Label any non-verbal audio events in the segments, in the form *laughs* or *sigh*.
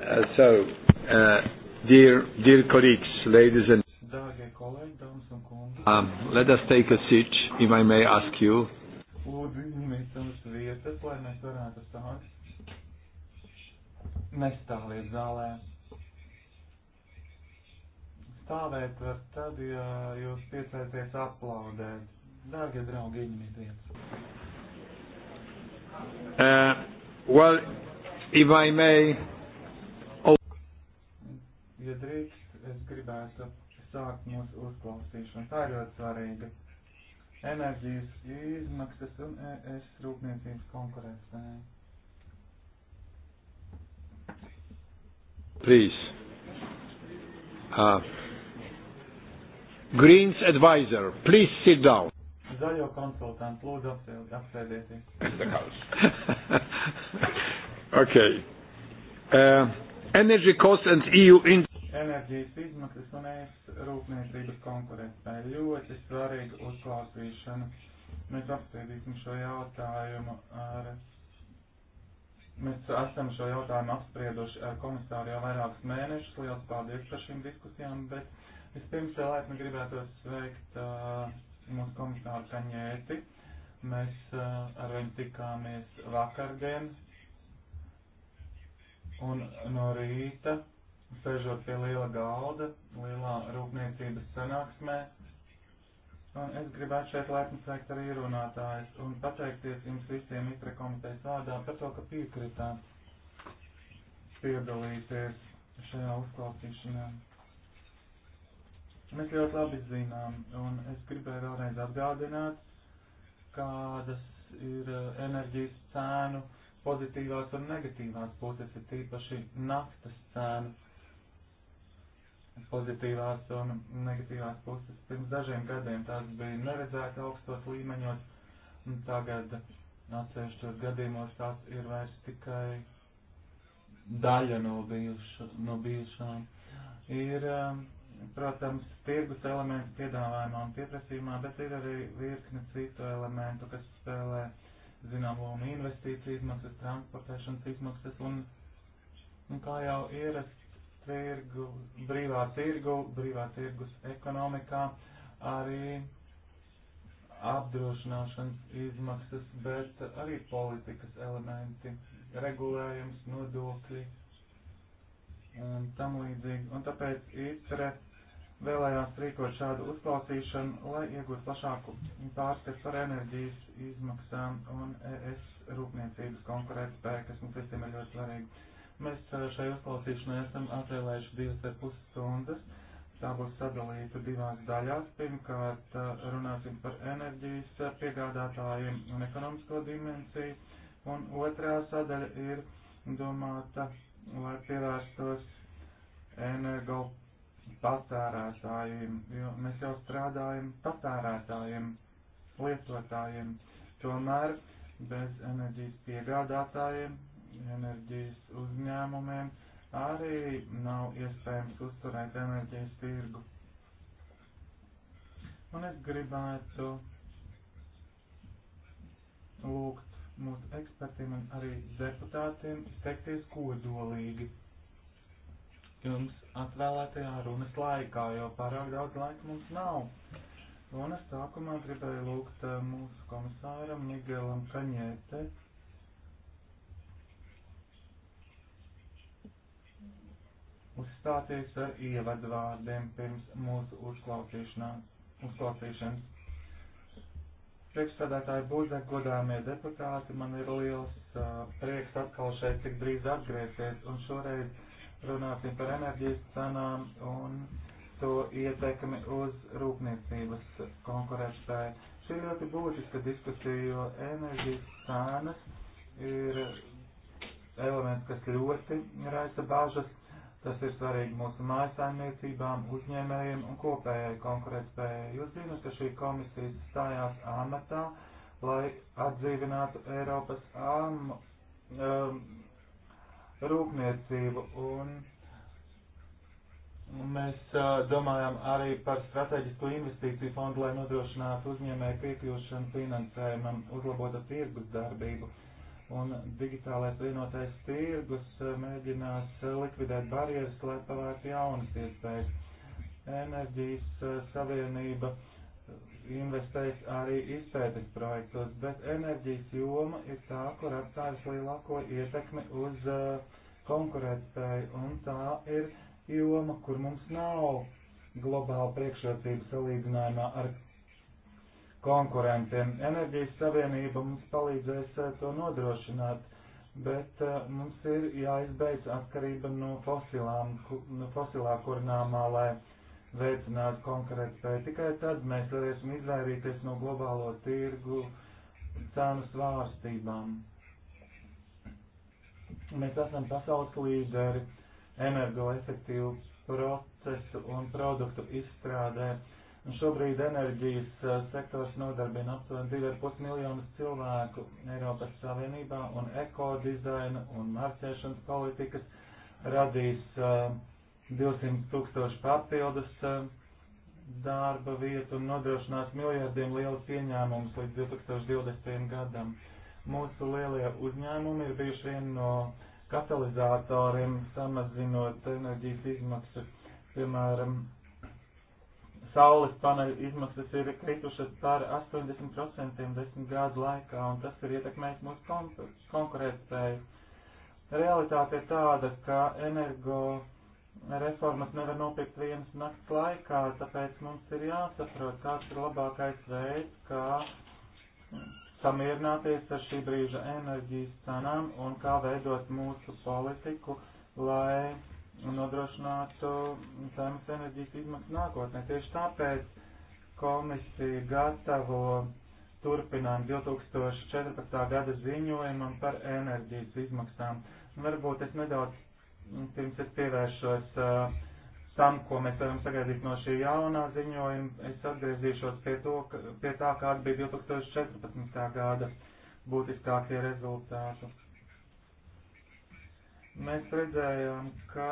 Uh, so, uh, dear, dear colleagues, ladies and um, let us take a seat, if I may ask you. Lūdzu, ņemiet savas vietas, lai mēs varētu stāvēt. Nestāviet zālē. Stāvēt var tad, ja jūs piecēties aplaudēt. Dārgie draugi, ņemiet vietas. Uh, well, if I may, ja drīkst, es gribētu sākt mūsu uzklausīšanu. Tā ir ļoti svarīga. Enerģijas izmaksas un ES rūpniecības konkurētspēja. Please. Uh, Greens advisor, please sit down. Zaļo konsultantu, lūdzu apsēdieties. *laughs* okay. Uh, energy costs and EU in enerģijas izmaksas un ēst rūpniecības konkurētspēja. Ļoti svarīga uzklausīšana. Mēs apspriedīsim šo jautājumu ar. Mēs esam šo jautājumu apsprieduši ar komisāru jau vairākus mēnešus. Lielas paldies par šīm diskusijām, bet vispirms vēl eh, laipni gribētu sveikt uh, mūsu komisāru Kaņēti. Mēs uh, ar viņu tikāmies vakardien un no rīta sēžot pie liela galda, lielā rūpniecības sanāksmē. Un es gribētu šeit laipni sveikt arī runātājus un pateikties jums visiem itra komitejas vārdā par to, ka piekritāt piedalīties šajā uzklausīšanā. Mēs ļoti labi zinām, un es gribēju vēlreiz atgādināt, kādas ir eh, enerģijas cēnu pozitīvās un negatīvās puses, ir tīpaši naftas cēnu pozitīvās un negatīvās puses. Pirms dažiem gadiem tās bija neredzēta augstos līmeņos, un tagad atsevišķos gadījumos tās ir vairs tikai daļa no, bijuša, no bijušām. Ir, um, protams, tirgus elements piedāvājumā un pieprasījumā, bet ir arī virkne citu elementu, kas spēlē zinām lomu investīciju izmaksas, transportēšanas izmaksas un, un kā jau ierasts tirgu, brīvā tirgu, brīvā tirgus ekonomikā arī apdrošināšanas izmaksas, bet arī politikas elementi, regulējums, nodokļi un tam līdzīgi. Un tāpēc ITRE vēlējās rīkot šādu uzklausīšanu, lai iegūtu plašāku pārskatu par enerģijas izmaksām un ES rūpniecības konkurētspēju, kas mums visiem ir ļoti svarīgi. Mēs šai uzklausīšanai esam atvēlējuši divas ar pus stundas. Tā būs sadalīta divās daļās. Pirmkārt, runāsim par enerģijas piegādātājiem un ekonomisko dimensiju. Un otrā sadaļa ir domāta, lai pievērstos energo patērētājiem, jo mēs jau strādājam patērētājiem, lietotājiem. Tomēr bez enerģijas piegādātājiem enerģijas uzņēmumiem arī nav iespējams uzturēt enerģijas tirgu. Un es gribētu lūgt mūsu ekspertiem un arī deputātiem izteikties kodolīgi jums atvēlētajā runas laikā, jo pārāk daudz laika mums nav. Runas sākumā gribēju lūgt eh, mūsu komisāram Nigelam Kaņēte uzstāties ar ievadvārdiem pirms mūsu uzklausīšanas. Priekšstādātāji Buzek, godāmie deputāti, man ir liels uh, prieks atkal šeit tik drīz atgriezties un šoreiz runāsim par enerģijas cenām un to ietekmi uz rūpniecības konkurētspēju. Šī ir ļoti būtiska diskusija, jo enerģijas cenas ir elements, kas ļoti raisa bažas Tas ir svarīgi mūsu mājasājumniecībām, uzņēmējiem un kopējai konkurētspējai. Jūs zinat, ka šī komisija stājās amatā, lai atdzīvinātu Eiropas am, um, rūpniecību un Mēs uh, domājam arī par strateģisko investīciju fondu, lai nodrošinātu uzņēmēju piekļūšanu finansējumam, uzlabotu tirgus darbību. Uh, un digitālais vienotais tirgus eh, mēģinās eh, likvidēt barjeras, lai pavērtu jaunas iespējas. Enerģijas eh, savienība investēs arī izpētes projektos, bet enerģijas joma ir tā, kur atstājas lielāko ietekmi uz konkurētspēju, un tā ir joma, kur mums nav globāla priekšrocība salīdzinājumā ar konkurentiem. Enerģijas savienība mums palīdzēs eh, to nodrošināt, bet eh, mums ir jāizbeidz atkarība no, fosilām, no fosilā kurināmā, lai veicinātu konkurētspēju. Tikai tad mēs varēsim izvairīties no globālo tirgu cenu svārstībām. Mēs esam pasaules līderi energoefektīvu procesu un produktu izstrādē Un šobrīd enerģijas uh, sektors nodarbina aptuveni 2,5 miljonus cilvēku Eiropas Savienībā, un ekodizaina un marķēšanas politikas radīs uh, 200 tūkstoši papildus uh, darba vietu un nodrošinās miljardiem lielus ieņēmumus līdz 2020. gadam. Mūsu lielie uzņēmumi ir bijuši vieni no katalizatoriem samazinot enerģijas izmaksas, piemēram, saules paneļu izmaksas ir kritušas par 80% desmit gadu laikā, un tas ir ietekmējis mūsu konkurētspēju. Realitāte ir tāda, ka energo reformas nevar nopirkt vienas nakts laikā, tāpēc mums ir jāsaprot, kāds ir labākais veids, kā samierināties ar šī brīža enerģijas cenām un kā veidot mūsu politiku, lai nodrošinātu zemes enerģijas izmaksas nākotnē. Tieši tāpēc komisija gatavo turpinājumu 2014. gada ziņojumam par enerģijas izmaksām. Varbūt es nedaudz pirms es pievēršos uh, tam, ko mēs varam sagaidīt no šī jaunā ziņojuma, es atgriezīšos pie, to, pie tā, kāda bija 2014. gada būtiskākie rezultāti mēs redzējām, ka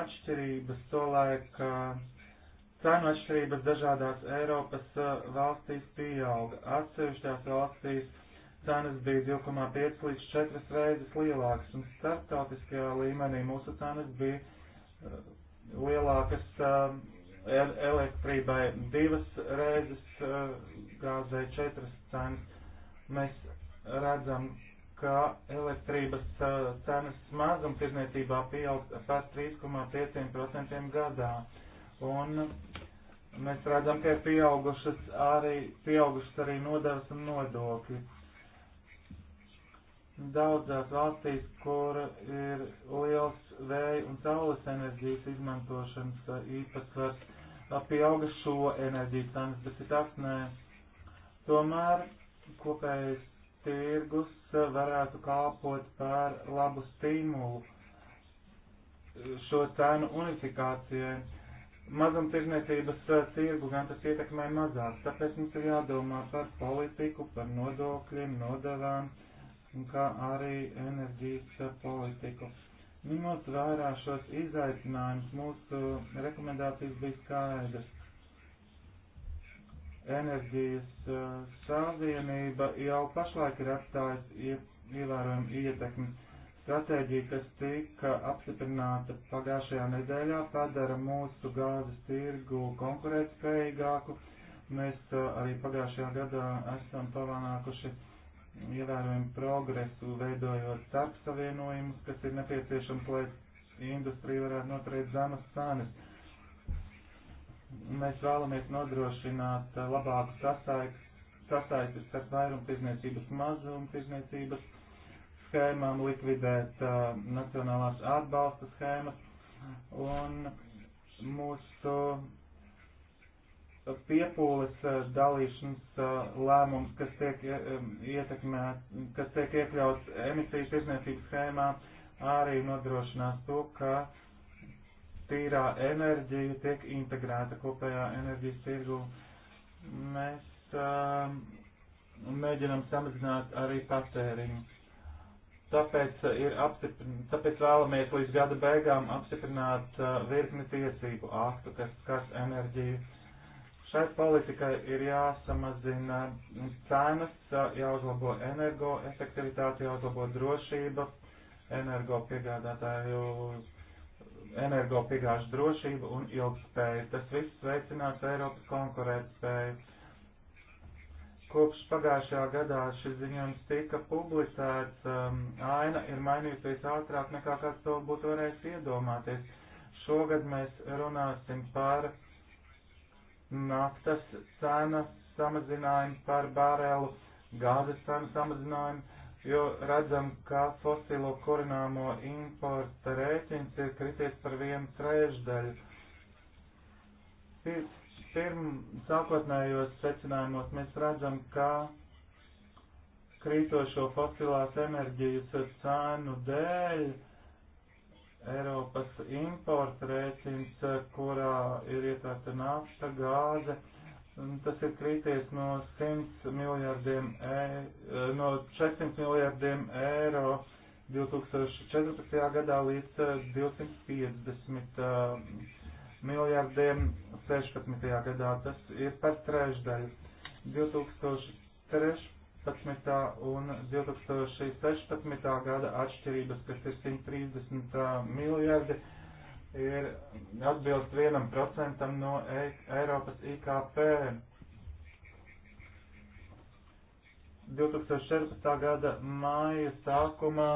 atšķirības tolaik cenu atšķirības dažādās Eiropas eh, valstīs pieauga. Atsevišķās valstīs cenas bija 2,5 līdz 4 reizes lielākas, un starptautiskajā līmenī mūsu cenas bija eh, lielākas eh, elektrībai divas reizes, gāzē četras cenas. Mēs redzam, ka elektrības cenas mazumtirdzniecībā pieaug par 3,5% gadā. Un mēs redzam, ka ir pieaugušas arī, pieaugušas arī nodevas un nodokļi. Daudzās valstīs, kur ir liels vēja un saules enerģijas izmantošanas īpatsvars, pieauga šo enerģiju cenas, bet citās nē. Tomēr kopējais tirgus eh, varētu kalpot par labu stimulu šo cenu unifikācijai. Mazumtirdzniecības eh, tirgu gan tas ietekmē mazāk, tāpēc mums ir jādomā par politiku, par nodokļiem, nodevām, kā arī enerģijas eh, politiku. Ņemot vērā šos izaicinājumus, mūsu rekomendācijas bija skaidrs enerģijas eh, savienība jau pašlaik ir atstājusi ievērojumu ietekmi. Stratēģija, kas tika apstiprināta pagājušajā nedēļā, padara mūsu gāzes tirgu konkurētspējīgāku. Mēs eh, arī pagājušajā gadā esam pavanākuši ievērojumu progresu, veidojot starpsavienojumus, kas ir nepieciešams, lai industrija varētu noturēt zemes cenas Mēs vēlamies nodrošināt eh, labāku sasaistes starp vairumtirdzniecības un mazumtirdzniecības schēmām, likvidēt uh, nacionālās atbalsta schēmas un mūsu piepūles eh, dalīšanas lēmums, kas tiek ietekmēt, kas tiek iekļauts emisiju tirzniecības schēmā, arī nodrošinās to, ka tīrā enerģija tiek integrēta kopējā enerģijas tirgu. Mēs um, mēģinam samazināt arī patēriņu. Tāpēc, ir tāpēc vēlamies līdz gada beigām apstiprināt uh, virkni tiesību aktu, kas skars enerģiju. Šai politikai ir jāsamazina cenas, uh, jāuzlabo energoefektivitāte, jāuzlabo drošība, energo piegādātāju energopiegāžu drošību un ilgspēju. Tas viss veicinās Eiropas konkurētspēju. Kopš pagājušajā gadā šis ziņojums tika publicēts, um, aina ir mainījusies ātrāk nekā kāds to būtu varējis iedomāties. Šogad mēs runāsim par naftas cenas samazinājumu, par barelu gāzes cenu samazinājumu, jo redzam, ka fosilo kurināmo importa rēķins ir krities par vienu trešdaļu. Pir, pirm sākotnējos secinājumos mēs redzam, ka krītošo fosilās enerģijas cēnu dēļ Eiropas importa rēķins, kurā ir ietvērta nafta, gāze, Tas ir krīties no 100 miljardiem, e, e no 400 miljardiem eiro 2014. gadā līdz 250 e, e, miljardiem 16. gadā. Tas ir par trešdaļu. 2013. 2015. un 2016. gada atšķirības, kas ir 130 miljardi, ir atbilst vienam procentam no e Eiropas IKP. 2014. gada māja sākumā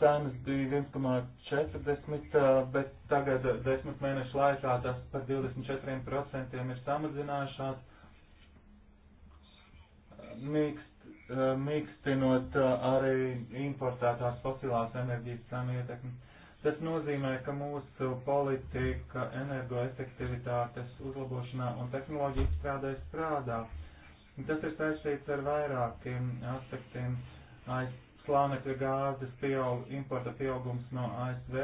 cenas bija 1,40, bet tagad desmit mēnešu laikā tas par 24% ir samazinājušās. Mīkst, mīkstinot arī importētās fosilās enerģijas cenu ietekmi. Tas nozīmē, ka mūsu politika energoefektivitātes uzlabošanā un tehnoloģiju izstrādē strādā. Tas ir saistīts ar vairākiem aspektiem. Slānekļa gāzes pieaug, importa pieaugums no ASV,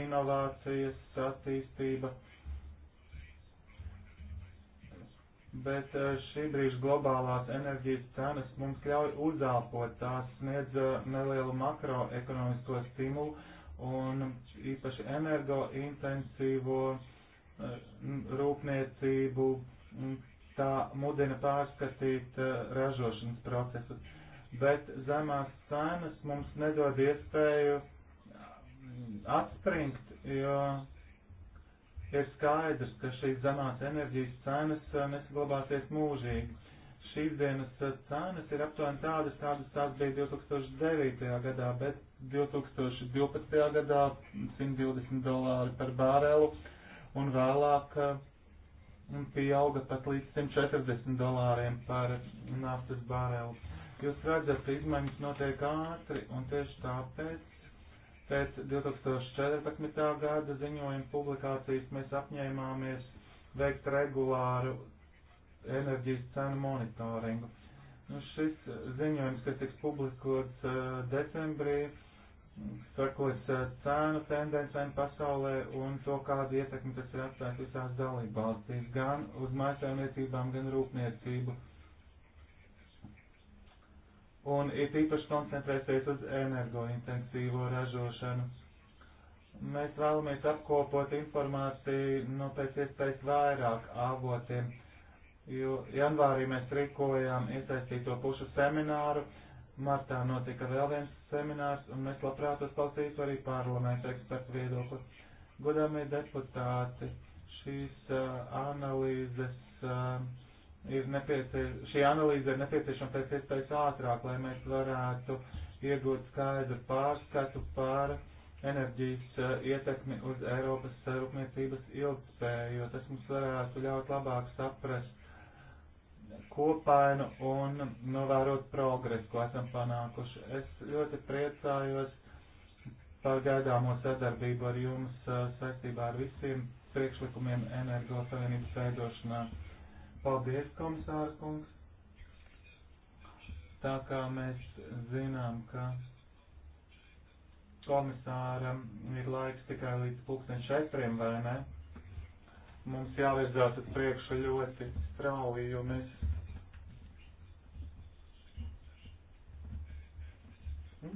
inovācijas, attīstība. Bet eh, šī brīža globālās enerģijas cenas mums ļauj uzāpot, tās sniedz eh, nelielu makroekonomisko stimulu un īpaši energointensīvo eh, rūpniecību tā mudina pārskatīt eh, ražošanas procesus. Bet zemās cenas mums nedod iespēju atspringt, jo ir skaidrs, ka šīs zemās enerģijas cenas eh, nesaglabāsies mūžīgi šīs dienas eh, cenas ir aptuveni tādas, kādas tās bija 2009. gadā, bet 2012. gadā 120 dolāri par bārelu un vēlāk eh, pieauga pat līdz 140 dolāriem par naftas bārelu. Jūs redzat, izmaiņas notiek ātri un tieši tāpēc pēc 2014. gada ziņojuma publikācijas mēs apņēmāmies veikt regulāru enerģijas cenu monitoringu. Nu, šis ziņojums, kas tiks publikots uh, decembrī, sakos uh, cēnu tendencēm pasaulē un to, kādu ietekmi tas ir atstājis visās dalībvalstīs, gan uz mājasēmniecībām, gan rūpniecību. Un ir īpaši koncentrēsies uz energointensīvo ražošanu. Mēs vēlamies apkopot informāciju no nu, pēc iespējas vairāk avotiem. Uh, jo janvārī mēs rīkojām iesaistīto pušu semināru, martā notika vēl viens seminārs, un mēs labprāt uzklausītu arī parlamentu ekspertu viedokli. Godāmie deputāti, šīs uh, analīzes uh, ir nepieciešama, šī analīze ir nepieciešama pēc iespējas ātrāk, lai mēs varētu iegūt skaidru pārskatu par enerģijas uh, ietekmi uz Eiropas rūpniecības ilgspēju, jo tas mums varētu ļaut labāk saprast kopainu un novērot progresu, ko esam panākuši. Es ļoti priecājos par gaidāmo sadarbību ar jums uh, saistībā ar visiem priekšlikumiem Energo Savienības veidošanā. Paldies, komisārs kungs! Tā kā mēs zinām, ka komisāram ir laiks tikai līdz pulksten četriem, vai ne? Mums jāvirzās uz priekšu ļoti strauji, jo mēs Jo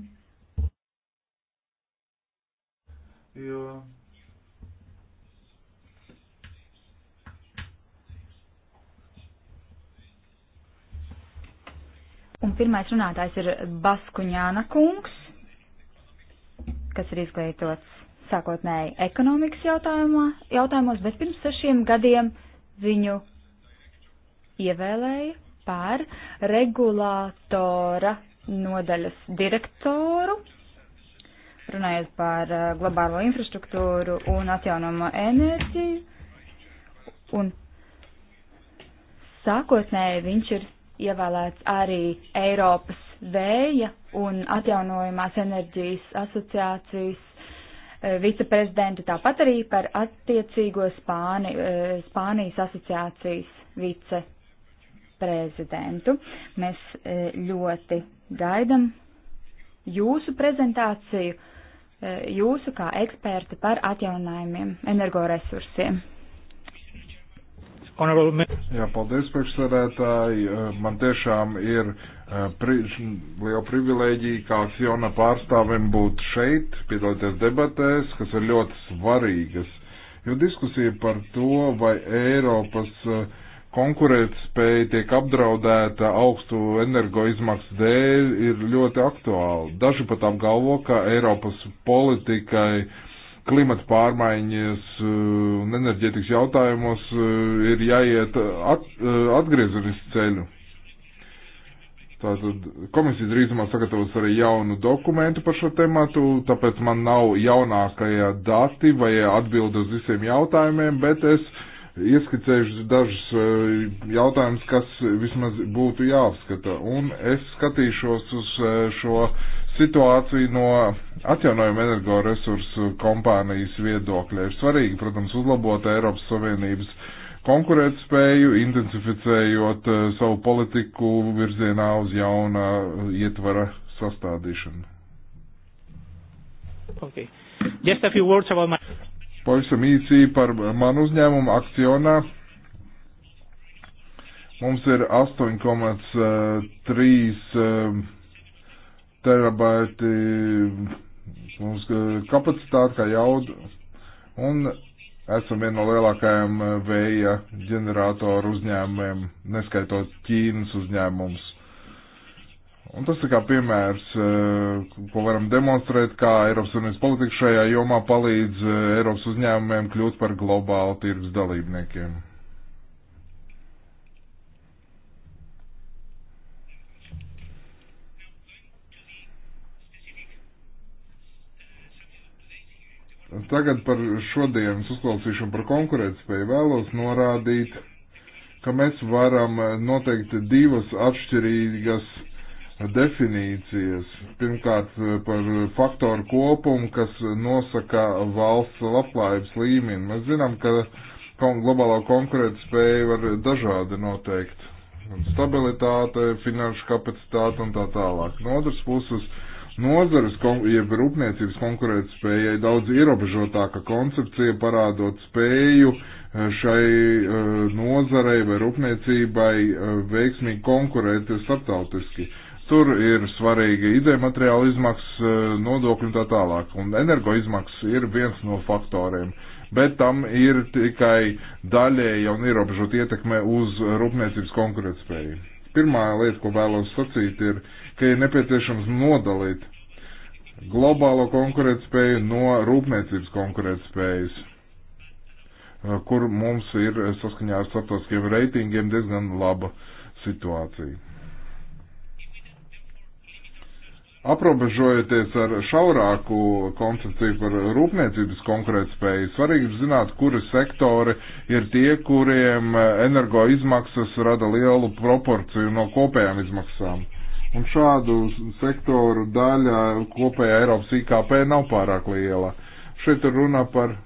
Un pirmais runātājs ir Baskuņāna kungs, kas ir izglītots sākotnēji ekonomikas jautājumos, bet pirms sešiem gadiem viņu ievēlēja par regulātora nodaļas direktoru, runājot par uh, globālo infrastruktūru un atjaunomo enerģiju. Un sākotnēji viņš ir ievēlēts arī Eiropas vēja un atjaunojumās enerģijas asociācijas uh, viceprezidentu, tāpat arī par attiecīgo Spāni, uh, Spānijas asociācijas vice prezidentu. Mēs e, ļoti gaidam jūsu prezentāciju, e, jūsu kā eksperti par atjaunājumiem energoresursiem. Jā, paldies, priekšsēdētāji. E, man tiešām ir pri, liela privilēģija kā Fiona pārstāvim būt šeit, piedalīties debatēs, kas ir ļoti svarīgas. Jo diskusija par to, vai Eiropas uh, konkurētspēja tiek apdraudēta augstu energoizmaksu dēļ, ir ļoti aktuāli. Daži pat apgalvo, ka Eiropas politikai klimata pārmaiņas uh, un enerģētikas jautājumos uh, ir jāiet at, uh, atgriezuris ceļu. Tātad komisija drīzumā sagatavos arī jaunu dokumentu par šo tematu, tāpēc man nav jaunākajā dati vai atbildi uz visiem jautājumiem, bet es uh, ieskicējuši dažus eh, jautājumus, kas vismaz būtu jāapskata. Un es skatīšos uz eh, šo situāciju no atjaunojuma energoresursu kompānijas viedokļa. Ir svarīgi, protams, uzlabot Eiropas Savienības konkurētspēju, intensificējot eh, savu politiku virzienā uz jauna ietvara sastādīšanu. Okay. Just a few words about my... Pavisam īsi par manu uzņēmumu akcionā. Mums ir 8,3 eh, terabaiti mums eh, kapacitāte, kā jauda, un esam viena no lielākajām eh, vēja ģeneratoru uzņēmumiem, neskaitot Ķīnas uzņēmumus. Un tas ir kā piemērs, eh, ko varam demonstrēt, kā Eiropas Unības politika šajā jomā palīdz eh, Eiropas uzņēmumiem kļūt par globālu tirgus dalībniekiem. Tagad par šodienas uzklausīšanu par konkurētspēju vēlos norādīt, ka mēs varam noteikt divas atšķirīgas definīcijas. Pirmkārt, eh, par faktoru kopumu, kas nosaka valsts labklājības līmeni. Mēs zinām, ka globālā konkurētspēja var dažādi noteikt. Stabilitāte, finanšu kapacitāte un tā tālāk. No otras puses, nozares, jeb rūpniecības konkurētspējai daudz ierobežotāka koncepcija parādot spēju eh, šai eh, nozarei vai rūpniecībai veiksmīgi konkurēt starptautiski Tur ir svarīgi ideja materiāla izmaksas, e, nodokļi un tā tālāk. Un energoizmaksas ir viens no faktoriem. Bet tam ir tikai daļēja un ierobežot ietekme uz rūpniecības konkurētspēju. Pirmā lieta, ko vēlos sacīt, ir, ka ir nepieciešams nodalīt globālo konkurētspēju no rūpniecības konkurētspējas, e, kur mums ir saskaņā ar starptautiskiem reitingiem diezgan laba situācija. Aprobežojoties ar šaurāku koncepciju par rūpniecības konkurētspēju, svarīgi zināt, kuri sektori ir tie, kuriem energoizmaksas rada lielu proporciju no kopējām izmaksām. Un šādu sektoru daļa kopējā Eiropas IKP nav pārāk liela. Šeit ir runa par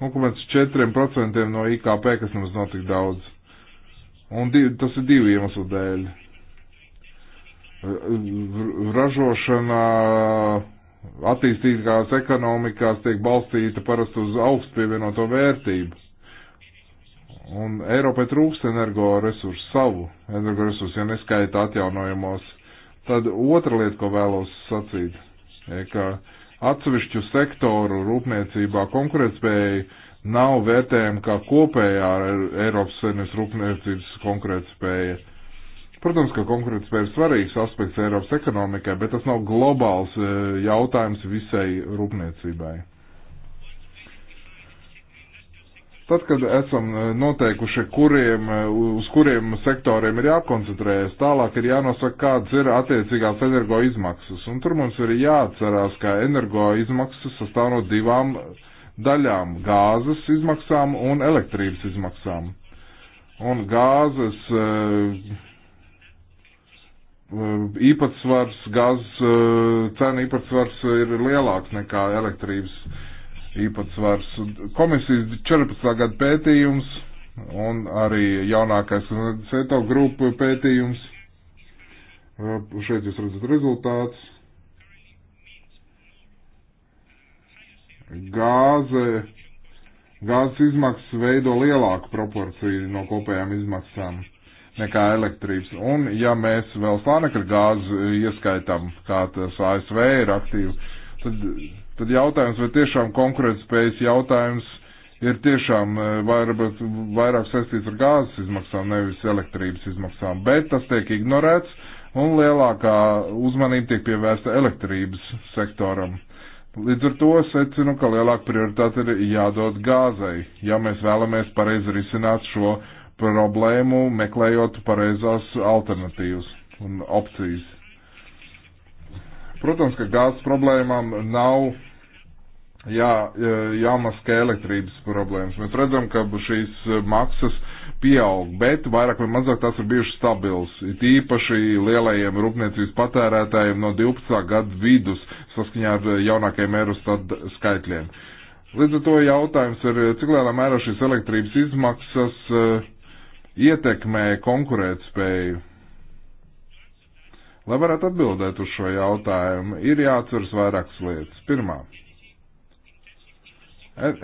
0,4% no IKP, kas mums nav tik daudz. Un div, tas ir divu iemeslu dēļ ražošanā attīstītās ekonomikās tiek balstīta parasti uz augstu pievienoto vērtību. Un Eiropai trūks energoresursu savu, energoresursu, ja neskaita atjaunojamos. Tad otra lieta, ko vēlos sacīt, ir, ka atsevišķu sektoru rūpniecībā konkurētspēja nav vērtējama kā kopējā Eiropas Savienības rūpniecības konkurētspēja. Uh, Protams, ka konkurētspēja ir svarīgs aspekts Eiropas ekonomikai, bet tas nav globāls e, jautājums visai rūpniecībai. Tad, kad esam e, noteikuši, kuriem, e, uz kuriem sektoriem ir jākoncentrējas, tālāk ir jānosaka, kādas ir attiecīgās energo izmaksas. Un tur mums ir jāatcerās, ka energo izmaksas sastāv no divām daļām - gāzes izmaksām un elektrības izmaksām. Un gāzes Um, īpatsvars, gāzes uh, cena īpatsvars ir lielāks nekā elektrības īpatsvars. Komisijas 14. gada pētījums un arī jaunākais CETO grupu pētījums. Uh, šeit jūs redzat rezultātus. Gāze, gāzes izmaksas veido lielāku proporciju no kopējām izmaksām nekā elektrības. Un ja mēs vēl slānekļa gāzi ieskaitam, kā tas ASV ir aktīvi, tad, tad jautājums, vai tiešām konkurētspējas jautājums ir tiešām eh, vairāk, vairāk saistīts ar gāzes izmaksām, nevis elektrības izmaksām. Bet tas tiek ignorēts un lielākā uzmanība tiek pievērsta elektrības sektoram. Līdz ar to secinu, ka lielāka prioritāte ir jādod gāzai, ja mēs vēlamies pareizi risināt šo problēmu, meklējot pareizās alternatīvas un opcijas. Protams, ka gāzes problēmām nav jā, jāmaskē elektrības problēmas. Mēs redzam, ka šīs maksas pieaug, bet vairāk vai mazāk tās ir bijušas stabils. It īpaši lielajiem rūpniecības patērētājiem no 12. gadu vidus saskaņā ar jaunākajiem Eurostat skaitļiem. Līdz ar to jautājums ir, cik lielā mērā šīs elektrības izmaksas uh, ietekmē konkurētspēju? Lai varētu atbildēt uz šo jautājumu, ir jāatceras vairākas lietas. Pirmā,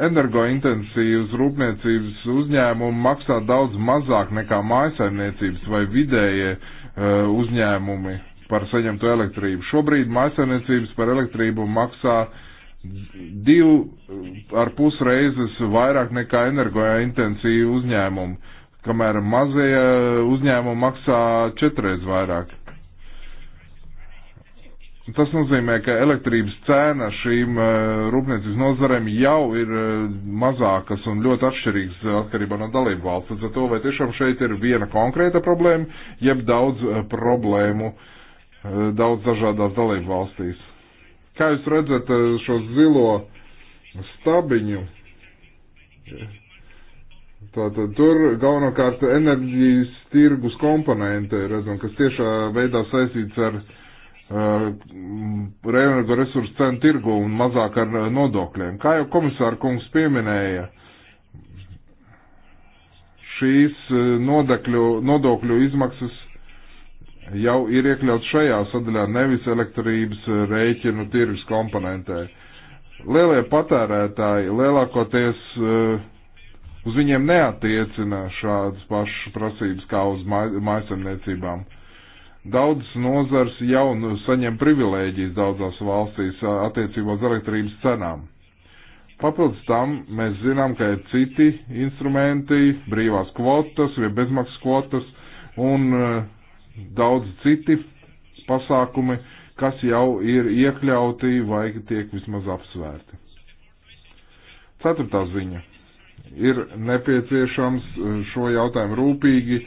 energointensīvas rūpniecības uzņēmumi maksā daudz mazāk nekā mājasaimniecības vai vidējie uh, uzņēmumi par saņemto elektrību. Šobrīd mājasaimniecības par elektrību maksā divu e, ar pus reizes vairāk nekā energointensīvu uzņēmumu kamēr mazie uzņēmumi maksā četreiz vairāk. Tas nozīmē, ka elektrības cēna šīm eh, rūpniecības nozarēm jau ir eh, mazākas un ļoti atšķirīgas atkarībā no dalību valsts. Tad to vai tiešām šeit ir viena konkrēta problēma, jeb daudz eh, problēmu daudz dažādās dalību valstīs. Kā jūs redzat šo zilo stabiņu? Tātad tur galvenokārt enerģijas tirgus komponente, redzam, kas tiešā veidā saistīts ar uh, resursu cenu tirgu un mazāk ar uh, nodokļiem. Kā jau komisāra kungs pieminēja, šīs uh, nodokļu, nodokļu izmaksas jau ir iekļauts šajā sadaļā, nevis elektrības uh, rēķinu tirgus komponentē. Lielie patērētāji lielākoties uh, uz viņiem neatiecina šādas pašas prasības kā uz mājasemniecībām. Daudz nozars jau nu, saņem privilēģijas daudzās valstīs attiecībā uz elektrības cenām. Papildus tam mēs zinām, ka ir citi instrumenti, brīvās kvotas vai bezmaksas kvotas un daudz citi pasākumi, kas jau ir iekļauti vai tiek vismaz apsvērti. Ceturtā ziņa ir nepieciešams eh, šo jautājumu rūpīgi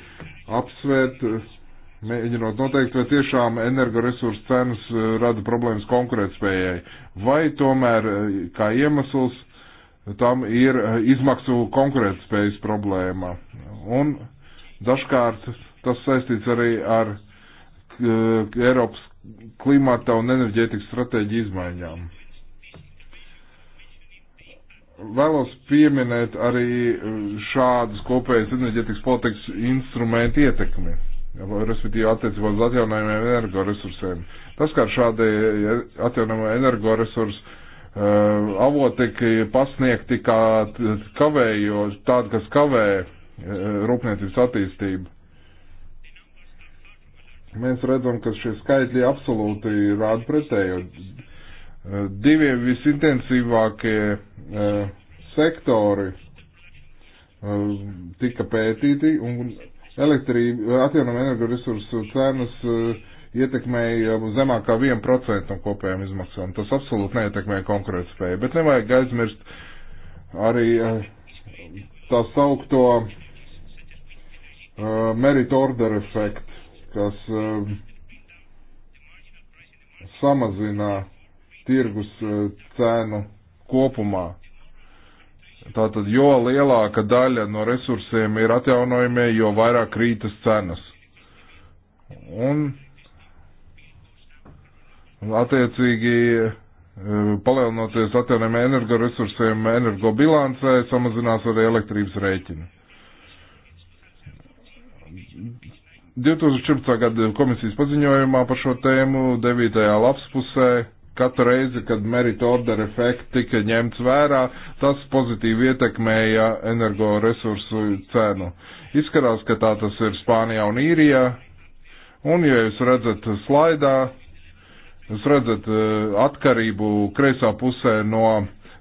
apsvērt, eh, mēģinot noteikt, vai tiešām energoresursu cenas eh, rada problēmas konkurētspējai, vai tomēr kā iemesls tam ir izmaksu konkurētspējas problēma. Un dažkārt tas saistīts arī ar Eiropas klimata un enerģētikas stratēģiju izmaiņām vēlos pieminēt arī e, šādas kopējas enerģetikas politikas instrumentu ietekmi, respektīvi attiecībā uz atjaunojumiem energoresursiem. Tas, kā šādi e, atjaunojumi energoresursi uh, e, avoti tika pasniegti kā kavējo, tādi, kas kavē uh, rūpniecības attīstību. Mēs redzam, ka šie skaitļi absolūti rāda pretējo Divie visintensīvākie e, sektori e, tika pētīti un elektrība, atjaunam energoresursu cenas e, ietekmēja zemākā 1% no kopējām izmaksām. Tas absolūti neietekmēja konkurētspēju, bet nevajag aizmirst arī tā saukto uh, merit order efektu, kas uh, samazina tirgus e, cenu kopumā. Tātad, jo lielāka daļa no resursiem ir atjaunojumie, jo vairāk krītas cenas. Un attiecīgi e, palielinoties atjaunojumiem energoresursiem, energobilancē, samazinās arī elektrības rēķini. 2014. gada komisijas paziņojumā par šo tēmu 9. lapspusē katru reizi, kad merit order efekts tika ņemts vērā, tas pozitīvi ietekmēja energoresursu cenu. Izskatās, ka tā tas ir Spānijā un Īrijā. Un, ja jūs redzat slaidā, jūs redzat e, atkarību kreisā pusē no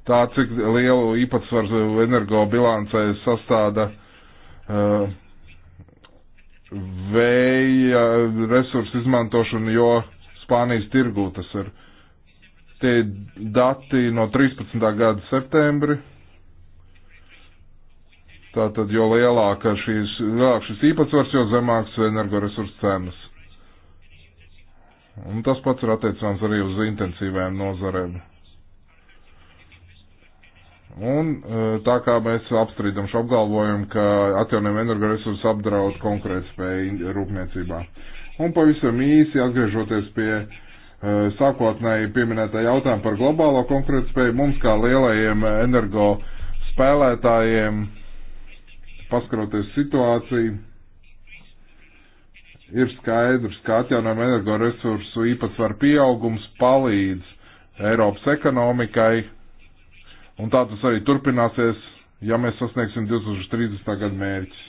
tā, cik lielu īpatsvaru energobilancē sastāda uh, vēja resursu izmantošana, jo Spānijas tirgū tas ir. Uh, Tie dati no 13. gada septembri. Tātad, jo lielāka šīs, lielāk šis īpatsvars, jo zemāks energoresursu cenas. Un tas pats ir attiecams arī uz intensīvajām nozarēm. Un e, tā kā mēs apstrīdam šo apgalvojumu, ka atjaunojama energoresursi apdraud konkurētspēju rūpniecībā. Un pavisam īsi atgriežoties pie uh, Eh, sākotnēji pieminētā jautājuma par globālo konkurētspēju. Mums kā lielajiem energo spēlētājiem, paskaroties situāciju, ir skaidrs, ka atjaunojama energoresursu īpatsvaru pieaugums palīdz Eiropas ekonomikai, un tā tas arī turpināsies, ja mēs sasniegsim 2030. gadu mērķis.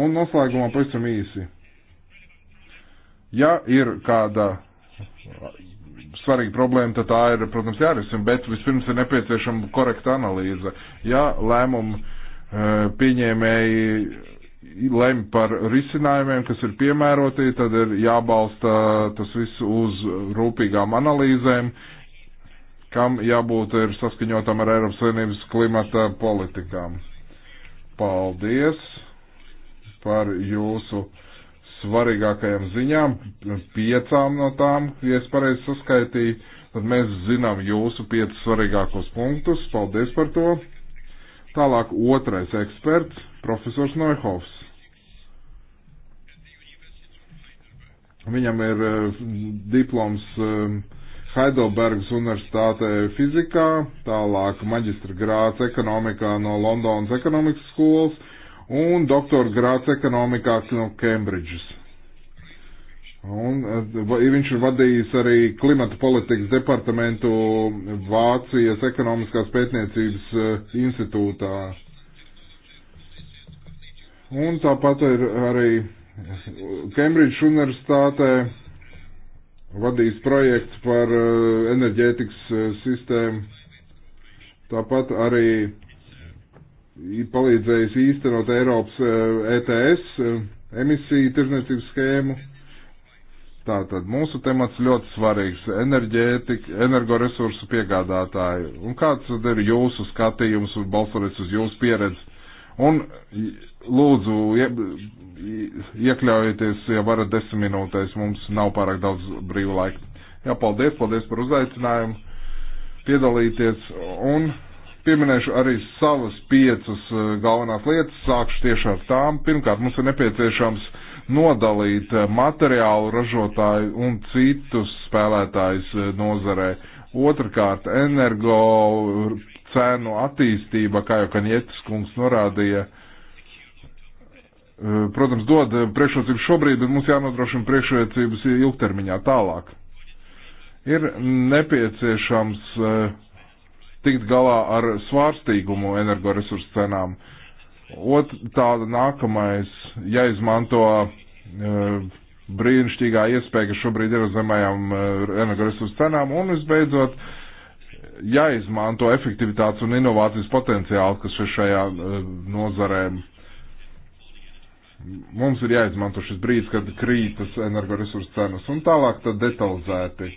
Un noslēgumā pavisam īsi. Ja ir kāda svarīga problēma, tad tā ir, protams, jārisina, bet vispirms ir nepieciešama korekta analīze. Ja lēmumu eh, pieņēmēji lem par risinājumiem, kas ir piemēroti, tad ir jābalsta tas viss uz rūpīgām analīzēm, kam jābūt ir saskaņotam ar Eiropas Savienības klimata politikām. Paldies par jūsu svarīgākajām ziņām, piecām no tām, ja es pareizi saskaitīju, tad mēs zinām jūsu piecus svarīgākos punktus. Paldies par to. Tālāk otrais eksperts, profesors Neuhofs. Viņam ir eh, diploms eh, Heidelbergas universitātē fizikā, tālāk maģistra grāts ekonomikā no Londonas ekonomikas skolas un doktora grāts ekonomikās no Kembridžas. Un eh, viņš ir vadījis arī klimata politikas departamentu Vācijas ekonomiskās pētniecības eh, institūtā. Un tāpat ir arī Kembridžas universitātē vadījis projektu par eh, enerģētikas sistēmu. Tāpat arī palīdzējis īstenot Eiropas ETS eh, e eh, emisiju tirzniecības schēmu. Tātad mūsu temats ļoti svarīgs - enerģētika, energoresursu piegādātāji. Un kāds tad ir jūsu skatījums un balsoties uz jūsu pieredzi? Un lūdzu, ie, iekļaujieties, ja varat desmit minūtēs, mums nav pārāk daudz brīvu laiku. Jā, paldies, paldies par uzaicinājumu piedalīties. Un pieminēšu arī savas piecas eh, galvenās lietas, sākšu tieši ar tām. Pirmkārt, mums ir nepieciešams nodalīt eh, materiālu ražotāju un citus spēlētājus eh, nozarē. Otrakārt, energo cēnu attīstība, kā jau Kaņietis kungs norādīja, protams, dod priekšrocības šobrīd, bet mums jānodrošina priekšrocības ilgtermiņā tālāk. Ir nepieciešams uh, tikt galā ar svārstīgumu energoresursu cenām. Ot, tāda nākamais, ja izmanto uh, brīnišķīgā iespēja, kas šobrīd ir uz zemējām e, energoresursu cenām, un visbeidzot, jāizmanto efektivitātes un inovācijas potenciāls, kas ir šajā e, nozarē. Mums ir jāizmanto šis brīdis, kad krītas energoresursu cenas, un tālāk tad detalizēti.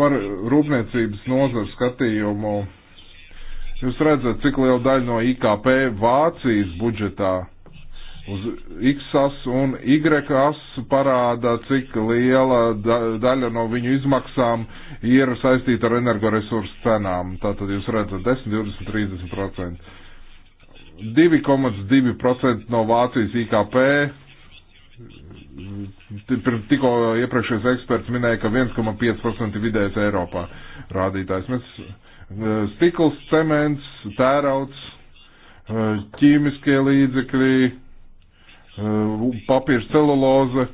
Par rūpniecības nozaru skatījumu jūs redzat, cik liela daļa no IKP Vācijas budžetā uz X-as un Y-as parādā, cik liela daļa no viņu izmaksām ir saistīta ar energoresursu cenām. Tātad jūs redzat 10, 20, 30 procentu. 2,2% no Vācijas IKP Tikko iepriekšējais eksperts minēja, ka 1,5% vidējais Eiropā rādītājs. Mēs eh, stikls, cements, tērauds, eh, ķīmiskie līdzekļi, eh, papīrs, celuloze.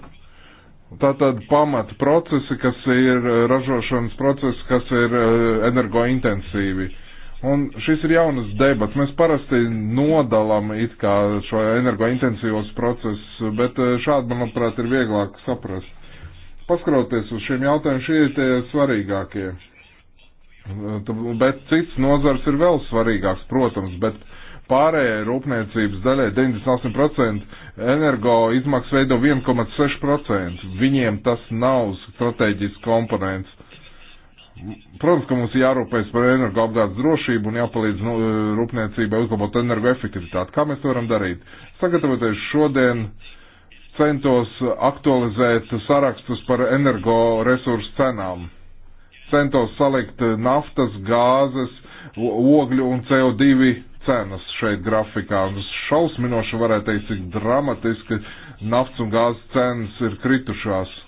Tātad pamata procesi, kas ir ražošanas procesi, kas ir energointensīvi. Un šis ir jaunas debats. Mēs parasti nodalam it kā šo energointensīvos procesus, bet eh, šādi, manuprāt, ir vieglāk saprast. Paskaroties uz šiem jautājumiem, šie ir tie svarīgākie. Bet cits nozars ir vēl svarīgāks, protams, bet pārējai rūpniecības daļai 98% energo izmaksas veido 1,6%. Viņiem tas nav strateģisks komponents Protams, ka mums jārūpēs par energoapgādes drošību un jāpalīdz nu, e, rūpniecībai uzlabot energoefektivitāti. Kā mēs to varam darīt? Sagatavoties šodien centos aktualizēt sarakstus par energoresursu cenām. Centos salikt naftas, gāzes, ogļu un CO2 cenas šeit grafikā. Un šausminoši varētu teikt, cik dramatiski naftas un gāzes cenas ir kritušās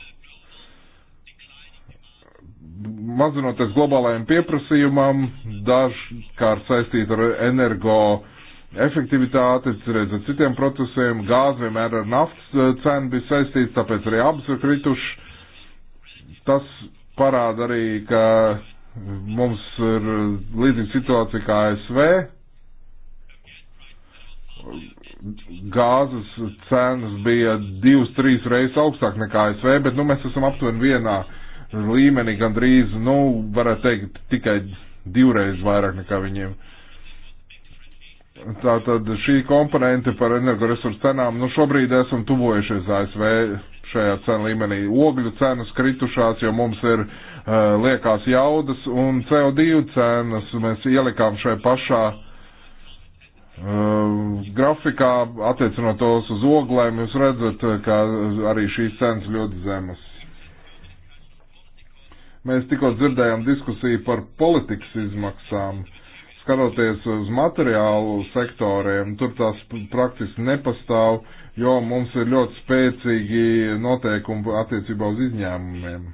mazinoties globālajiem pieprasījumam, dažkārt saistīta ar energo efektivitāti, cerēt ar citiem procesiem, gāzi vienmēr ar naftas eh, cenu bija saistīts, tāpēc arī abas ir krituši. Tas parāda arī, ka mums ir līdzīga situācija kā ASV. Gāzes cenas bija divas, trīs reizes augstāk nekā ASV, bet nu mēs esam aptuveni vienā uh, līmenī gandrīz, nu, varētu teikt, tikai divreiz vairāk nekā viņiem. Tātad šī komponente par energoresursu cenām, nu šobrīd esam tuvojušies ASV šajā cenu līmenī. Ogļu cenas kritušās, jo mums ir uh, liekās jaudas un CO2 cenas mēs ielikām šai pašā uh, grafikā, attiecinot tos uz oglēm, jūs redzat, ka arī šīs cenas ļoti zemas. Mēs tikko dzirdējām diskusiju par politikas izmaksām. Skatoties uz materiālu sektoriem, tur tās praktiski nepastāv, jo mums ir ļoti spēcīgi noteikumi attiecībā uz izņēmumiem.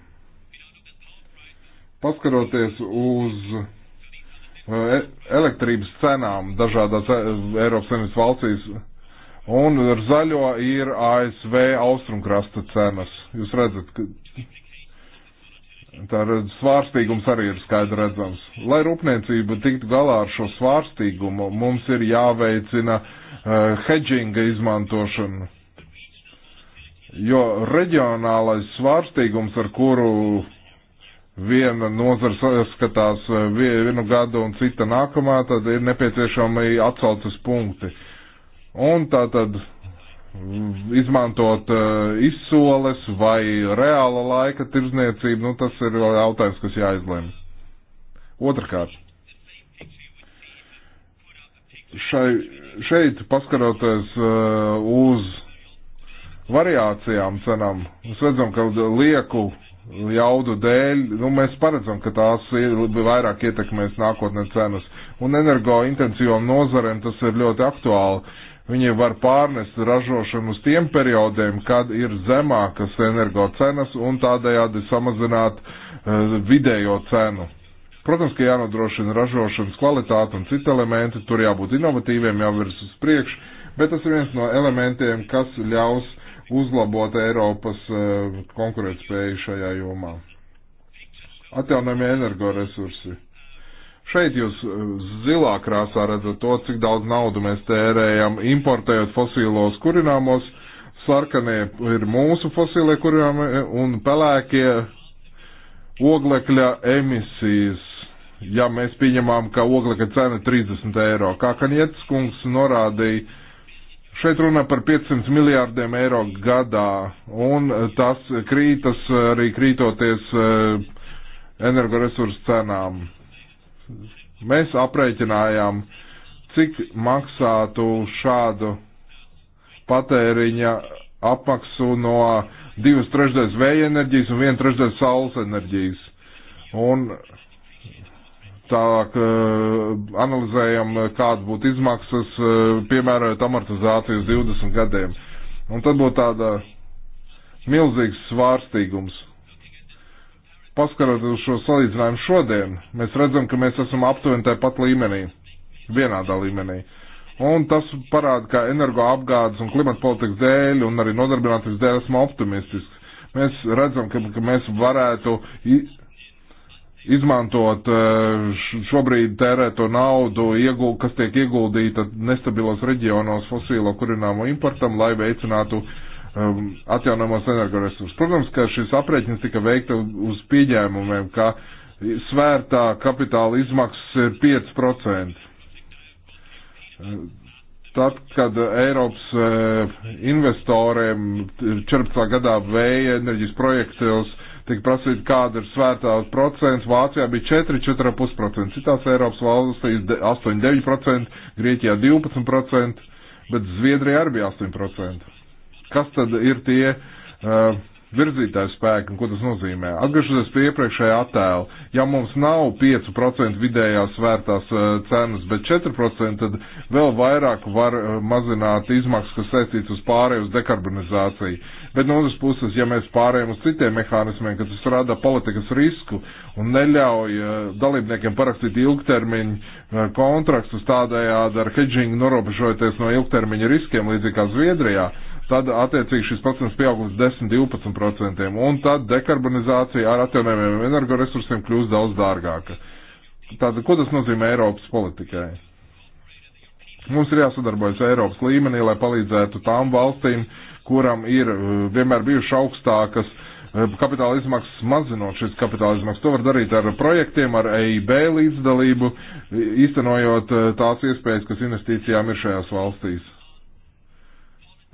Paskaroties uz e, elektrības cenām dažādās e, Eiropas Savienības valstīs, un ar zaļo ir ASV austrumkrasta cenas. Jūs redzat, ka Tā svārstīgums arī ir skaidri redzams. Lai rūpniecība tiktu galā ar šo svārstīgumu, mums ir jāveicina uh, hedžinga izmantošana. Jo reģionālais svārstīgums, ar kuru viena nozara saskatās eh, vienu gadu un cita nākamā, tad ir nepieciešami atsaucas punkti. Un tā tad izmantot eh, izsoles vai reāla laika tirzniecību, nu tas ir jautājums, kas jāizlem. Otrakārt, šai, šeit paskaroties eh, uz variācijām cenām, mēs redzam, ka lieku jaudu dēļ, nu, mēs paredzam, ka tās ir vairāk ietekmēs nākotnē cenas. Un energointensīvām nozarēm tas ir ļoti aktuāli. Viņi var pārnest ražošanu uz tiem periodiem, kad ir zemākas energocenas un tādējādi samazināt uh, vidējo cenu. Protams, ka jānodrošina ražošanas kvalitāte un citi elementi, tur jābūt inovatīviem, jāvirs uz priekšu, bet tas ir viens no elementiem, kas ļaus uzlabot Eiropas eh, konkurētspēju šajā jomā. Atjaunojamie energoresursi. Šeit jūs eh, zilā krāsā redzat to, cik daudz naudu mēs tērējam importējot fosīlos kurināmos. Sarkanie ir mūsu fosīlie kurināmie un pelēkie oglekļa emisijas. Ja mēs pieņemām, ka oglekļa cena 30 eiro, kā Kanietis kungs norādīja, šeit runa par 500 miljārdiem eiro gadā un tas krītas arī krītoties eh, energoresursu cenām Mēs aprēķinājām, cik maksātu šādu patēriņa apmaksu no divas trešdaļas vēja enerģijas un viena trešdaļa saules enerģijas. Un tālāk eh, analizējam, kāda būtu izmaksas, eh, piemērojot amortizāciju uz 20 gadiem. Un tad būtu tāda milzīgs svārstīgums paskarot uz šo salīdzinājumu šodien, mēs redzam, ka mēs esam aptuveni tajā pat līmenī, vienādā līmenī. Un tas parāda, ka energoapgādes un klimata politikas dēļ un arī nodarbinātības dēļ esmu optimistisks. Mēs redzam, ka, ka mēs varētu izmantot eh, šobrīd tērēto naudu, ieguld, kas tiek ieguldīta nestabilos reģionos fosīlo kurināmo importam, lai veicinātu uh, Um, atjaunamos energoresursus. Protams, ka šis aprēķins tika veikta uz pieņēmumiem, ka svērtā kapitāla izmaksas ir 5%. Tad, kad Eiropas eh, investoriem 14. gadā vēja enerģijas projektos tika prasīta, kāda ir svērtā procents, Vācijā bija 4, 4,5%, citās Eiropas valstīs 8, 9%, Grieķijā 12%, bet Zviedrijā arī bija 8% kas tad ir tie uh, virzītāji spēki un ko tas nozīmē. Atgriežoties pie iepriekšējā attēla, ja mums nav 5% vidējās vērtās uh, cenas, bet 4%, tad vēl vairāk var uh, mazināt izmaksas, kas saistīts uz pārēju uz dekarbonizāciju. Bet no otras puses, ja mēs pārējām uz citiem mehānismiem, kad tas rada politikas risku un neļauj uh, dalībniekiem parakstīt ilgtermiņu uh, kontraktus tādējādi ar hedžingu norobežojoties no ilgtermiņa riskiem, līdzīgi kā Zviedrijā, uh, tad attiecīgi šis procents pieaugums 10-12%, un tad dekarbonizācija ar atjaunojumiem energoresursiem kļūst daudz dārgāka. Tātad, ko tas nozīmē Eiropas politikai? Mums ir jāsadarbojas Eiropas līmenī, lai palīdzētu tām valstīm, kuram ir eh, vienmēr bijušas augstākas eh, kapitāla izmaksas, mazinot šīs kapitāla izmaksas. To var darīt ar projektiem, ar EIB līdzdalību, īstenojot eh, tās iespējas, kas investīcijām ir šajās valstīs.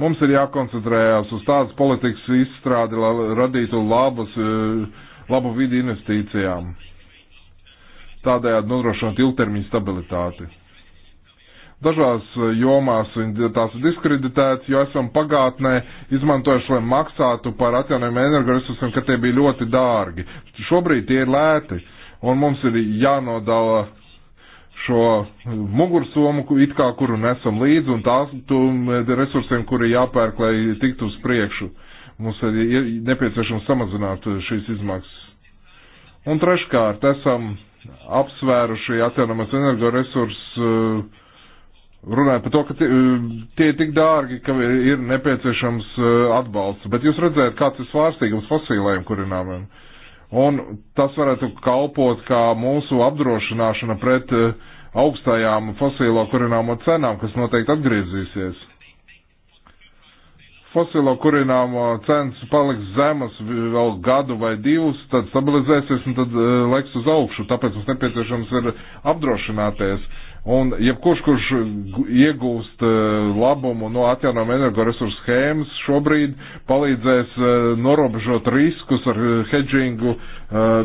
Mums ir jākoncentrējās uz tādas politikas izstrādi, lai radītu labas, e, labu vidi investīcijām. Tādējādi nodrošinot ilgtermiņu stabilitāti. Dažās jomās tās ir diskreditētas, jo esam pagātnē izmantojuši, lai maksātu par atjaunojumiem energoresursiem, ka tie bija ļoti dārgi. Šobrīd tie ir lēti, un mums ir jānodala šo eh, mugursomu, it kā kuru nesam līdzi, un tās eh, resursiem, kuri jāpērk, lai tiktu uz priekšu. Mums ir nepieciešams samazināt eh, šīs izmaksas. Un treškārt, esam apsvēruši atjaunamās energoresursus, runājot par to, ka tie ir tik dārgi, ka ir nepieciešams atbalsts. Bet jūs redzējat, kāds ir svārstīgums fosīlējiem kurināmiem. Un tas varētu kalpot kā mūsu apdrošināšana pret uh, augstajām fosilo kurināmo cenām, kas noteikti atgriezīsies. Fosilo kurināmo cenas paliks zemas vēl gadu vai divus, tad stabilizēsies un tad uh, eh, laiks uz augšu. Tāpēc mums nepieciešams ir apdrošināties Un jebkurš, kurš iegūst e, labumu no atjaunojuma energoresursu schēmas, šobrīd palīdzēs e, norobežot riskus ar e, hedžingu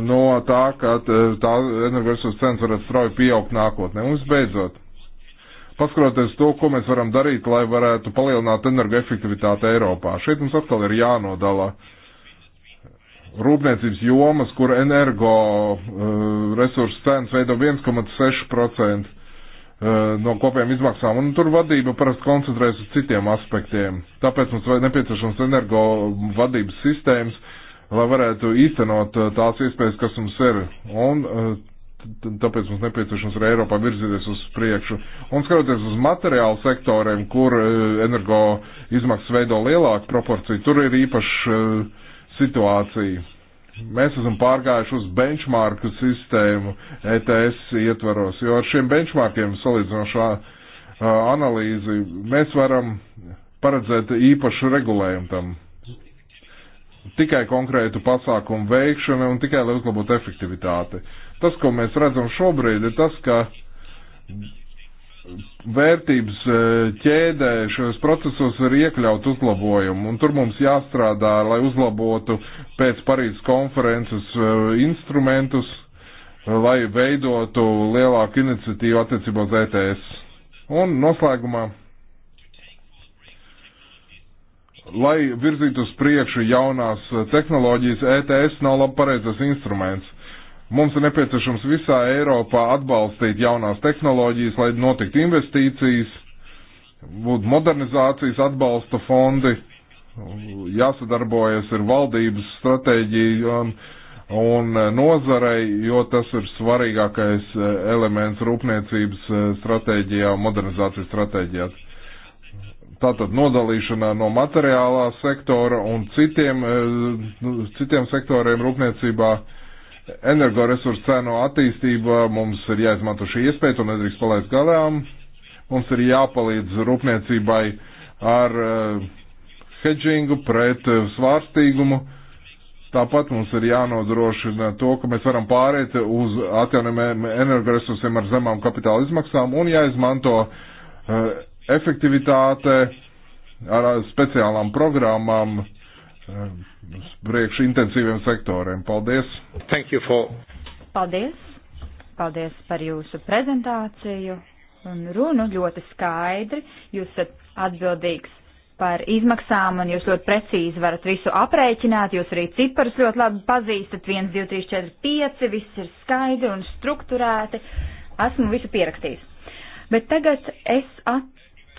no tā, ka tā energoresursu cenas varētu strauji pieaugt nākotnē. Un visbeidzot, paskatoties to, ko mēs varam darīt, lai varētu palielināt energoefektivitāti Eiropā. Šeit mums atkal ir jānodala rūpniecības jomas, kur energo uh, resursu cenas veido 1,6% Uh, no kopējām izmaksām, un tur vadība parasti koncentrējas uz citiem aspektiem. Tāpēc mums ir nepieciešams energo vadības sistēmas, lai varētu īstenot uh, tās iespējas, kas mums ir, un uh, tāpēc mums nepieciešams arī Eiropā virzīties uz priekšu. Un skatoties uz materiālu sektoriem, kur energo izmaksas veido lielāku proporciju, tur ir īpaša situācija Mēs esam pārgājuši uz benchmarku sistēmu ETS ietvaros, jo ar šiem benchmarkiem salīdzinošā uh, analīzi mēs varam paredzēt īpašu regulējumu tam. Tikai konkrētu pasākumu veikšana un tikai, lai uzlabotu efektivitāti. Tas, ko mēs redzam šobrīd, ir tas, ka vērtības e, ķēdē šajos procesos ir iekļaut uzlabojumu, un tur mums jāstrādā, lai uzlabotu pēc Parīzes konferences e, instrumentus, lai veidotu lielāku iniciatīvu attiecībā uz ETS. Un noslēgumā, lai virzītu uz priekšu jaunās e, tehnoloģijas, ETS nav labi pareizais instruments Mums ir nepieciešams visā Eiropā atbalstīt jaunās tehnoloģijas, lai notiktu investīcijas, būtu modernizācijas atbalsta fondi, jāsadarbojas ar valdības stratēģiju un, un nozarei, jo tas ir svarīgākais eh, elements rūpniecības eh, stratēģijā, modernizācijas stratēģijā. Tātad nodalīšanā no materiālā sektora un citiem, eh, nu, citiem sektoriem rūpniecībā energoresursu cenu attīstībā mums ir jāizmanto šī iespēja, to nedrīkst palaist galām. Mums ir jāpalīdz rūpniecībai ar uh, hedžingu pret uh, svārstīgumu. Tāpat mums ir jānodrošina to, ka mēs varam pāriet uz atjaunamiem energoresursiem ar zemām kapitāla izmaksām un jāizmanto uh, efektivitāte ar speciālām programmām Ehm, priekš intensīviem sektoriem. Paldies! Thank you for. Paldies! Paldies par jūsu prezentāciju un runu ļoti skaidri. Jūs esat atbildīgs par izmaksām un jūs ļoti precīzi varat visu aprēķināt. Jūs arī ciparus ļoti labi pazīstat. 1, 2, 3, 4, 5. Viss ir skaidri un strukturēti. Esmu visu pierakstījis. Bet tagad es at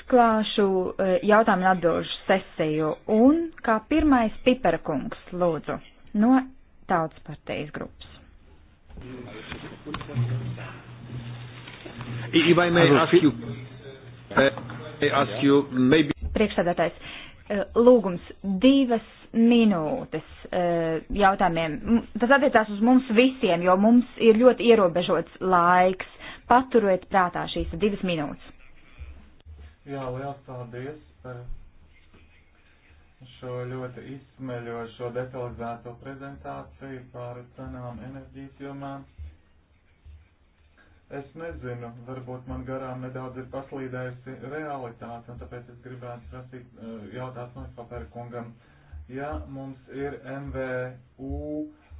atklāšu eh, jautājumu un atbilžu sesiju. Un kā pirmais Pipera kungs, lūdzu, no Tautas partijas grupas. You, eh, you, maybe... Priekšsēdētājs, eh, lūgums divas minūtes jautājumiem. Tas attiecās uz mums visiem, jo mums ir ļoti ierobežots laiks. Paturiet prātā šīs divas minūtes. Jā, liels paldies par šo ļoti izsmeļošo detalizēto prezentāciju par cenām enerģijas jomā. Es nezinu, varbūt man garām nedaudz ir paslīdējusi realitāte, un tāpēc es gribētu prasīt, eh, jautāt Noifaperu kungam, ja mums ir MVU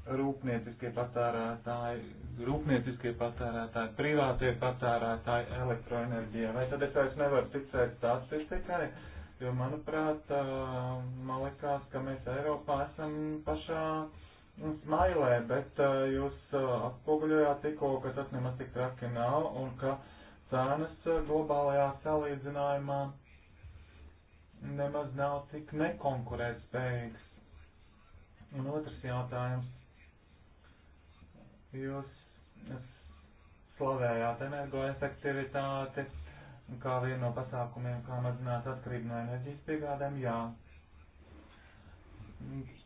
rūpnieciskie patērētāji, rūpnieciskie patērētāji, privātie patērētāji elektroenerģijai. Vai tad es vairs nevaru ticēt statistikai, jo manuprāt, man liekas, ka mēs Eiropā esam pašā smailē, bet jūs atspoguļojāt tikko, ka tas nemaz tik traki nav un ka cenas globālajā salīdzinājumā nemaz nav tik nekonkurētspējīgas. Un otrs jautājums Jūs slavējāt energoefektivitāti kā vienu no pasākumiem, kā mazināt atkarību no enerģijas piegādēm, jā.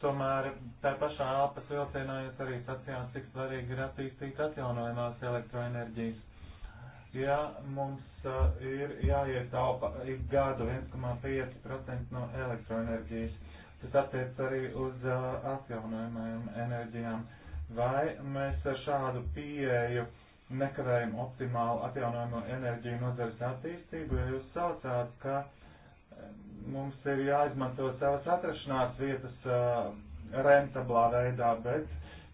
Tomēr tā pašā elpas vilcienā jūs arī sacījāt, cik svarīgi ir attīstīt atjaunojumās elektroenerģijas. Ja mums uh, ir jāietaupa ik gadu 1,5% no elektroenerģijas, tas attiec arī uz uh, atjaunojumajām enerģijām. Uh, Vai mēs ar šādu pieeju nekavējam optimālu atjaunojamo enerģiju nozares attīstību, jo jūs saucāt, ka eh, mums ir jāizmanto savas atrašanās vietas uh, rentablā veidā, bet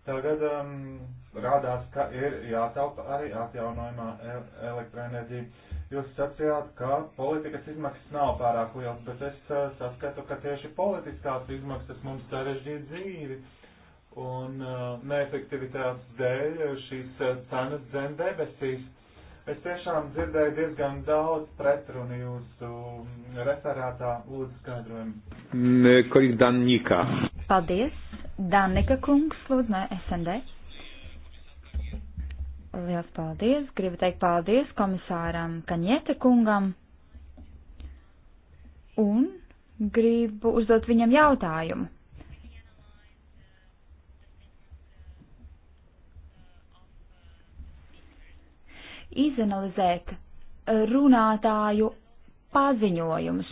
tagad um, rādās, ka ir jātaupa arī atjaunojumā e, elektroenerģija. Jūs sacījāt, ka politikas izmaksas nav pārāk liels, bet es uh, saskatu, ka tieši politiskās izmaksas mums sarežģīja dzīvi. Uh, un uh, neefektivitātes dēļ šīs uh, cenas dzem debesīs. Es tiešām dzirdēju diezgan daudz pretrunu jūsu um, referātā lūdzu skaidrojumu. Mm, e, ko ir Danika? Paldies. Danika kungs, lūdzu, no SND. Liels paldies. Gribu teikt paldies komisāram Kaņete kungam. Un gribu uzdot viņam jautājumu izanalizēt eh, runātāju paziņojumus.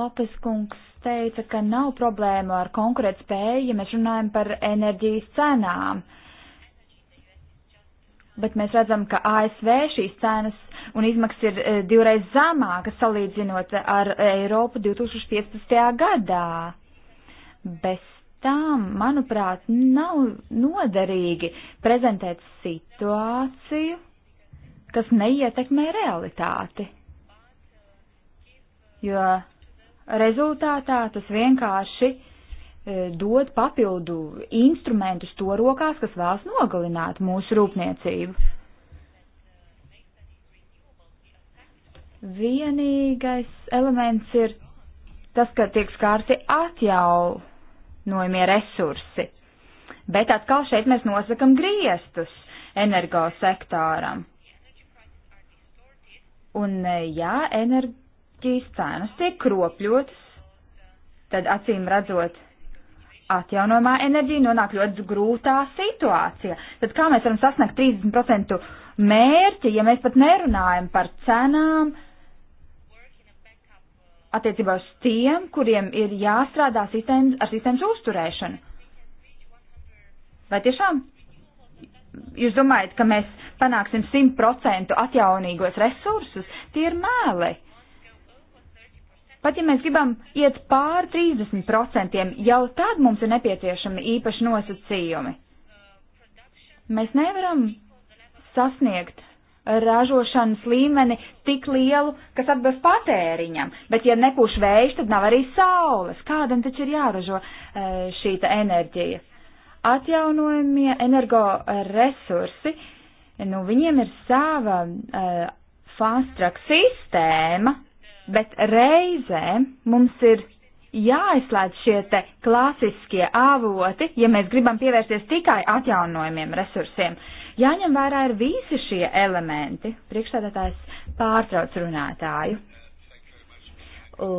Lopes kungs teica, ka nav problēma ar konkurēt spēju, ja mēs runājam par enerģijas cenām. Bet mēs redzam, ka ASV šīs cenas un izmaksas ir eh, divreiz zemākas salīdzinot ar Eiropu 2015. gadā. Bez tām, manuprāt, nav noderīgi prezentēt situāciju, kas neietekmē realitāti. Jo rezultātā tas vienkārši e, dod papildu instrumentus to rokās, kas vēlas nogalināt mūsu rūpniecību. Vienīgais elements ir tas, ka tiek skārti atjaunojumie resursi. Bet atkal šeit mēs nosakam griestus energosektāram. Un e, ja enerģijas cenas tiek kropļotas, tad acīm redzot atjaunojumā enerģija nonāk ļoti grūtā situācijā. Tad kā mēs varam sasniegt 30% mērķi, ja mēs pat nerunājam par cenām attiecībā uz tiem, kuriem ir jāstrādā sistēmas, ar sistēmas uzturēšanu? Vai tiešām jūs domājat, ka mēs panāksim 100% atjaunīgos resursus, tie ir mēli. Pat ja mēs gribam iet pār 30%, jau tad mums ir nepieciešami īpaši nosacījumi. Mēs nevaram sasniegt ražošanas līmeni tik lielu, kas atbilst patēriņam, bet ja nepūš vējš, tad nav arī saules. Kādam taču ir jāražo eh, šīta enerģija? Atjaunojamie energoresursi, nu, viņiem ir sava uh, eh, fast track sistēma, bet reizē mums ir jāizslēdz šie te klasiskie avoti, ja mēs gribam pievērsties tikai atjaunojumiem resursiem. Jāņem vērā ir visi šie elementi. Priekšstādātājs pārtrauc runātāju.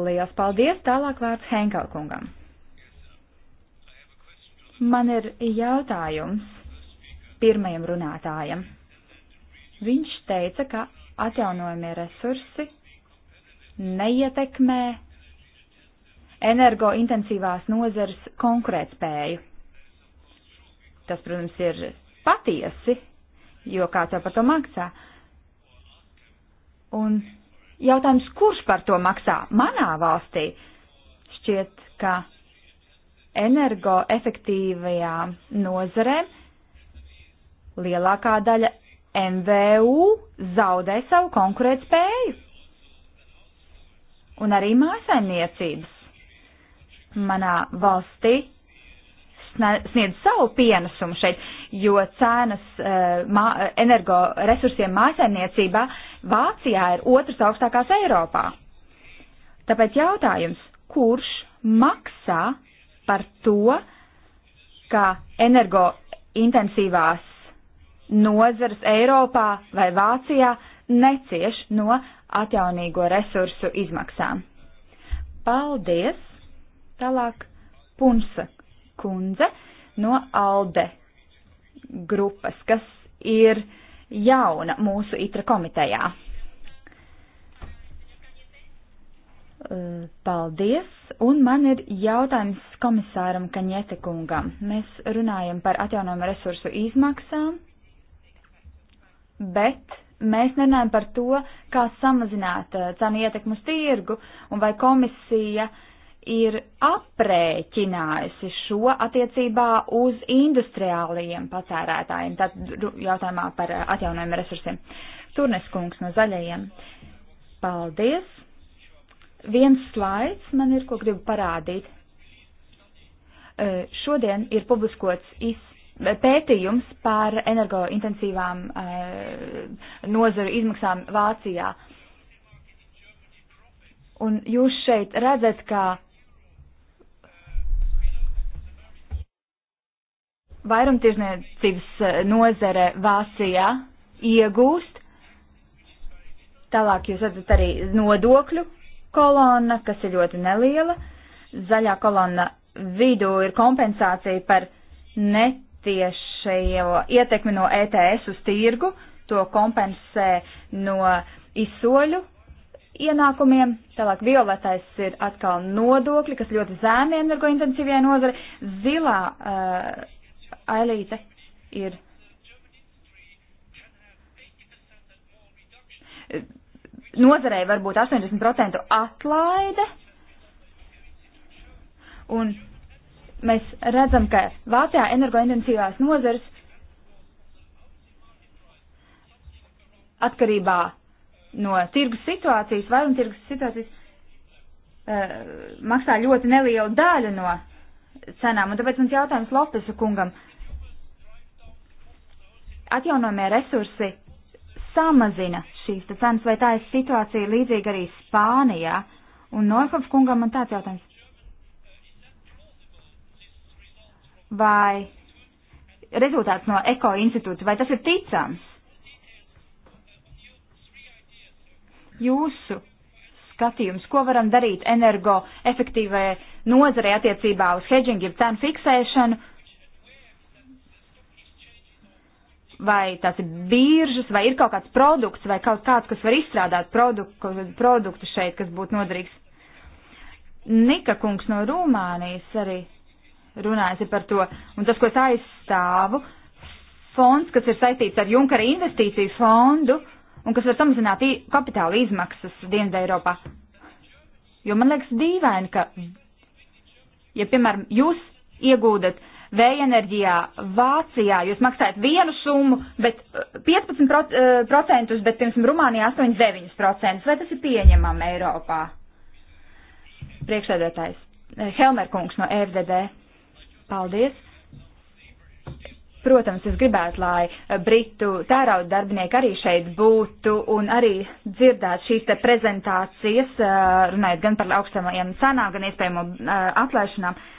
Liels paldies, tālāk vārds Henkelkungam. Man ir jautājums pirmajam runātājam. Viņš teica, ka atjaunojamie resursi neietekmē energointensīvās nozares konkurētspēju. Tas, protams, ir patiesi, jo kāds jau par to maksā. Un jautājums, kurš par to maksā? Manā valstī šķiet, ka energoefektīvajām nozarēm lielākā daļa MVU zaudē savu konkurētspēju. Un arī mājasaimniecības manā valstī sniedz savu pienesumu šeit, jo cenas uh, mā, energoresursiem mājasaimniecībā Vācijā ir otrs augstākās Eiropā. Tāpēc jautājums, kurš maksā par to, ka energointensīvās nozares Eiropā vai Vācijā necieš no atjaunīgo resursu izmaksām. Paldies! Tālāk Punsa kundze no ALDE grupas, kas ir jauna mūsu itra komitejā. Eh, paldies! Un man ir jautājums komisāram Kaņete kungam. Mēs runājam par atjaunojumu resursu izmaksām, bet mēs nerunājam par to, kā samazināt eh, cenu ietekmu uz tirgu un vai komisija ir aprēķinājusi šo attiecībā uz industriālajiem patērētājiem, tad jautājumā par eh, atjaunojumu resursiem. Turnes kungs no zaļajiem. Paldies! viens slaids man ir, ko gribu parādīt. E, šodien ir publiskots e, pētījums par energointensīvām e, nozaru izmaksām Vācijā. Un jūs šeit redzat, ka vairumtirdzniecības nozare Vācijā iegūst. Tālāk jūs redzat arī nodokļu kolonna, kas ir ļoti neliela. Zaļā kolonna vidū ir kompensācija par netiešajo ietekmi no ETS uz tirgu, to kompensē no izsoļu ienākumiem. Tālāk violetais ir atkal nodokļi, kas ļoti zēmi energointensīvajai nozare. Zilā uh, ailīte ir nozarei var būt 80% atlaide. Un mēs redzam, ka Vācijā energointensīvās nozars atkarībā no tirgus situācijas, vairuma tirgus situācijas, uh, maksā ļoti nelielu daļu no cenām. Un tāpēc mums jautājums Lopesa kungam. Atjaunojamie resursi samazina šīs cenas, vai tā ir situācija līdzīga arī Spānijā? Un Norfovs kungam man tāds jautājums. Vai rezultāts no Eko institūta, vai tas ir ticams? Jūsu skatījums, ko varam darīt energoefektīvai nozarei attiecībā uz hedžingu, jeb cenu fiksēšanu, vai tās ir biržas, vai ir kaut kāds produkts, vai kaut kāds, kas var izstrādāt produktu, produktu šeit, kas būtu noderīgs. Nika kungs no Rumānijas arī runājas par to, un tas, ko es aizstāvu, fonds, kas ir saistīts ar Junkara investīciju fondu, un kas var samazināt kapitāla izmaksas Dienvidē Eiropā. Jo man liekas dīvaini, ka, ja, piemēram, jūs iegūdat vēja enerģijā Vācijā jūs maksājat vienu summu, bet 15%, eh, eh, bet, piemēram, Rumānijā 8,9%. Vai tas ir pieņemama Eiropā? Priekšsēdētājs eh, Helmer kungs no FDD. Paldies! Protams, es gribētu, lai britu tērauda darbinieki arī šeit būtu un arī dzirdētu šīs te prezentācijas, runājot gan par augstamajiem cenām, gan iespējamo atlaišanām. Uh,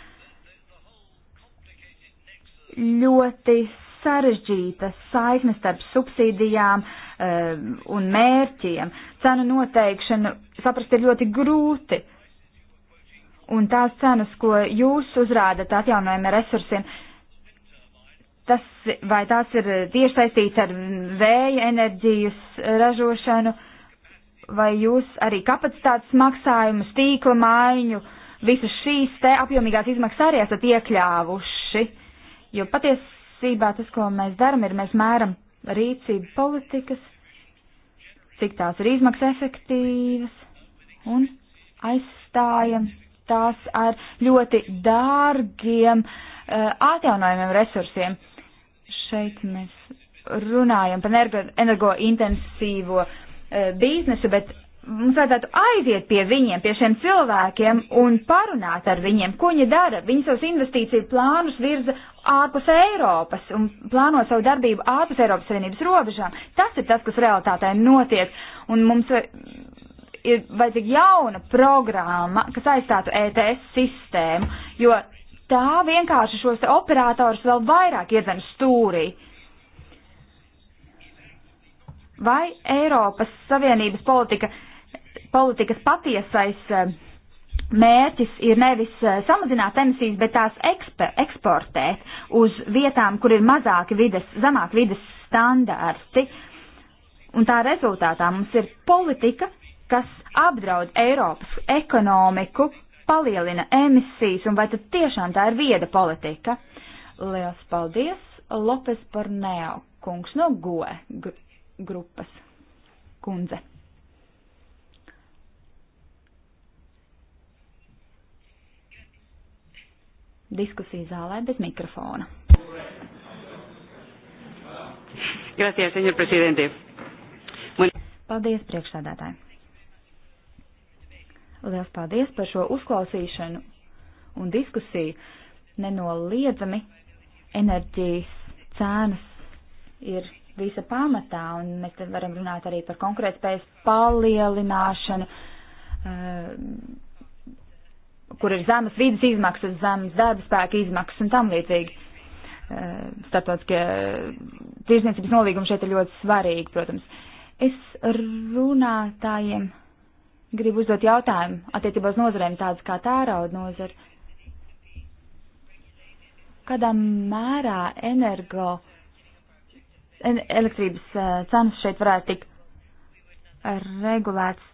ļoti sarežģītas saiknes starp subsīdijām um, un mērķiem. Cenu noteikšanu saprast ir ļoti grūti. Un tās cenas, ko jūs uzrādat atjaunojumiem resursiem, tas vai tās ir tieši saistīts ar vēja enerģijas ražošanu, vai jūs arī kapacitātes maksājumus, tīkla maiņu, visas šīs te apjomīgās izmaksas arī esat iekļāvuši. Uh, Jo patiesībā tas, ko mēs darām, ir mēs mēram rīcību politikas, cik tās ir izmaksas efektīvas un aizstājam tās ar ļoti dārgiem uh, atjaunojumiem resursiem. Šeit mēs runājam par energointensīvo energo, energo uh, biznesu, bet mums vajadzētu aiziet pie viņiem, pie šiem cilvēkiem un parunāt ar viņiem, ko viņi dara. Viņi savus investīciju plānus virza ārpus Eiropas un plāno savu darbību ārpus Eiropas Savienības robežām. Tas ir tas, kas realitātē notiek. Un mums ir vajadzīga jauna programma, kas aizstātu ETS sistēmu, jo tā vienkārši šos operatorus vēl vairāk iedzen stūrī. Vai Eiropas Savienības politika politikas patiesais eh, mērķis ir nevis eh, samazināt emisijas, bet tās eksper, eksportēt uz vietām, kur ir mazāki vides, zemāk vides standārti. Un tā rezultātā mums ir politika, kas apdraud Eiropas ekonomiku, palielina emisijas, un vai tad tiešām tā ir vieda politika? Lielas paldies, Lopes Porneo kungs no GOE grupas kundze. diskusiju zālē bez mikrofona. Gracias, señor presidente. Bueno. Paldies, priekšsādātāji. Liels paldies par šo uzklausīšanu un diskusiju. Nenoliedzami enerģijas cēnas ir visa pamatā, un mēs varam runāt arī par konkurētspējas palielināšanu. Uh, kur ir zemas vidas izmaksas, zemas darba spēka izmaksas un tam līdzīgi. Eh, Startautiskie tirsniecības nolīgumi šeit ir ļoti svarīgi, protams. Es runātājiem gribu uzdot jautājumu attiecībā uz nozarēm tādas kā tērauda nozara. Kādā mērā energo, en, elektrības eh, cenas šeit varētu tikt regulēts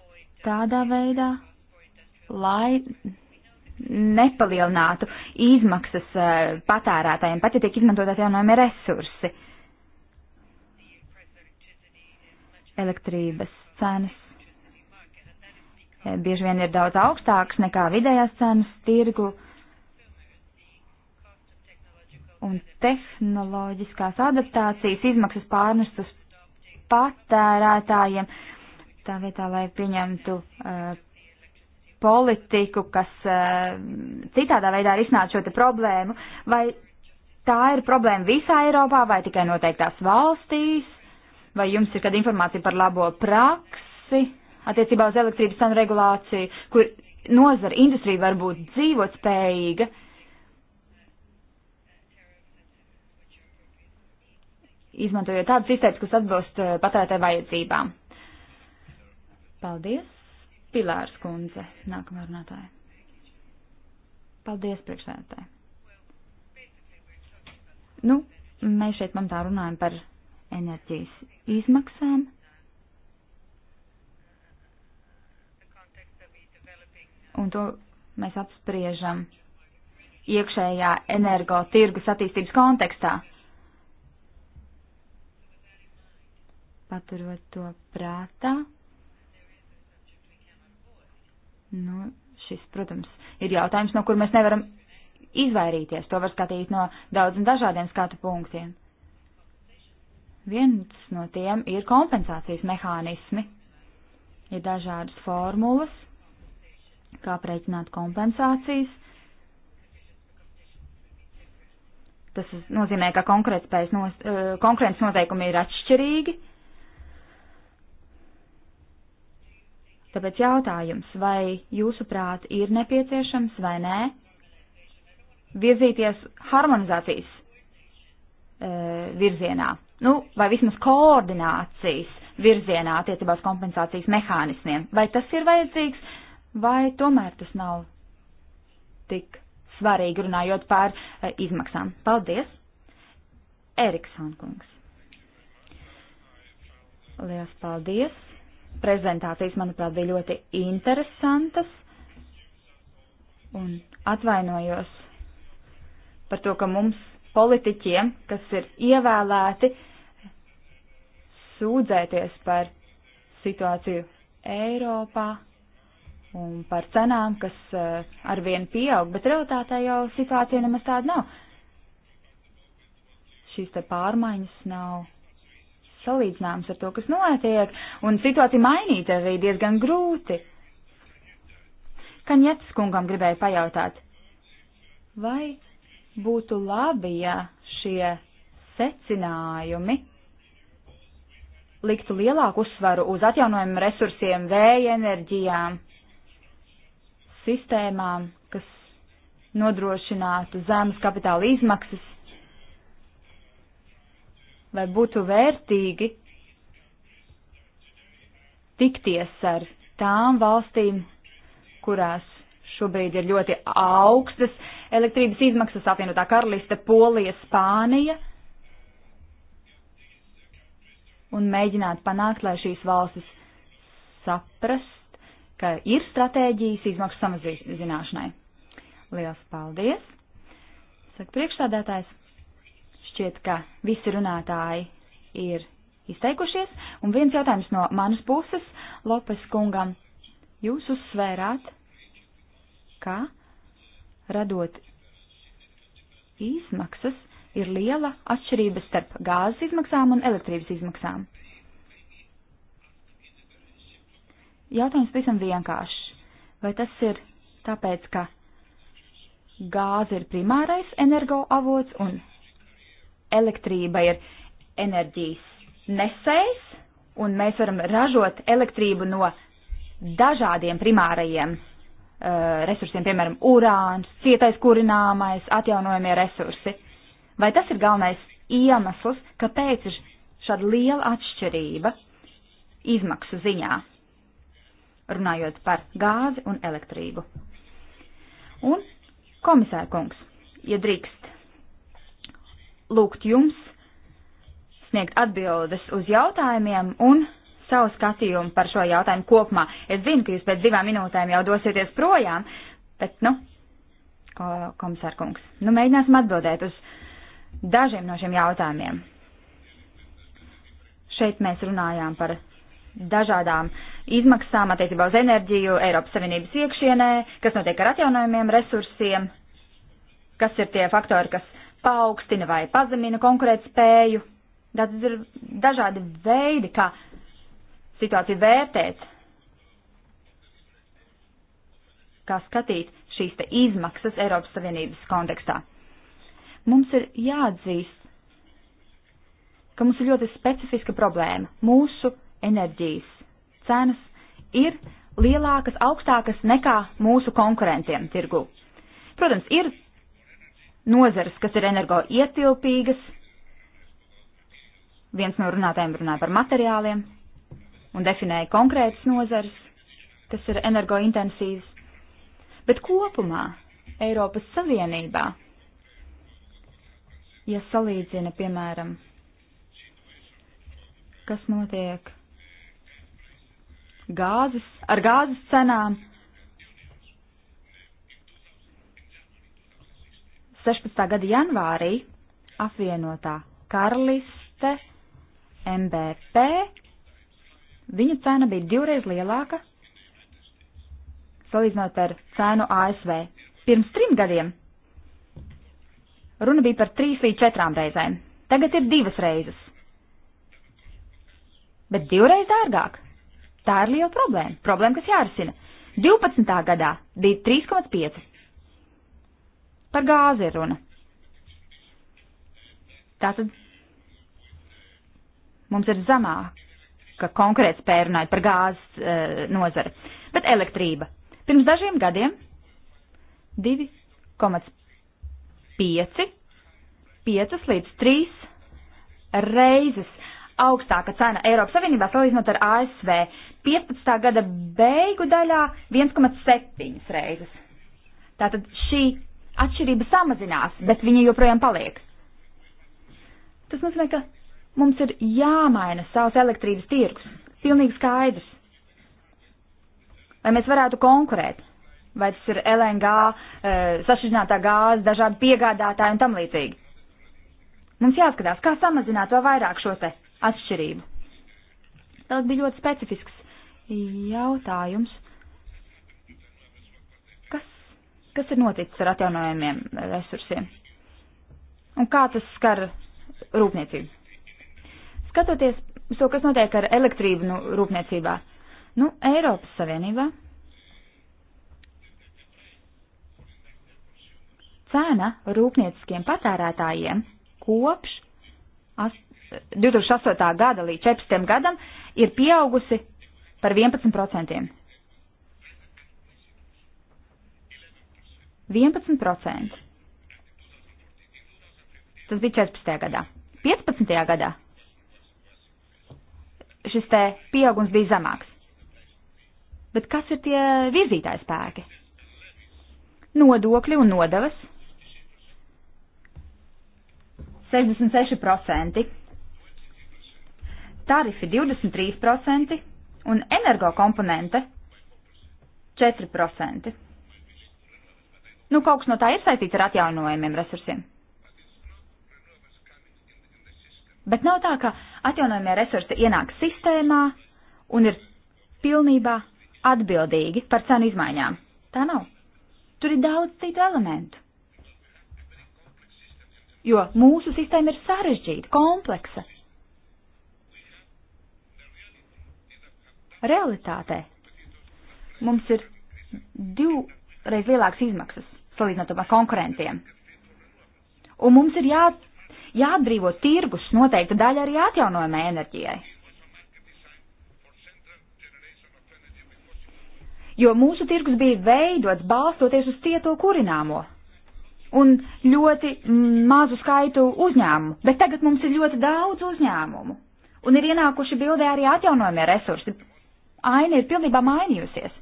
tādā veidā, lai nepalielinātu izmaksas e, patērētājiem, pat ja tiek izmantot atjaunojami resursi. Elektrības cenas e, bieži vien ir daudz augstākas nekā vidējās cenas tirgu. Un tehnoloģiskās adaptācijas izmaksas pārnest uz patērētājiem, tā vietā, lai pieņemtu uh, politiku, kas eh, citādā veidā risinātu šo problēmu, vai tā ir problēma visā Eiropā vai tikai noteiktās valstīs, vai jums ir kāda informācija par labo praksi attiecībā uz elektrības cenu regulāciju, kur nozara industrija var būt dzīvotspējīga. Izmantojot tādas sistēmas, kas atbilst eh, patērētāju vajadzībām. Paldies! Pilārs kundze, nākamā runātāja. Paldies, priekšsēdētāji. Nu, mēs šeit pamatā runājam par enerģijas izmaksām. Un to mēs apspriežam iekšējā energo tirgus attīstības kontekstā. Paturot to prātā, Nu, šis, protams, ir jautājums, no kur mēs nevaram izvairīties. To var skatīt no daudziem dažādiem skatu punktiem. Viens no tiem ir kompensācijas mehānismi. Ir dažādas formulas, kā prēķināt kompensācijas. Tas nozīmē, ka konkurētspējas nos, eh, konkurences noteikumi ir atšķirīgi Tāpēc jautājums, vai jūsuprāt ir nepieciešams vai nē virzīties harmonizācijas e, virzienā, nu, vai vismaz koordinācijas virzienā attiecībās kompensācijas mehānismiem. Vai tas ir vajadzīgs, vai tomēr tas nav tik svarīgi runājot par e, izmaksām? Paldies! Eriksonkungs. Lielas paldies! prezentācijas, manuprāt, bija ļoti interesantas. Un atvainojos par to, ka mums politiķiem, kas ir ievēlēti, sūdzēties par situāciju Eiropā un par cenām, kas uh, arvien pieaug, bet realitātē jau situācija nemaz tāda nav. Šīs te pārmaiņas nav salīdzināms ar to, kas notiek, un situāciju mainīt arī diezgan grūti. Kaņets kungam gribēja pajautāt, vai būtu labi, ja šie secinājumi liktu lielāku uzsvaru uz atjaunojumu resursiem, vēja enerģijām, sistēmām, kas nodrošinātu zemes kapitāla izmaksas vai būtu vērtīgi tikties ar tām valstīm, kurās šobrīd ir ļoti augstas elektrības izmaksas apvienotā karaliste, Polija, Spānija, un mēģināt panākt, lai šīs valstis saprast, ka ir stratēģijas izmaksu samazināšanai. Lielas paldies! Saka priekšstādētājs. Šķiet, ka visi runātāji ir izteikušies, un viens jautājums no manas puses Lopes kungam. Jūs uzsvērāt, ka radot izmaksas ir liela atšķirība starp gāzes izmaksām un elektrības izmaksām. Jautājums visam vienkāršs. Vai tas ir tāpēc, ka gāze ir primārais energoavots un elektrība ir enerģijas nesējs, un mēs varam ražot elektrību no dažādiem primārajiem uh, resursiem, piemēram, urāns, cietais kurināmais, atjaunojamie resursi. Vai tas ir galvenais iemesls, kāpēc ir šāda liela atšķirība izmaksu ziņā, runājot par gāzi un elektrību? Un komisārkungs, ja drīkst lūgt jums sniegt atbildes uz jautājumiem un savu skatījumu par šo jautājumu kopumā. Es zinu, ka jūs pēc divām minūtēm jau dosieties projām, bet, nu, komisārkungs, nu, mēģināsim atbildēt uz dažiem no šiem jautājumiem. Šeit mēs runājām par dažādām izmaksām attiecībā uz enerģiju Eiropas Savienības iekšienē, kas notiek ar atjaunojumiem resursiem, kas ir tie faktori, kas paaugstina vai pazemina konkurētspēju. Tad ir dažādi veidi, kā situāciju vērtēt, kā skatīt šīs te izmaksas Eiropas Savienības kontekstā. Mums ir jāatzīst, ka mums ir ļoti specifiska problēma. Mūsu enerģijas cenas ir lielākas, augstākas nekā mūsu konkurentiem tirgu. Protams, ir nozares, kas ir energo ietilpīgas. Viens no runātājiem runāja par materiāliem un definēja konkrētas nozares, kas ir energointensīvas. Bet kopumā Eiropas Savienībā, ja salīdzina, piemēram, kas notiek gāzes, ar gāzes cenām, 16. gada janvārī apvienotā karaliste MBP, viņa cena bija divreiz lielāka salīdzinot ar cenu ASV. Pirms trim gadiem runa bija par trīs līdz četrām reizēm. Tagad ir divas reizes. Bet divreiz dārgāk. Tā ir liela problēma. Problēma, kas jārisina. 12. gadā bija 3,5 Par gāzi ir runa. Tātad mums ir zemāka konkrēta spēja runāt par gāzes e, nozari. Bet elektrība. Pirms dažiem gadiem 2,5 5 līdz 3 reizes augstāka cena Eiropas Savienībā salīdzinot ar ASV 15. gada beigu daļā 1,7 reizes. Tātad šī atšķirība samazinās, bet viņa joprojām paliek. Tas nozīmē, ka mums ir jāmaina savs elektrības tirgus. Pilnīgi skaidrs. Lai mēs varētu konkurēt. Vai tas ir LNG, e, eh, sašķidrinātā gāze, dažādi piegādātāji un tam līdzīgi. Mums jāskatās, kā samazināt vēl vairāk šo te atšķirību. Tas bija ļoti specifisks jautājums. Kas ir noticis ar atjaunojumiem resursiem? Un kā tas skar rūpniecību? Skatoties to, kas notiek ar elektrību nu, rūpniecībā, nu, Eiropas Savienībā cena rūpnieciskiem patērētājiem kopš 2008. gada līdz 14. gadam ir pieaugusi par 11%. 11%. Tas bija 14. gadā. 15. gadā šis te pieaugums bija zemāks. Bet kas ir tie virzītāji spēki? Nodokļi un nodevas. 66%, tarifi 23% un energokomponente 4%. Nu, kaut kas no tā ir saistīts ar atjaunojumiem resursiem. Bet nav tā, ka atjaunojumie resursi ienāk sistēmā un ir pilnībā atbildīgi par cenu izmaiņām. Tā nav. Tur ir daudz citu elementu. Jo mūsu sistēma ir sarežģīta, kompleksa. Realitātē mums ir divreiz lielākas izmaksas salīdzinot ar konkurentiem. Un mums ir jā, jāatbrīvo tirgus noteikta daļa arī atjaunojamai enerģijai. Jo mūsu tirgus bija veidots balstoties uz cieto kurināmo un ļoti mazu skaitu uzņēmumu, bet tagad mums ir ļoti daudz uzņēmumu un ir ienākuši bildē arī atjaunojamie resursi. Aina ir pilnībā mainījusies.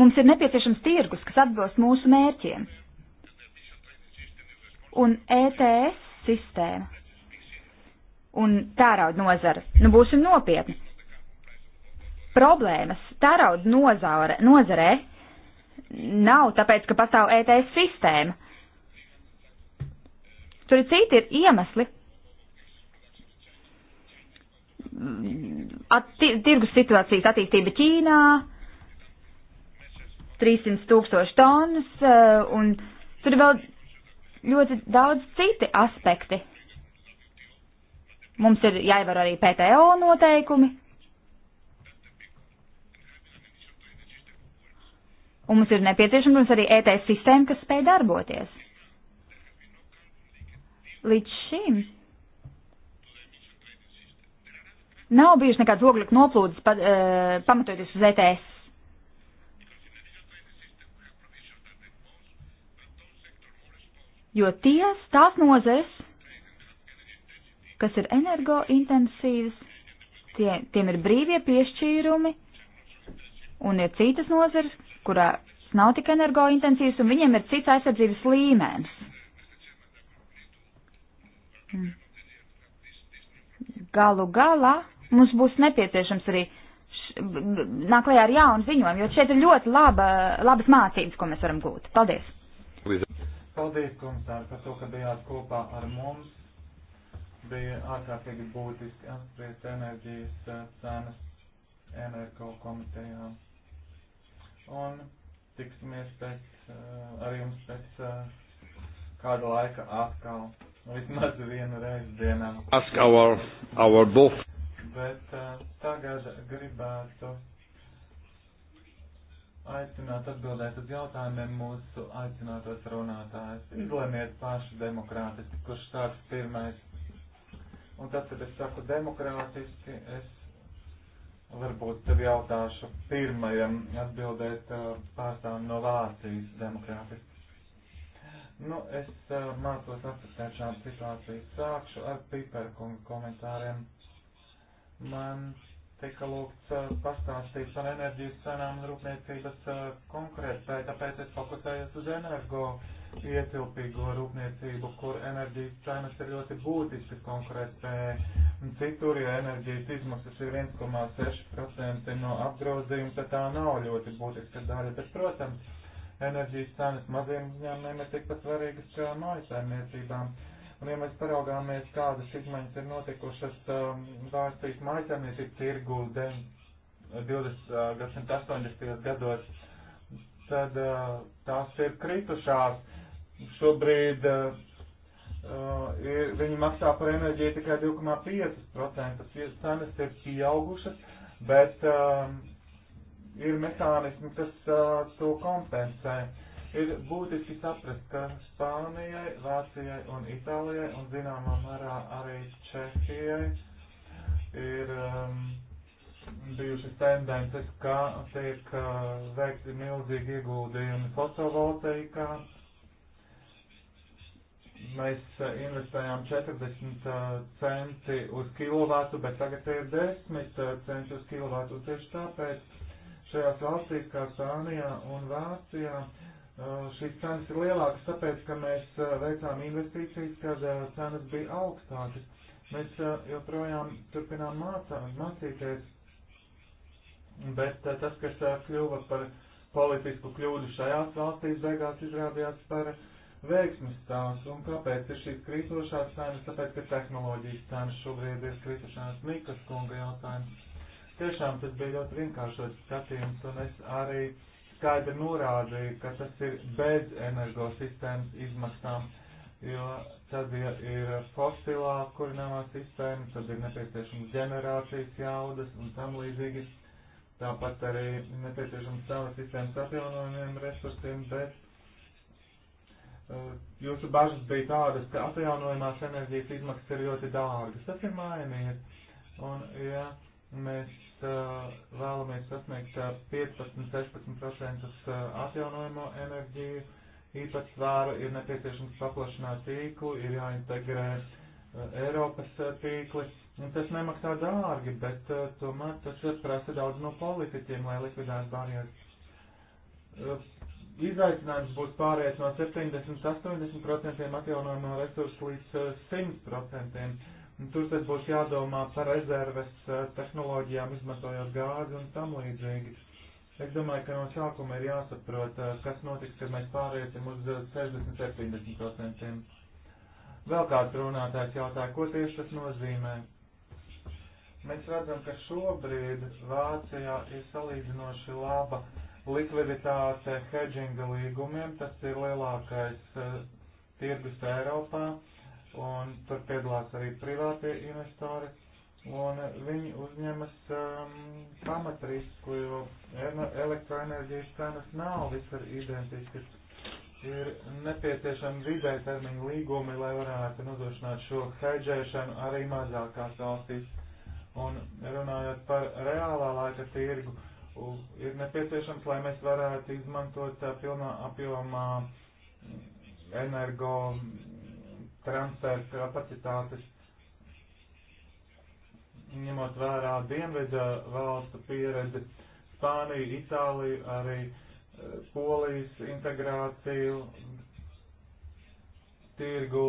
Mums ir nepieciešams tirgus, kas atbilst mūsu mērķiem. Un ETS sistēma un tērauda nozara, nu būsim nopietni. Problēmas tērauda nozara, nozarē nav tāpēc, ka pastāv ETS sistēma. Tur ir citi ir iemesli. At, tirgus situācijas attīstība Ķīnā, 300 tūkstoši tonnas, eh, un tur ir vēl ļoti daudz citi aspekti. Mums ir jāievēro arī PTO noteikumi. Un mums ir nepieciešams mums arī ETS sistēma, kas spēj darboties. Līdz šim nav bijuši nekāds oglekļa noplūdes eh, pamatoties uz ETS jo tie, tās nozeres, kas ir energointensīvas, tie, tiem ir brīvie piešķīrumi, un ir citas nozeres, kurā nav tik energointensīvas, un viņiem ir cits aizsardzības līmenis. Hmm. Galu galā mums būs nepieciešams arī nāk lejā ar jaunu ziņojumu, jo šeit ir ļoti laba, labas mācības, ko mēs varam gūt. Paldies! Paldies, komisāri, par to, ka bijāt kopā ar mums. Bija ārkārtīgi būtiski apspriest enerģijas eh, cenas energo komitejā. Un tiksimies pēc, eh, ar jums pēc eh, kāda laika atkal, vismaz vienu reizi dienā. Ask our, our book. Bet uh, tagad gribētu aicināt atbildēt uz jautājumiem mūsu aicinātos runātājus. Izlemiet paši demokrātiski, kurš sāks pirmais. Un tad, kad es saku demokrātiski, es varbūt tev jautāšu pirmajam atbildēt pārstāvim no Vācijas demokrātiski. Nu, es uh, mācos akceptēt šādu situāciju. Sākšu ar Piperkunga komentāriem. Man tika lūgts pastāstīt par enerģijas cenām un rūpniecības konkurētspēju, tāpēc es fokusējos uz energo ietilpīgo rūpniecību, kur enerģijas cenas ir ļoti būtiskas konkurētspējai. Citur, ja enerģijas izmaksas ir 1,6% no apgrozījuma, tad tā nav ļoti būtiska daļa, bet, protams, enerģijas cenas maziem uzņēmumiem ir tikpat svarīgas kā mājasaimniecībām. No Un, ja mēs paraugāmies, kādas izmaiņas ir notikušas valstīs um, mājasēmniecību tirgu 20. Uh, gadsimta 80. gados, tad uh, tās ir kritušās. Šobrīd uh, uh ir, viņi maksā par enerģiju tikai 2,5%. Cenas ir pieaugušas, bet uh, ir mehānismi, kas uh, to kompensē. Uh, Ir būtiski saprast, ka Spānijai, Vācijai un Itālijai un zināmā mērā arī Čehijai ir um, bijušas tendences, ka tiek uh, veikti milzīgi ieguldījumi fotovoltaikā. Mēs uh, investējām 40 uh, centi uz kilovatu, bet tagad ir 10 uh, centi uz kilovatu. Tieši tāpēc šajās valstīs, kā Spānijā un Vācijā, uh, Uh, šīs cenas ir lielākas, tāpēc, ka mēs uh, veicām investīcijas, kad uh, cenas bija augstākas. Mēs joprojām turpinām mācā, mācīties, bet tas, kas kļuva par politisku kļūdu šajās valstīs, beigās izrādījās par veiksmes stāstu. Un kāpēc ir šīs krītošās cenas? Tāpēc, ka tehnoloģijas cenas šobrīd ir krītošās Mikas kunga jautājums. Tiešām tas bija ļoti vienkāršots skatījums, un es arī uh, skaidri norādīja, ka tas ir bez energosistēmas izmaksām, jo tad, ja ir fosilā kurināmā sistēma, tad ir nepieciešams ģenerācijas jaudas un tam līdzīgi. Tāpat arī nepieciešams savas sistēmas atjaunojumiem resursiem, bet uh, jūsu bažas bija tādas, ka atjaunojumās enerģijas izmaksas ir ļoti dārgas. Tas ir mainījies. Un, ja mēs Uh, vēlamies sasniegt 15-16% uh, uh, atjaunojamo enerģiju īpatsvāru, ir nepieciešams paplašināt tīklu, ir jāintegrē Eiropas tīkli. Un tas nemaksā dārgi, bet uh, tomēr tas prasa daudz no politiķiem, lai likvidētu barjeras. Uh, izaicinājums būs pārējais no 70-80% atjaunojumā resursu līdz uh, 100%. Tur tad būs jādomā par rezerves eh, tehnoloģijām, izmantojot gāzi un tam līdzīgi. Es domāju, ka no sākuma ir jāsaprot, eh, kas notiks, kad mēs pāriesim uz 60-70%. Eh, Vēl kāds runātājs jautāja, ko tieši tas nozīmē. Mēs redzam, ka šobrīd Vācijā ir salīdzinoši laba likviditāte hedžinga līgumiem, tas ir lielākais uh, tirgus Eiropā. Uh, un tur piedalās arī privātie investori, un viņi uzņemas um, pamatrisku, jo elektroenerģijas cenas nav visur identiskas. Ir nepieciešami vidēji termiņu līgumi, lai varētu nodrošināt šo hedžēšanu arī mazākās valstīs. Un runājot par reālā laika tirgu, ir nepieciešams, lai mēs varētu izmantot uh, pilnā apjomā mm, energo transfers kapacitātes, ņemot vērā dienvidu valstu pieredzi, Spāniju, Itāliju, arī eh, Polijas integrāciju, tirgu,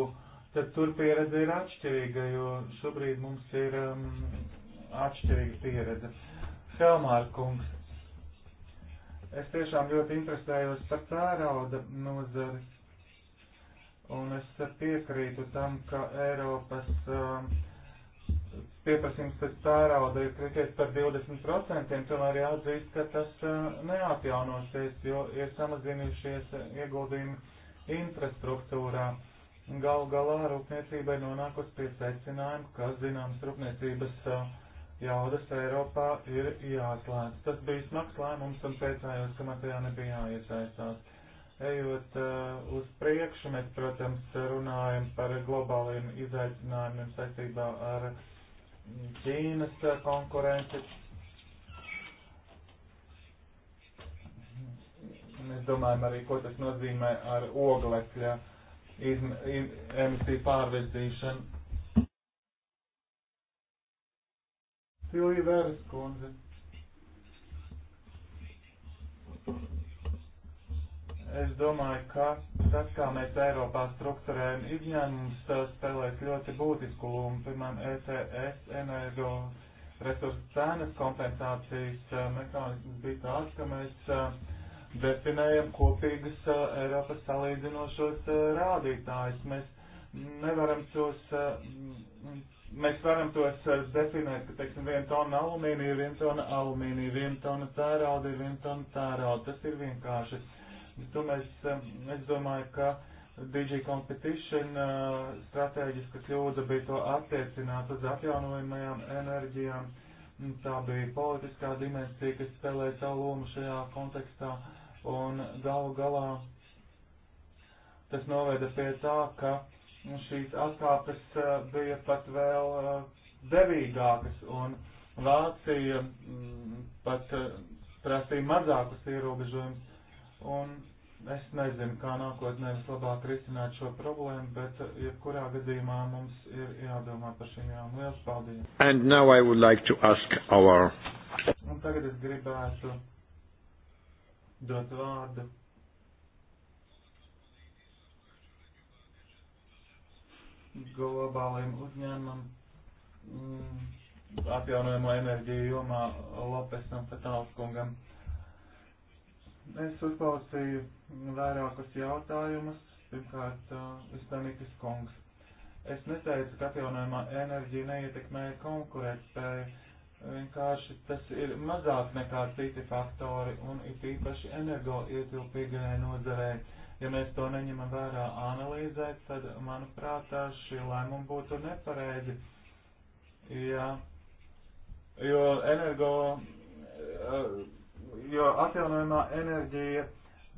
tad tur pieredze ir atšķirīga, jo šobrīd mums ir um, atšķirīga pieredze. Helmāra kungs, es tiešām ļoti interesējos par tērauda nozari Un es piekrītu tam, ka Eiropas um, pieprasījums pēc tērauda ir krities par 20%, tomēr jāatzīst, ka tas uh, neatjaunosies, jo ir samazinījušies ieguldījumi infrastruktūrā. Gal galā rūpniecība ir nonākusi pie secinājuma, ka zināmas rūpniecības uh, jaudas Eiropā ir jāslēdz. Tas bija smags lēmums un priecājos, ka man tajā nebija jāiesaistās Ejot uh, uz priekšu, mēs, protams, runājam par globāliem izaicinājumiem saistībā ar Ķīnas konkurenci. Mēs domājam arī, ko tas nozīmē ar oglekļa izm, im, emisiju pārvedzīšanu. Silvija Vēras kundze. Es domāju, ka tas, kā mēs Eiropā strukturējam izņēmumus, spēlēs ļoti būtisku lomu. Piemēram, ETS energo resursu cenas kompensācijas mehānisms bija tāds, ka mēs definējam kopīgus Eiropas salīdzinošos rādītājus. Mēs nevaram tos, mēs varam tos definēt, ka, teiksim, viena tona alumīnija, viena tona alumīnija, viena tona tērauda, viena tona tērauda. Tas ir vienkārši To mēs, es domāju, ka DG Competition eh, stratēģiska kļūda bija to attiecināt uz atjaunojumajām enerģijām. Tā bija politiskā dimensija, kas spēlēja savu lomu šajā kontekstā. Un galu galā tas noveda pie tā, ka šīs atkāpes eh, bija pat vēl eh, devīgākas, un Vācija mm, pat prasīja mazākus ierobežojumus. Un es nezinu, kā nākotnē vislabāk risināt šo problēmu, bet eh, jebkurā gadījumā mums ir jādomā par šīm jām. Lielas paldies! And now I would like to ask our... Un tagad es gribētu dot vārdu. globāliem uzņēmumam mm, atjaunojamo enerģiju jomā Lopesam Fetālskungam. kungam Es uzklausīju vairākus jautājumus. Pirmkārt, Istamītis kungs. Es neteicu, ka atjaunojumā enerģija neietekmē konkurētspēju. Vienkārši tas ir mazāk nekā citi faktori un ir tīpaši energo ietilpīgajai nozarei. Ja mēs to neņemam vērā analīzē, tad, manuprāt, šī lēmuma būtu nepareizi. Jā, jo energo. Uh, jo atjaunojumā enerģija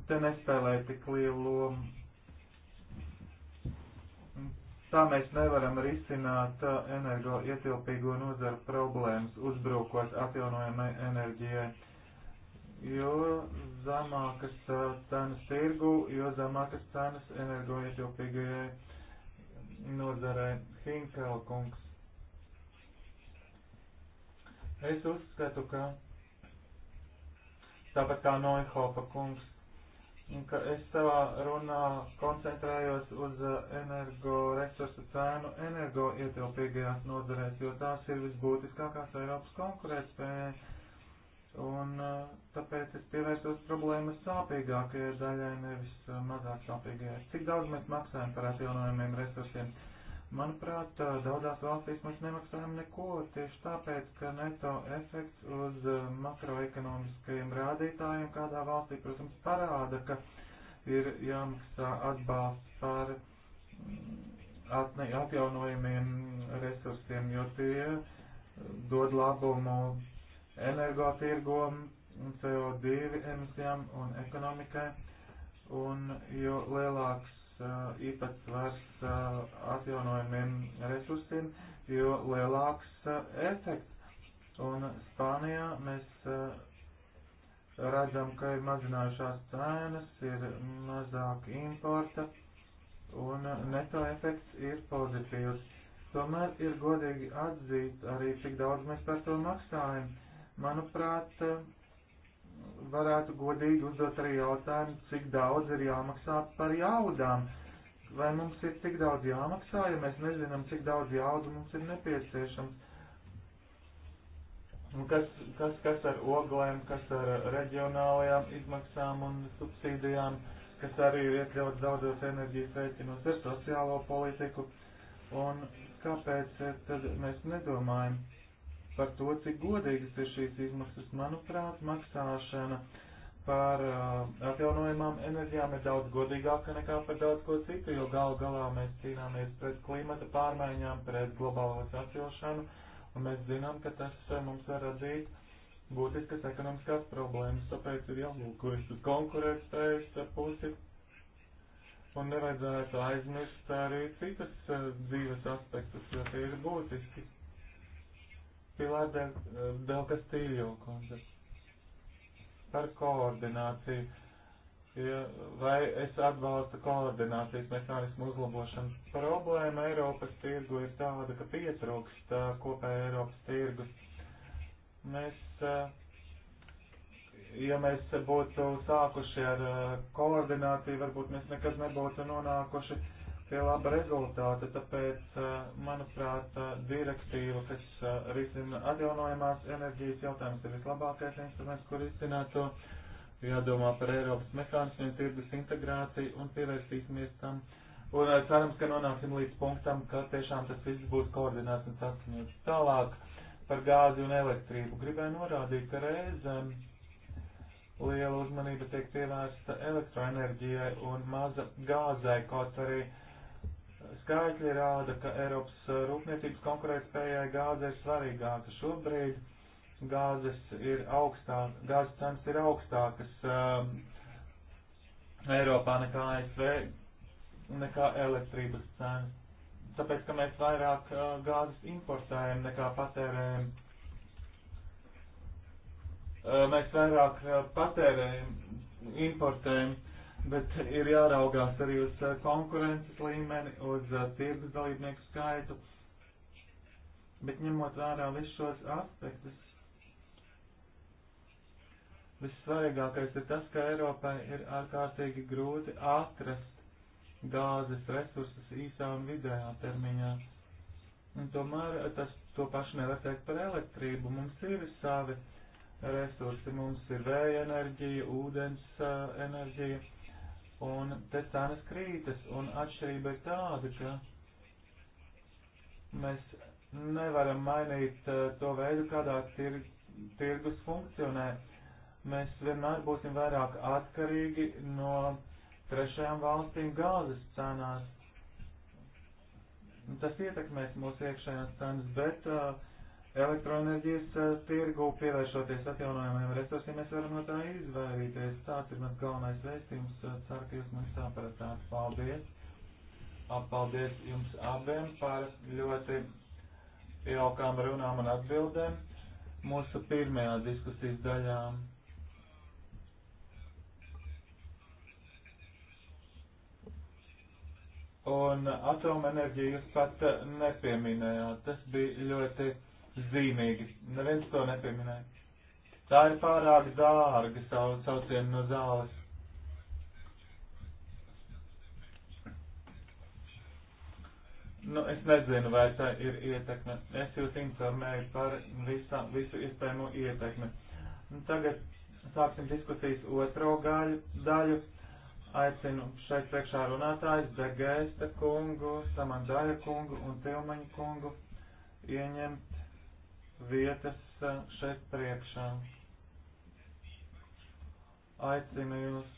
te nespēlē tik lielu lomu. Tā mēs nevaram risināt uh, energo ietilpīgo nozaru problēmas, uzbrukot atjaunojamai enerģijai, jo zemākas uh, cenas tirgu, jo zemākas cenas energo ietilpīgajai nozarei Hinkelkungs. Es uzskatu, ka tāpat kā Noihopa kungs, ka es savā runā koncentrējos uz uh, energoresursu cēnu energoietilpīgajās nozarēs, jo tās ir visbūtiskākās Eiropas konkurētspējai. Un uh, tāpēc es pievērsos problēmas sāpīgākajai daļai, nevis uh, mazāk sāpīgajai. Cik daudz mēs maksājam par atjaunojumiem resursiem? Uh, Manuprāt, daudzās valstīs mēs nemaksājam neko tieši tāpēc, ka neto efekts uz makroekonomiskajiem rādītājiem kādā valstī, protams, parāda, ka ir jāmaksā atbalsts par mm, atjaunojumiem resursiem, jo tie dod labumu energotirgom, CO2 emisijām un ekonomikai, un jo lielāks Uh, īpatsvars uh, atjaunojumiem resursiem, jo lielāks uh, efekts. Un Spānijā mēs redzam, ka ir mazinājušās cenas, ir mazāk importa un neto efekts ir pozitīvs. Tomēr ir godīgi atzīt arī, cik daudz mēs par to maksājam. Manuprāt, varētu godīgi uzdot arī jautājumu, cik daudz ir jāmaksā par jaudām. Vai mums ir tik daudz jāmaksā, ja mēs nezinām, cik daudz jaudu mums ir nepieciešams? Un kas, kas, kas ar oglēm, kas ar reģionālajām izmaksām un subsīdijām, kas arī ir iekļauts daudzos enerģijas rēķinos ar sociālo politiku, un kāpēc tad mēs nedomājam? par to, cik godīgas ir šīs izmaksas. Manuprāt, maksāšana par uh, atjaunojumām enerģijām ir daudz godīgāka nekā par daudz ko citu, jo gal galā mēs cīnāmies pret klimata pārmaiņām, pret globālo sasilšanu, un mēs zinām, ka tas uh, mums var radīt būtiskas ekonomiskās problēmas, tāpēc ir jālūkojas uz konkurētspējas pusi, un nevajadzētu aizmirst arī citas uh, dzīves aspektus, jo tie ir būtiski Pilar del, eh, del Castillo kundze par koordināciju. Ja, vai es atbalstu koordinācijas mehānismu uzlabošanu? Problēma Eiropas tirgu ir tāda, ka pietrūkst eh, kopēja Eiropas tirgus. Mēs, eh, ja mēs būtu sākuši ar koordināciju, varbūt mēs nekad nebūtu nonākuši pie laba rezultāta, tāpēc, manuprāt, direktīva, kas risina atjaunojamās enerģijas jautājumus, ir vislabākais instruments, kur risināt to. Jādomā par Eiropas mehānismiem, tirgus integrāciju un pievērsīsimies tam. Un cerams, ka nonāksim līdz punktam, ka tiešām tas viss būs koordinēts un sasniegts. Tālāk par gāzi un elektrību. Gribēju norādīt, ka reizēm liela uzmanība tiek pievērsta elektroenerģijai un maza gāzai, kaut arī uh, Skaitļi rāda, ka Eiropas uh, rūpniecības konkurētspējai gāze ir svarīgāka šobrīd. Gāzes ir augstāk, gāzes cenas ir augstākas um, Eiropā nekā ASV, nekā elektrības cenas. Tāpēc, ka mēs vairāk uh, gāzes importējam nekā patērējam. Uh, mēs vairāk uh, patērējam, importējam. Uh, bet ir jāraugās arī uz uh, konkurences līmeni, uz uh, tirgus dalībnieku skaitu. Bet ņemot vērā visus šos aspektus, vissvarīgākais ir tas, ka Eiropai ir ārkārtīgi grūti atrast gāzes resursus īsā un vidējā termiņā. Un tomēr tas to pašu nevar teikt par elektrību. Mums ir savi resursi, mums ir vēja enerģija, ūdens uh, enerģija un te cenas krītas, un atšķirība ir tāda, ka mēs nevaram mainīt eh, to veidu, kādā tir, tirgus funkcionē. Mēs vienmēr būsim vairāk atkarīgi no trešajām valstīm gāzes cenās. Tas ietekmēs mūsu iekšējās cenas, bet uh, elektroenerģijas eh, tirgu, pievēršoties atjaunojumiem resursiem, mēs varam no tā izvairīties. Tāds ir mans galvenais vēstījums. Eh, ceru, ka jūs mani sapratāt. Paldies! Paldies jums abiem par ļoti jaukām runām un atbildēm mūsu pirmajā diskusijas daļā. Un atomenerģiju jūs pat eh, nepieminējāt. Tas bija ļoti zīmīgi. Neviens to nepieminēja. Tā ir pārāk dārga savu saucienu no zāles. Nu, es nezinu, vai tā ir ietekme. Es jūs informēju par visā, visu iespējamo ietekmi. Nu, tagad sāksim diskusijas otro gaļu, daļu. Aicinu šeit priekšā runātājs Degēsta kungu, Samandāja kungu un Tilmaņa kungu ieņemt vietas eh, šeit priekšā. Aicinu jūs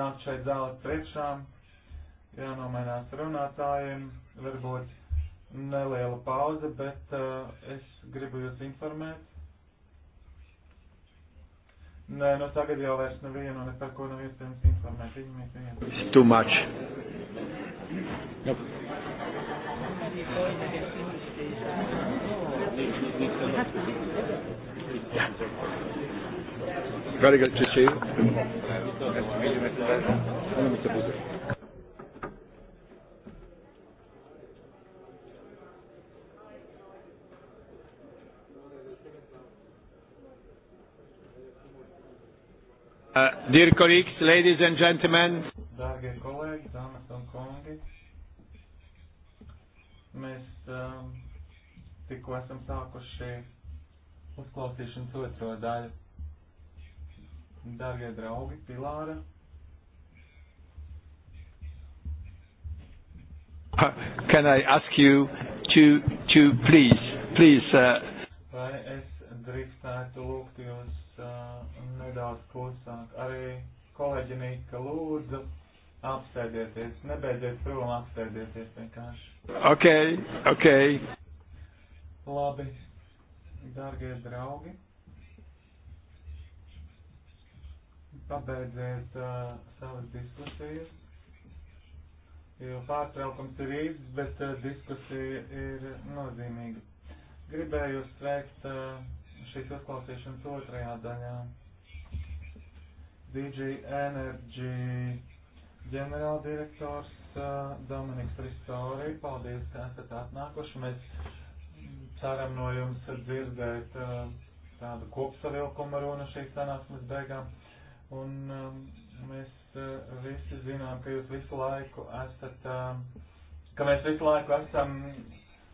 nākt šeit zāles priekšā, jānomainās runātājiem, varbūt neliela pauze, bet uh, es gribu jūs informēt, Nē, nu tagad jau vairs nevienu ne par ko nav iespējams informēt. Viņam ir viens. It's too much. Yep. Yeah. Very good to see you. Mr. Buzer. Uh, dear colleagues, ladies and gentlemen. Dārgie kolēģi, dāmas un kungi, mēs um, tikko esam sākuši uzklausīšanas otro daļu. Dārgie draugi, Pilāra. Uh, can I ask you to, to please, please. Uh, Vai es drīkstētu lūgt jūs uh, nedaudz klusāk. Arī kolēģi Nika lūdzu apsēdieties, nebeidziet prom, apsēdieties vienkārši. Ok, ok. Labi, dārgie draugi. Pabeidziet uh, savas diskusijas, jo pārtraukums ir īsts, bet uh, diskusija ir nozīmīga. Gribēju sveikt uh, šīs uzklausīšanas otrajā daļā. DG Energy ģenerāldirektors uh, Dominiks Ristori, paldies, ka esat atnākuši. Mēs ceram no jums dzirdēt uh, tādu kopsavilkuma runu šīs sanāksmes beigām. Un um, mēs uh, visi zinām, ka jūs visu laiku esat, uh, ka mēs visu laiku esam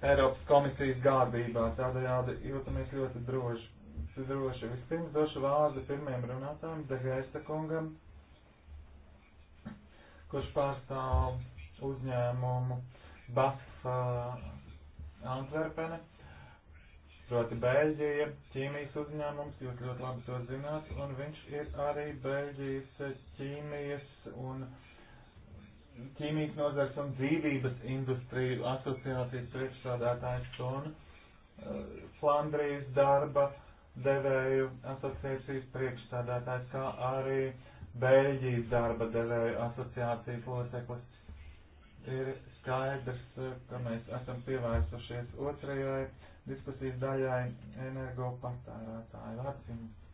Eiropas komisijas gārdībā. Tādējādi jūtamies ļoti droši. droši. Vispirms došu vārdu pirmajam runātājam, Degēsta kungam, kurš pārstāv uzņēmumu BAF uh, Antverpene, proti Bēļģija, ķīmijas uzņēmums, jūs ļoti labi to zināt, un viņš ir arī Bēļģijas ķīmijas un uh, ķīmijas nozars un dzīvības industriju asociācijas priekšsādātājs un eh, Flandrijas darba devēju asociācijas priekšsādātājs, kā arī Beļģijas darba devēju asociācijas loceklis. Ir skaidrs, eh, ka mēs esam pievērsušies otrajai diskusijas daļai energo patērētāju vārds jums.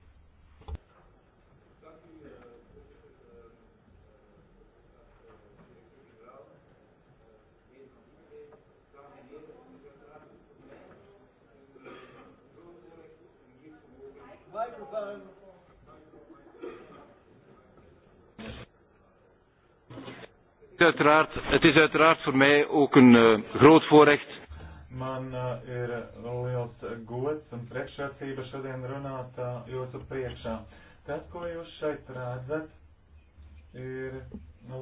is uiteraard, het is uiteraard voor mij ook een uh, groot voorrecht. Man uh, ir liels gods un priekšrocība šodien runāt uh, jūsu priekšā. Tas, ko jūs šeit redzat, ir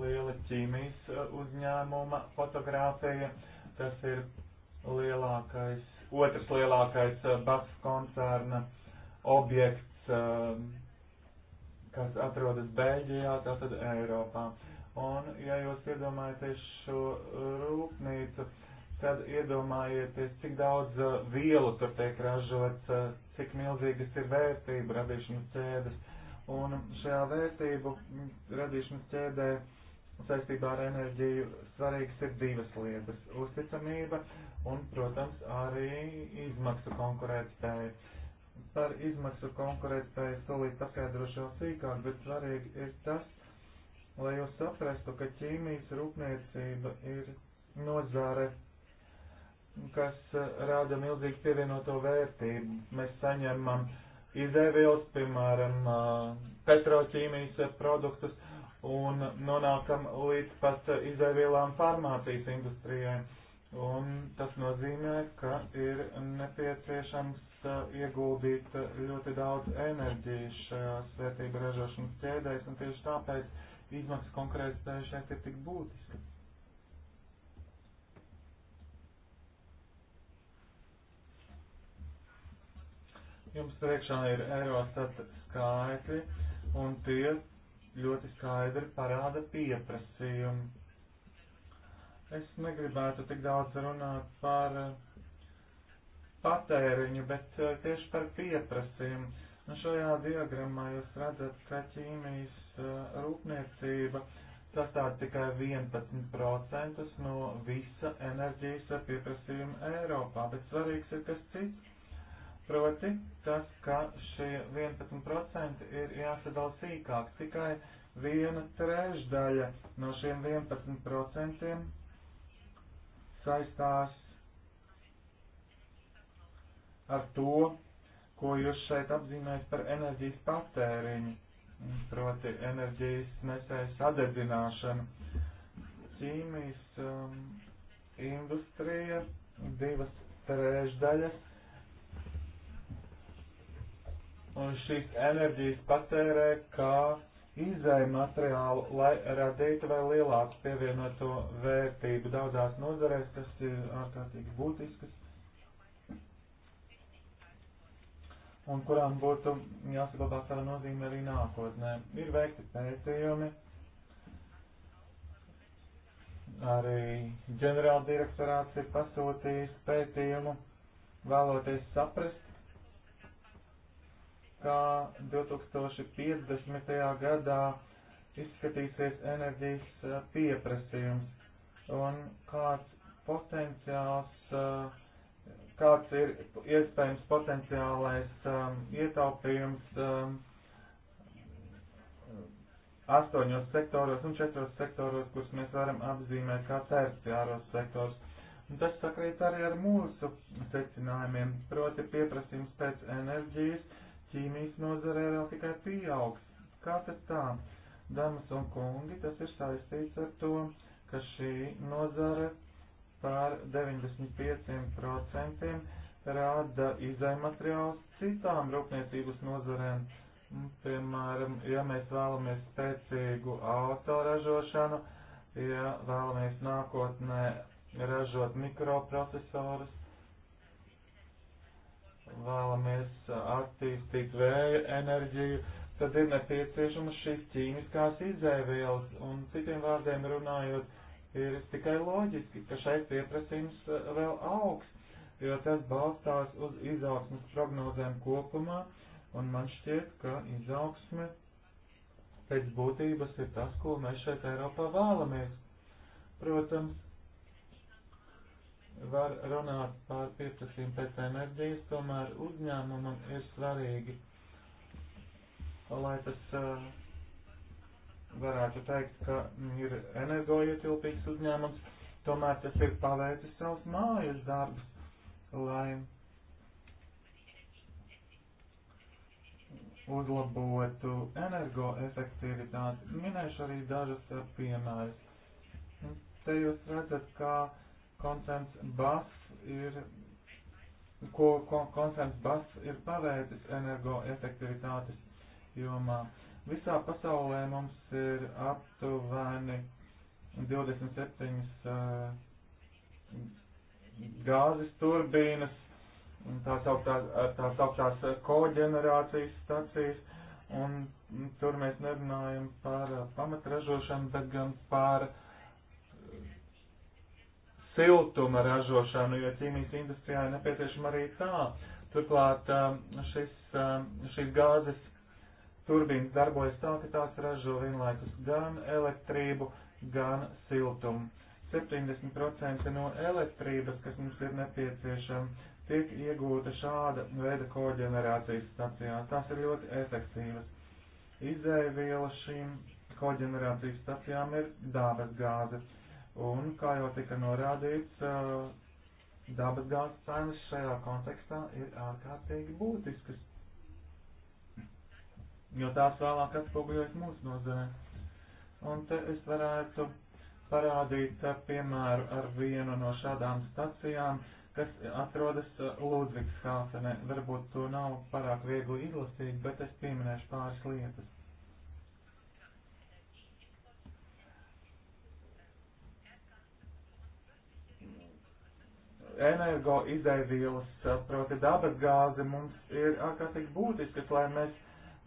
liela ķīmijas uzņēmuma fotografija. Tas ir lielākais, otrs lielākais uh, BAF koncerna objekts, uh, kas atrodas Beļģijā, tātad Eiropā. Uh, Un, ja jūs iedomājaties šo uh, rūpnīcu, tad iedomājieties, cik daudz uh, vielu tur tiek ražots, uh, cik milzīgas ir vērtība radīšanas ķēdes. Un šajā vērtību mm, radīšanas ķēdē saistībā ar enerģiju svarīgas ir divas lietas - uzticamība un, protams, arī izmaksu konkurētspēja. Par izmaksu konkurētspēju solīt paskaidrošos sīkāk, bet svarīgi ir tas, lai jūs saprastu, ka ķīmijas rūpniecība ir nozare, kas eh, rāda milzīgu pievienoto vērtību. Mēs saņemam izēvielas, piemēram, eh, petroķīmijas eh, produktus un nonākam līdz pat izēvielām farmācijas industrijai. Un tas nozīmē, ka ir nepieciešams ieguldīt ļoti daudz enerģijas šajās vērtību ražošanas ķēdēs, un tieši tāpēc izmaksas konkrētai šeit ir tik būtiska. Jums priekšā ir Eurostat skaitļi, un tie ļoti skaidri parāda pieprasījumu. Es negribētu tik daudz runāt par patēriņu, bet eh, tieši par pieprasījumu Nu, šajā diagrammā jūs redzat, ka ķīmijas uh, rūpniecība sastāv tikai 11% no visa enerģijas pieprasījuma Eiropā, bet svarīgs ir kas cits. Proti tas, ka šie 11% ir jāsadala sīkāk. Tikai viena trešdaļa no šiem 11% saistās ar to, ko jūs šeit apzīmējat par enerģijas patēriņu, proti enerģijas nesēju sadedzināšanu. Ķīmijas um, industrija divas trešdaļas un šīs enerģijas patērē kā izēja materiālu, lai radītu vēl lielāku pievienoto vērtību daudzās nozarēs, kas ir ārkārtīgi būtiskas un kurām būtu jāsaglabā sava nozīme arī nākotnē. Ir veikti pētījumi, arī ģenerāla direktorāts ir pasūtījis pētījumu, vēloties saprast, kā 2050. gadā izskatīsies enerģijas uh, pieprasījums un kāds potenciāls uh, kāds ir iespējams potenciālais um, ietaupījums um, astoņos sektoros un četros sektoros, kurus mēs varam apzīmēt kā terciāros sektors. Un tas sakrīt arī ar mūsu secinājumiem, proti pieprasījums pēc enerģijas ķīmijas nozarē vēl tikai pieaugs. Kā tas tā? Damas un kungi, tas ir saistīts ar to, ka šī nozare par 95% rāda izaimateriāls citām rūpniecības nozarēm. Piemēram, ja mēs vēlamies spēcīgu autoražošanu, ja vēlamies nākotnē ražot mikroprocesorus, vēlamies attīstīt vēja enerģiju, tad ir nepieciešamas šīs ķīmiskās izēvielas un citiem vārdiem runājot ir tikai loģiski, ka šeit pieprasījums eh, vēl augs, jo tas balstās uz izaugsmas prognozēm kopumā, un man šķiet, ka izaugsme pēc būtības ir tas, ko mēs šeit Eiropā vēlamies. Protams, var runāt par pieprasījumu pēc enerģijas, tomēr uzņēmumam ir svarīgi, lai tas uh, varētu teikt, ka ir energoietilpīgs uzņēmums, tomēr tas ir paveicis savus mājas darbus, lai uzlabotu energoefektivitāti. Minēšu arī dažas piemērus. Nu, te jūs redzat, kā koncents BASF ir ko, ko koncents BASF ir paveicis energoefektivitātes jomā. Uh, Visā pasaulē mums ir aptuveni 27 uh, eh, gāzes turbīnas, tā sauktās, tā eh, sauktās koģenerācijas stacijas, un tur mēs nerunājam par eh, pamatražošanu, bet gan par siltuma ražošanu, jo ķīmijas industrijā ir nepieciešama arī tā. Turklāt šis, šīs gāzes turbīnas darbojas tā, ka tās ražo vienlaikus gan elektrību, gan siltumu. 70% no elektrības, kas mums ir nepieciešama, tiek iegūta šāda veida koģenerācijas stacijā. Tās ir ļoti efektīvas. Izēviela šīm koģenerācijas stacijām ir dabas gāze. Un, kā jau tika norādīts, dabas gāzes cenas šajā kontekstā ir ārkārtīgi būtiskas jo tās vēlāk atspoguļojas mūsu nozarē. Un te es varētu parādīt eh, piemēru ar vienu no šādām stacijām, kas atrodas eh, Lūdvigshaufenē. Varbūt to nav pārāk viegli izlasīt, bet es pieminēšu pāris lietas. energo izaivielas, eh, proti dabasgāze mums ir ārkārtīgi būtiskas, lai mēs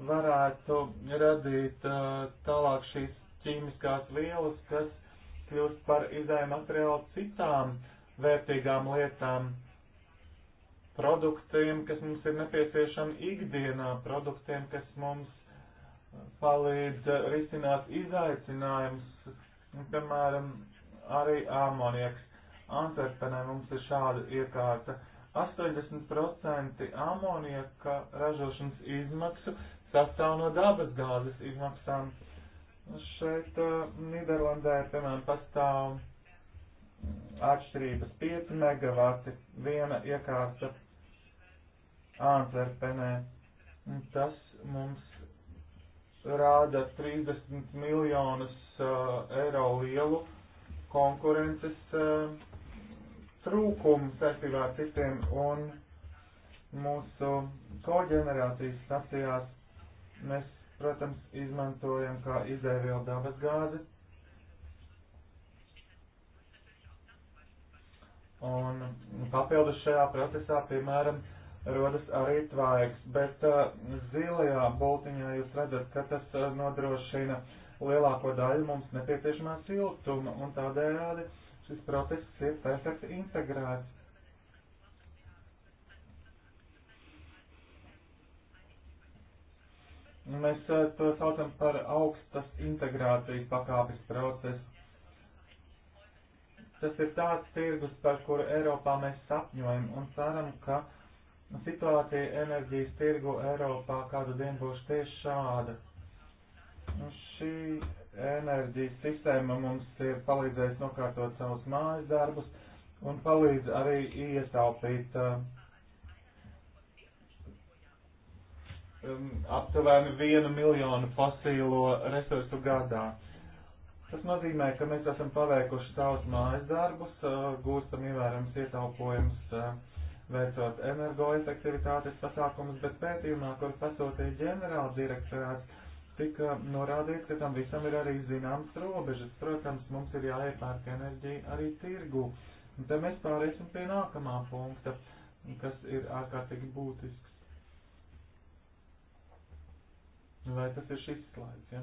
varētu radīt uh, tālāk šīs ķīmiskās vielas, kas kļūst par izēju materiālu citām vērtīgām lietām, produktiem, kas mums ir nepieciešami ikdienā, produktiem, kas mums palīdz risināt izaicinājumus, piemēram, arī amonieks. Antverpenē mums ir šāda iekārta. 80% amonieka ražošanas izmaksu sastāv no dabas gāzes izmaksām. Šeit uh, Nīderlandē, piemēram, pastāv mm, atšķirības 5 megavati viena iekārta Antverpenē. Tas mums rāda 30 miljonus uh, eiro lielu konkurences uh, trūkumu saistībā ar citiem un mūsu koģenerācijas stacijās mēs, protams, izmantojam kā izēvielu dabas gāzi. Un papildus šajā procesā, piemēram, rodas arī tvaiks, bet uh, zilajā bultiņā jūs redzat, ka tas uh, nodrošina lielāko daļu mums nepieciešamā siltuma, un tādējādi šis process ir perfekti integrēts. Mēs eh, to saucam par augstas integrācijas pakāpes procesu. Tas ir tāds tirgus, par kuru Eiropā mēs sapņojam un ceram, ka situācija enerģijas tirgu Eiropā kādu dienu būs tieši šāda. Un šī enerģijas sistēma mums ir palīdzējusi nokārtot savus mājas darbus un palīdz arī ietaupīt uh, um, aptuveni vienu miljonu fosīlo resursu gadā. Tas nozīmē, ka mēs esam paveikuši savus mājas darbus, uh, gūstam ievērams ietaupojums, uh, veicot energoefektivitātes pasākumus, bet pētījumā, kur pasūtīja ģenerāla direktorāts, tika norādīts, ka tam visam ir arī zināms robežas. Protams, mums ir jāiepērk enerģija arī tirgu. Un te mēs pāriesim pie nākamā punkta, kas ir ārkārtīgi būtisks. Vai tas ir šis slaids? Ja?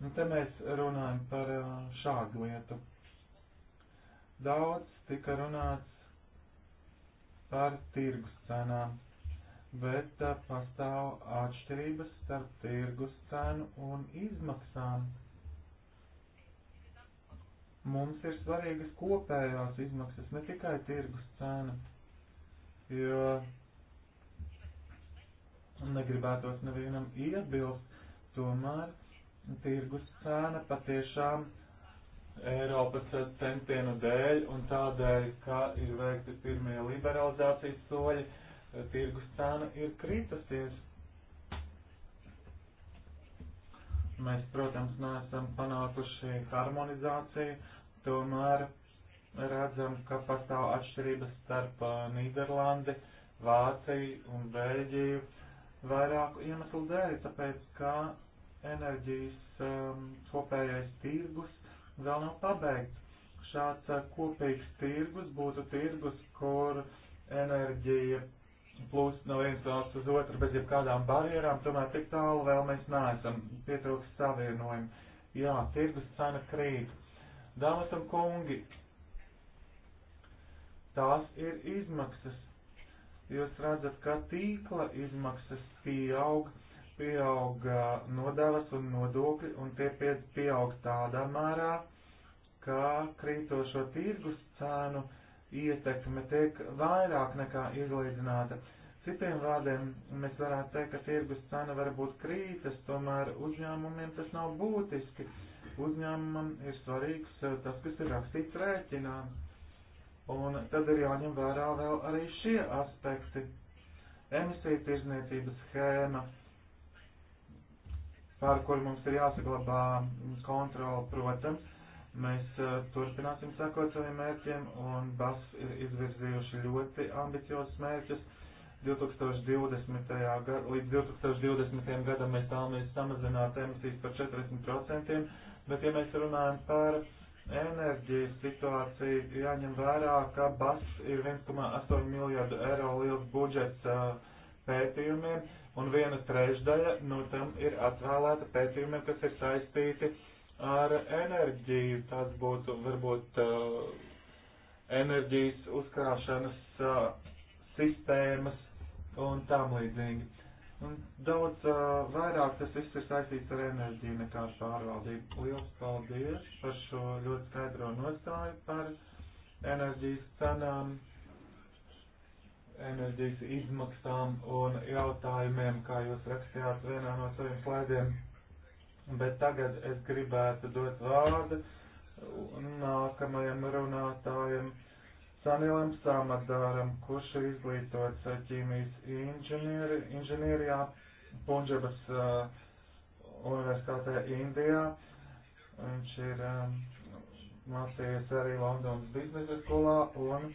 Nu, te mēs runājam par uh, šādu lietu. Daudz tika runāts par tirgus cenām, bet uh, pastāv atšķirības starp tirgus cenu un izmaksām mums ir svarīgas kopējās izmaksas, ne tikai tirgus cena. Jo negribētos nevienam iebilst, tomēr tirgus cena patiešām Eiropas centienu dēļ un tādēļ, ka ir veikti pirmie liberalizācijas soļi, tirgus cena ir kritusies. Mēs, protams, neesam panākuši harmonizāciju, tomēr redzam, ka pastāv atšķirības starp Nīderlandi, Vāciju un Bēļģiju vairāku iemeslu dēļ, tāpēc, ka enerģijas um, kopējais tirgus vēl nav pabeigts. Šāds uh, kopīgs tirgus būtu tirgus, kur enerģija plūst no vienas valsts uz otru bez jebkādām barjerām, tomēr tik tālu vēl mēs neesam, pietrūkst savienojumu. Jā, tirgus cena krīt. Dāmas un kungi, tās ir izmaksas. Jūs redzat, ka tīkla izmaksas pieaug, pieaug nodevas un nodokļi, un tie pieaug tādā mērā, ka krītošo tirgus cēnu ietekme tiek vairāk nekā izlīdzināta. Citiem vārdiem mēs varētu teikt, ka tirgus cena varbūt krītas, tomēr uzņēmumiem tas nav būtiski. Uzņēmumam ir svarīgs eh, tas, kas ir rakstīts rēķinā. Un tad ir jāņem vērā vēl arī šie aspekti. Emisija tirzniecības schēma, pār kuru mums ir jāsaglabā kontrola, protams, Mēs uh, turpināsim sekot saviem mērķiem, un BASF ir izvirzījuši ļoti ambiciozus mērķus. 2020. Gada, līdz 2020. gadam mēs vēlamies samazināt emisijas par 40%, bet ja mēs runājam par enerģijas situāciju, jāņem vērā, ka BASF ir 1,8 miljardu eiro liels budžets uh, pētījumiem, un viena trešdaļa no tam ir atvēlēta pētījumiem, kas ir saistīti ar ar enerģiju. Tas būtu varbūt eh, enerģijas uzkrāšanas eh, sistēmas un tam līdzīgi. Un daudz uh, vairāk tas viss ir saistīts ar enerģiju nekā ar pārvaldību. Lielas paldies par šo ļoti skaidro nostāju par enerģijas cenām, enerģijas izmaksām un jautājumiem, kā jūs rakstījāt vienā no saviem slaidiem. Bet tagad es gribētu dot vārdu nākamajam runātājam Sanilam Samadāram, kurš ir izglītots ķīmijas inženieri, inženierijā Punģabas uh, universitātē Indijā. Viņš ir um, mācījies arī Londonas biznesa skolā un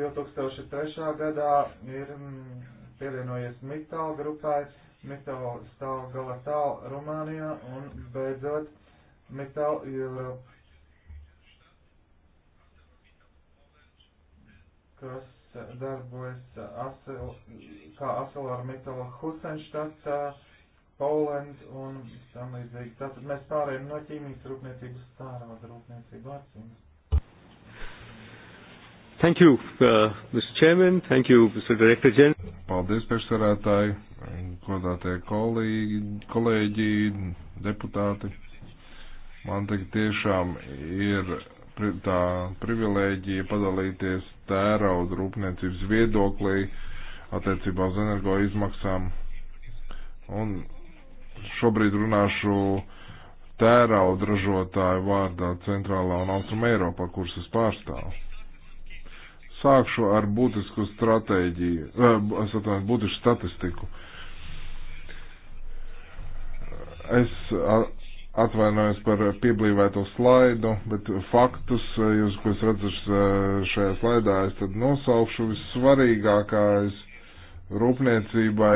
2003. gadā ir mm, pievienojies Mittal grupai Metal stāv Galatal Rumānijā un beidzot Metal Europe, kas darbojas asel, kā Aselor Metal Husenštatā, Poland un tam līdzīgi. Tātad mēs pārējām no ķīmijas rūpniecības tārāda rūpniecību acīm. Thank you, uh, Mr. Chairman. Thank you, Mr. Director General. Paldies, priekšsarētāji godātie kolēģi, kolēģi, deputāti. Man tik tiešām ir tā privilēģija padalīties tērauda rūpniecības viedoklī attiecībā uz energo izmaksām. Un šobrīd runāšu tērauda ražotāju vārdā centrālā un austrum Eiropā, kuras es pārstāvu. Sākšu ar būtisku stratēģiju, eh, es atvainu, būtisku statistiku. Uh, Es atvainojos par pieblīvēto slaidu, bet faktus, jūs, ko es redzu šajā slaidā, es tad nosaukšu vissvarīgākais rūpniecībai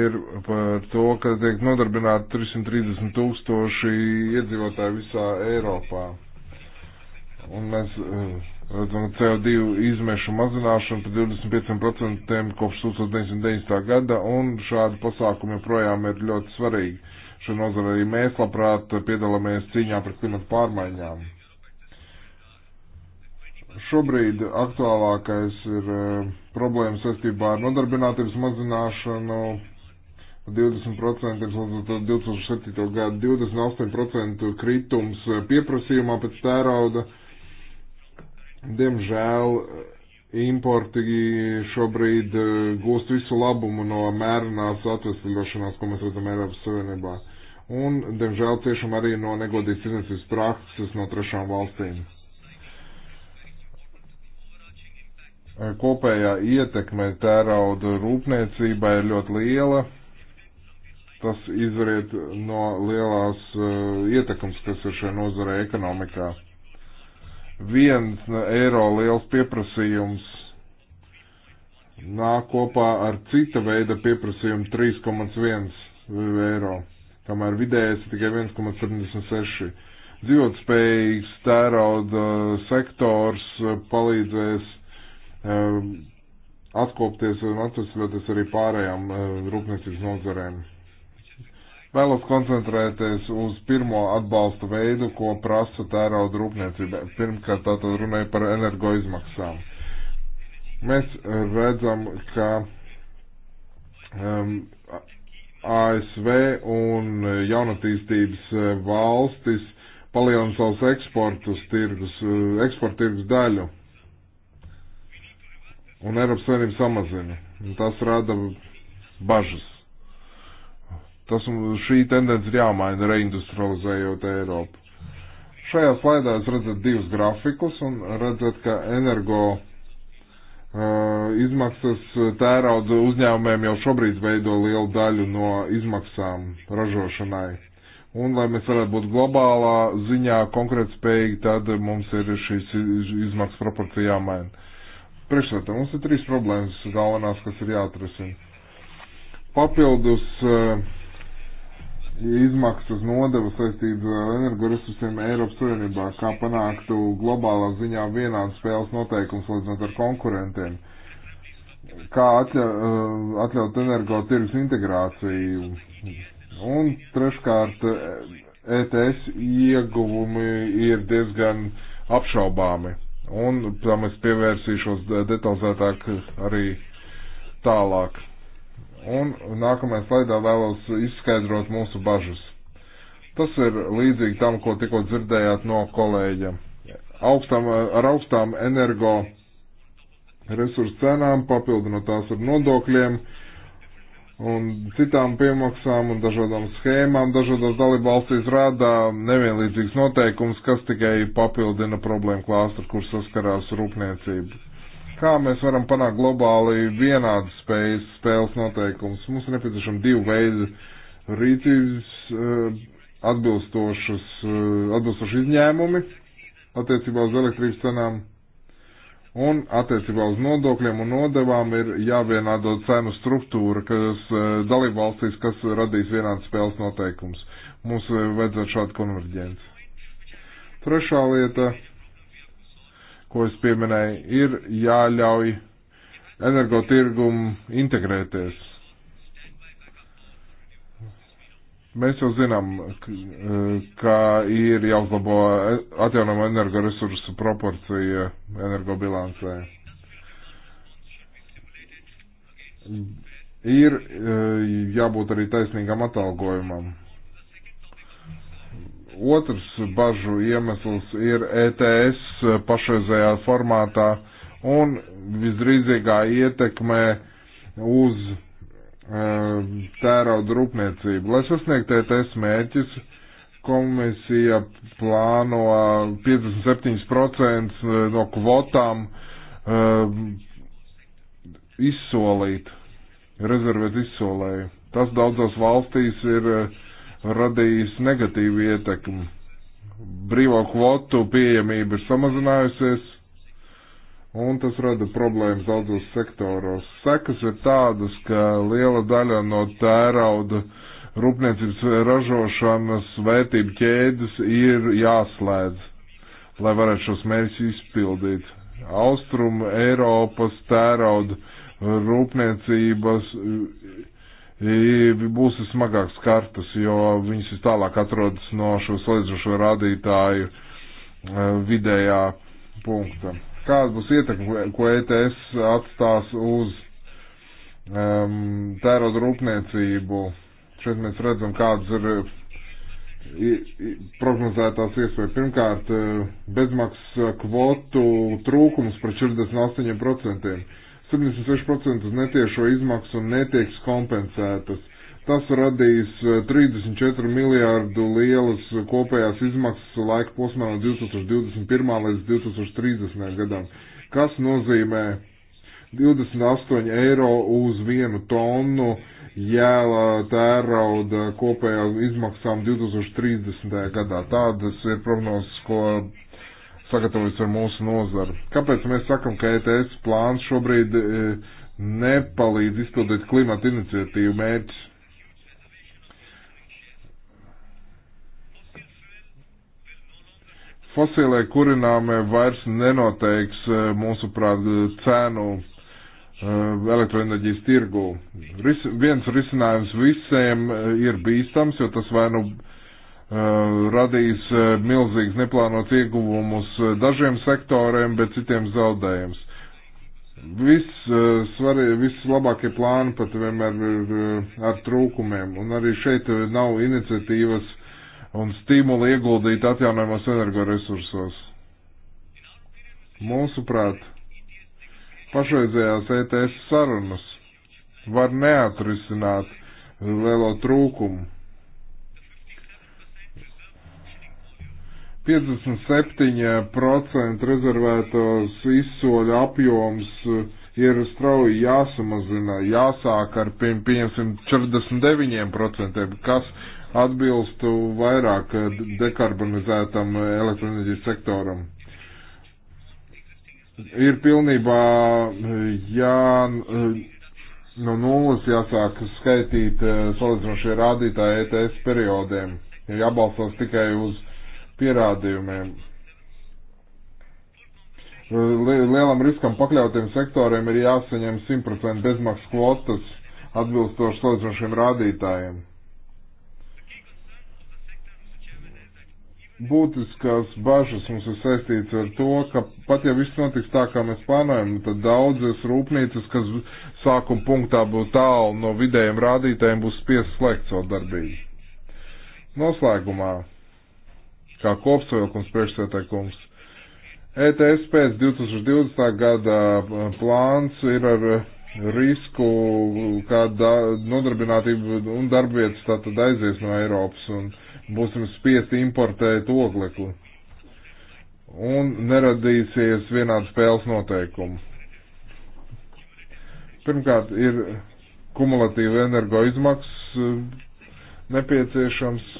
ir par to, ka tiek nodarbināti 330 tūkstoši iedzīvotāji visā Eiropā. Un mēs uh, CO2 izmešu mazināšanu par 25% kopš 1990. gada, un šādi pasākumi joprojām ir ļoti svarīgi. Šo nozara arī mēs labprāt piedalāmies cīņā pret klimatu pārmaiņām. Šobrīd aktuālākais ir e, problēma saistībā ar nodarbinātības mazināšanu, 20% līdz 2007. gadu 28% kritums e, pieprasījumā pēc tērauda Diemžēl eh, importi šobrīd eh, gūst visu labumu no mērenās atvesļošanās, ko mēs redzam Eiropas Savienībā. Un, diemžēl, ciešam arī no negodīgas tirdzniecības prakses no trešām valstīm. Eh, kopējā ietekme tērauda rūpniecībai ir ļoti liela tas izriet no lielās uh, ietekmes, kas ir šajā nozarē ekonomikā viens eiro liels pieprasījums nāk kopā ar cita veida pieprasījumu 3,1 eiro, kamēr vidējais ir tikai 1,76. Dzīvotspējīgs tērauda sektors palīdzēs eh, atkopties un atvesļoties arī pārējām eh, rūpniecības nozarēm. Vēlos koncentrēties uz pirmo atbalsta veidu, ko prasa tērauda rūpniecība. Pirmkārt, tātad runāja par energoizmaksām. Mēs eh, redzam, ka um, ehm, ASV un jaunatīstības eh, valstis palielina savus eksportus tirgus, eh, eksporta tirgus daļu. Un Eiropas Savienība samazina. Tas rada bažas Tas, šī tendence ir jāmaina reindustrializējot Eiropu. Šajā slaidā jūs redzat divus grafikus un redzat, ka energo Uh, izmaksas tērauda uzņēmumiem jau šobrīd veido lielu daļu no izmaksām ražošanai. Un, lai mēs varētu būt globālā ziņā konkurētspējīgi, tad mums ir šīs izmaksas proporcija jāmaina. Priekšsētā mums ir trīs problēmas galvenās, kas ir jāatrisina. Papildus uh, izmaksas nodevu saistību ar energoresursiem Eiropas Savienībā, kā panāktu globālā ziņā vienādas spēles noteikums līdzinot ar konkurentiem, kā atļa, eh, atļaut energo tirgus integrāciju un treškārt ETS ieguvumi ir diezgan apšaubāmi un tam es pievērsīšos detalizētāk arī tālāk. Un nākamajā slaidā vēlos izskaidrot mūsu bažas. Tas ir līdzīgi tam, ko tikko dzirdējāt no kolēģa. Augstām, ar augstām energo resursu cenām, papildinot tās ar nodokļiem un citām piemaksām un dažādām schēmām, dažādās dalībvalstīs rādā nevienlīdzīgs noteikums, kas tikai papildina problēmu klāstu, kur saskarās rūpniecība kā mēs varam panākt globāli vienādu spējas spēles noteikumus. Mums ir nepieciešama divu veidu rīcības eh, atbilstošas, eh, atbilstoši izņēmumi attiecībā uz elektrības cenām un attiecībā uz nodokļiem un nodevām ir jāvienādo cenu struktūra, kas eh, dalību valstīs, kas radīs vienādas spēles noteikums. Mums vajadzētu šādu konverģenci. Trešā lieta ko es pieminēju, ir jāļauj energotirgumu integrēties. Mēs jau zinām, ka ir jāuzlabo atjaunamo energoresursu proporcija energobilancē. Ir e, jābūt arī taisnīgam atalgojumam. Otrs bažu iemesls ir ETS pašreizējā formātā un visdrīzīgā ietekmē uz uh, tērauda rūpniecību. Lai sasniegtu ETS mērķis, komisija plāno 57% e, no kvotām uh, izsolīt, rezervēt izsolēju. Tas daudzās valstīs ir uh, radījis negatīvu ietekmi. Brīvo kvotu pieejamība ir samazinājusies, un tas rada problēmas daudzos sektoros. Sekas ir tādas, ka liela daļa no tērauda rūpniecības ražošanas vērtību ķēdes ir jāslēdz, lai varētu šos mērķus izpildīt. Austrum Eiropas tērauda rūpniecības būs smagāks kartus, jo viņas vis tālāk atrodas no šo slēdzošo rādītāju vidējā punkta. Kāda būs ietekme, ko ETS atstās uz um, tērauda rūpniecību? Šeit mēs redzam, kādas ir prognozētās iespējas. Pirmkārt, bezmaksas kvotu trūkums par 48%. 76% netiešo izmaksu netieks kompensētas. Tas radīs 34 eh, miljārdu lielas kopējās izmaksas laika posmā no 2021. līdz 2030. gadam, kas nozīmē 28 eiro uz vienu tonu jēlā tērauda kopējām izmaksām 2030. gadā. Tādas ir prognozes, ko sagatavojas ar mūsu nozaru. Kāpēc mēs sakam, ka ETS plāns šobrīd e, nepalīdz izpildīt klimata iniciatīvu mērķus? Fosilē kurināmie vairs nenoteiks e, mūsuprāt cenu e, elektroenerģijas tirgū. Ris, viens risinājums visiem ir bīstams, jo tas vai nu. No Eh, radīs eh, milzīgs neplānots ieguvumus eh, dažiem sektoriem, bet citiem zaudējums. Viss, svar, viss labākie plāni pat vienmēr ir ar trūkumiem, un arī šeit nav iniciatīvas un stimuli ieguldīt atjaunojumos energoresursos. Mūsuprāt, pašreizējās ETS sarunas var neatrisināt lielo trūkumu 57% rezervētos izsoļu apjoms eh, ir strauji jāsamazina, jāsāk ar, pieņemsim, 49%, kas atbilstu vairāk eh, dekarbonizētam eh, elektroenerģijas sektoram. Ir pilnībā jā, no nulles jāsāk skaitīt salīdzinošie rādītāji ETS periodiem, jābalstās tikai uz pierādījumiem. Lielam riskam pakļautiem sektoriem ir jāsaņem 100% bezmaksas kvotas atbilstoši slēdzošiem rādītājiem. Būtiskās bažas mums ir saistīts ar to, ka pat ja viss notiks tā, kā mēs plānojam, nu, tad daudzas rūpnīcas, kas sākuma punktā būs tālu no vidējiem rādītājiem, būs spiesas slēgt savu darbību. Noslēgumā kā kopsavilkums priekšsētākums. ETS pēc 2020. gada uh, plāns ir ar uh, risku, uh, kā nodarbinātība un darbvietas tātad aizies no Eiropas un būsim spiesti importēt oglekli. Un neradīsies vienāds spēles noteikumu. Pirmkārt, ir kumulatīva energoizmaksas nepieciešams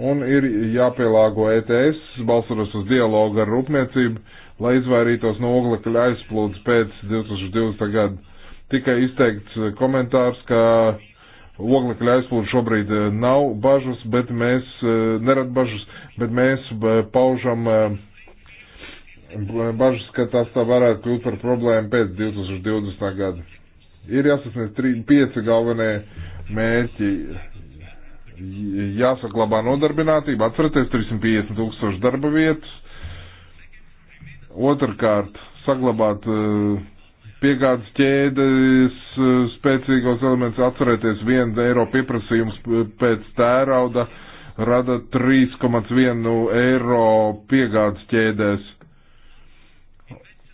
un ir jāpielāgo ETS, balstoties uz dialogu ar rūpniecību, lai izvairītos no oglekļa aizplūdes pēc 2020. gada. Tikai izteikts komentārs, ka oglekļa aizplūde šobrīd eh, nav bažas, bet mēs, eh, nerad bažas, bet mēs eh, paužam bažas, ka tas tā varētu kļūt par problēmu pēc 2020. gada. Ir jāsasniedz 5 galvenie mērķi jāsaglabā nodarbinātība, atcerieties 350 tūkstoši darba vietas. Otrkārt, saglabāt eh, piegādes ķēdes eh, spēcīgos elementus, atcerieties 1 eiro pieprasījums eh, pēc tērauda rada 3,1 eiro piegādes ķēdēs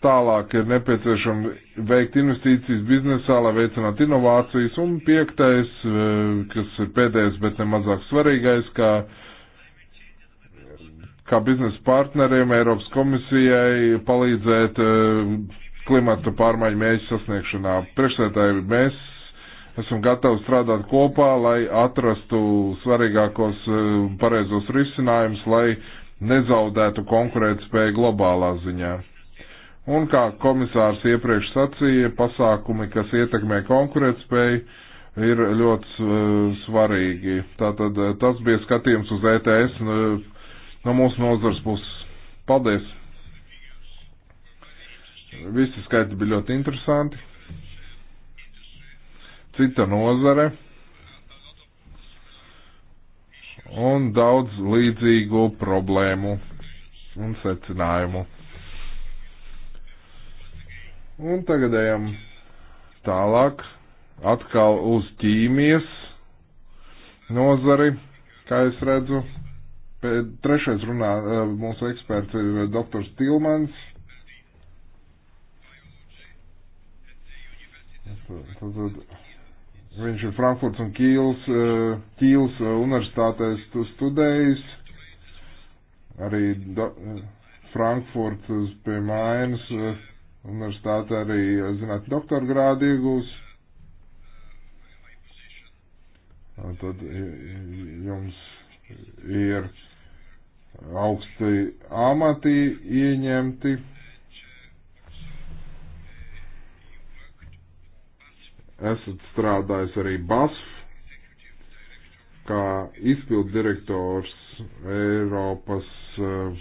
Tālāk ir nepieciešama veikt investīcijas biznesā, lai veicinātu inovācijas. Un piektais, e, kas ir pēdējais, bet nemazāk svarīgais, kā, kā biznesa partneriem Eiropas komisijai palīdzēt e, klimata pārmaiņu mērķu sasniegšanā. Priekšsētāji, mēs esam gatavi strādāt kopā, lai atrastu svarīgākos e, pareizos risinājumus, lai nezaudētu konkurētspēju globālā ziņā. Un kā komisārs iepriekš sacīja, pasākumi, kas ietekmē konkurētspēju, ir ļoti uh, svarīgi. Tātad eh, tas bija skatījums uz ETS no, eh, no mūsu nozars puses. Paldies! Visi skaiti bija ļoti interesanti. Cita nozare. Un daudz līdzīgu problēmu un secinājumu. Un tagad ejam tālāk atkal uz ķīmijas nozari, kā es redzu. Pēc trešais runā eh, mūsu eksperts ir eh, doktors Tilmans. Tad, viņš ir Frankfurts un Kīls, eh, Kīls universitātēs studējis. Arī do, Frankfurts pie Mainas. Uh, universitāte arī, zināt, doktora grādu iegūs. Tad jums ir augsti amati ieņemti. Esat strādājis arī BASF, kā izpildu direktors Eiropas um,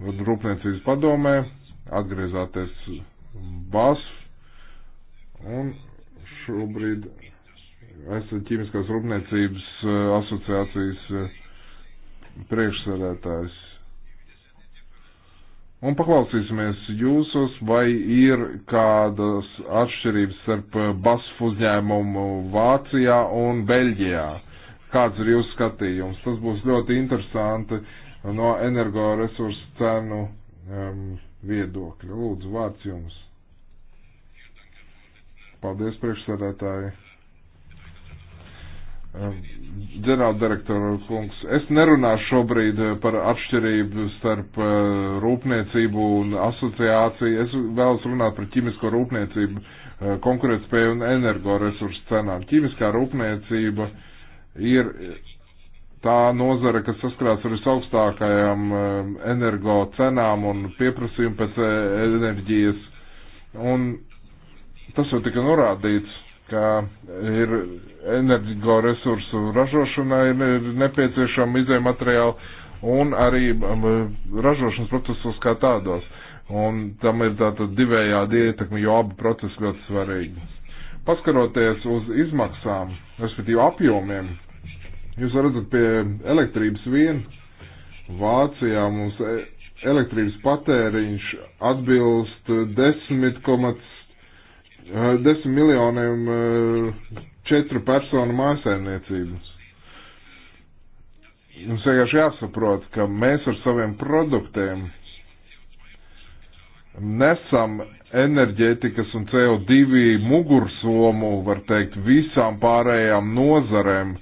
rūpniecības padomē atgriezāties BASF un šobrīd esat ķīmiskās rūpniecības eh, asociācijas eh, priekšsēdētājs. Un paklausīsimies jūsos, vai ir kādas atšķirības starp eh, BASF uzņēmumu Vācijā un Beļģijā. Kāds ir jūsu skatījums? Tas būs ļoti interesanti no energoresursu cenu um, viedokļa. Lūdzu, vārds jums. Paldies, priekšsēdētāji. Ehm, Ģenerāldirektora kungs, es nerunāšu šobrīd eh, par atšķirību starp eh, rūpniecību un asociāciju. Es vēlos runāt par ķimisko rūpniecību, eh, konkurētspēju un energoresursu cenām. Ķimiskā rūpniecība ir tā nozara, kas saskarās ar visaugstākajām um, energo cenām un pieprasījumu pēc uh, enerģijas. Un tas jau tika norādīts, ka ir energo resursu ražošanai ir nepieciešama izējuma materiāla un arī um, ražošanas procesos kā tādos. Un tam ir tāda divējādi ietekme, jo abi procesi ļoti svarīgi. Paskaroties uz izmaksām, respektīvi apjomiem, Jūs redzat, pie elektrības vien Vācijā mums e- elektrības patēriņš atbilst 10,10 10 e, miljoniem e, četru personu mājasēmniecības. Mums vienkārši jāsaprot, ka mēs ar saviem produktiem nesam enerģētikas un CO2 mugursomu, var teikt, visām pārējām nozarēm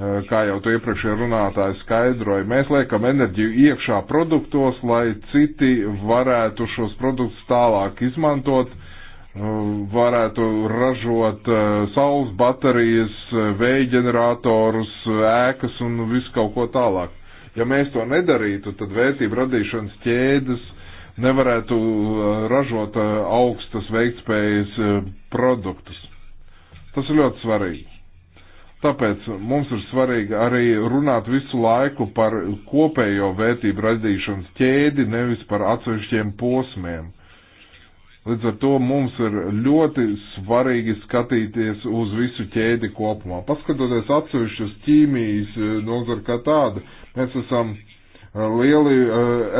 Eh, kā jau to iepriekšējā runātāja skaidroja, mēs liekam enerģiju iekšā produktos, lai citi varētu šos produktus tālāk izmantot, eh, varētu ražot eh, saules baterijas, vēja ģeneratorus, ēkas un visu kaut ko tālāk. Ja mēs to nedarītu, tad vērtību radīšanas ķēdes nevarētu ražot augstas veiktspējas produktus. Tas ir ļoti svarīgi. Tāpēc mums ir svarīgi arī runāt visu laiku par kopējo vērtību radīšanas ķēdi, nevis par atsevišķiem posmiem. Līdz ar to mums ir ļoti svarīgi skatīties uz visu ķēdi kopumā. Paskatoties atsevišķus ķīmijas eh, nozaru kā tādu, mēs esam eh, lieli eh,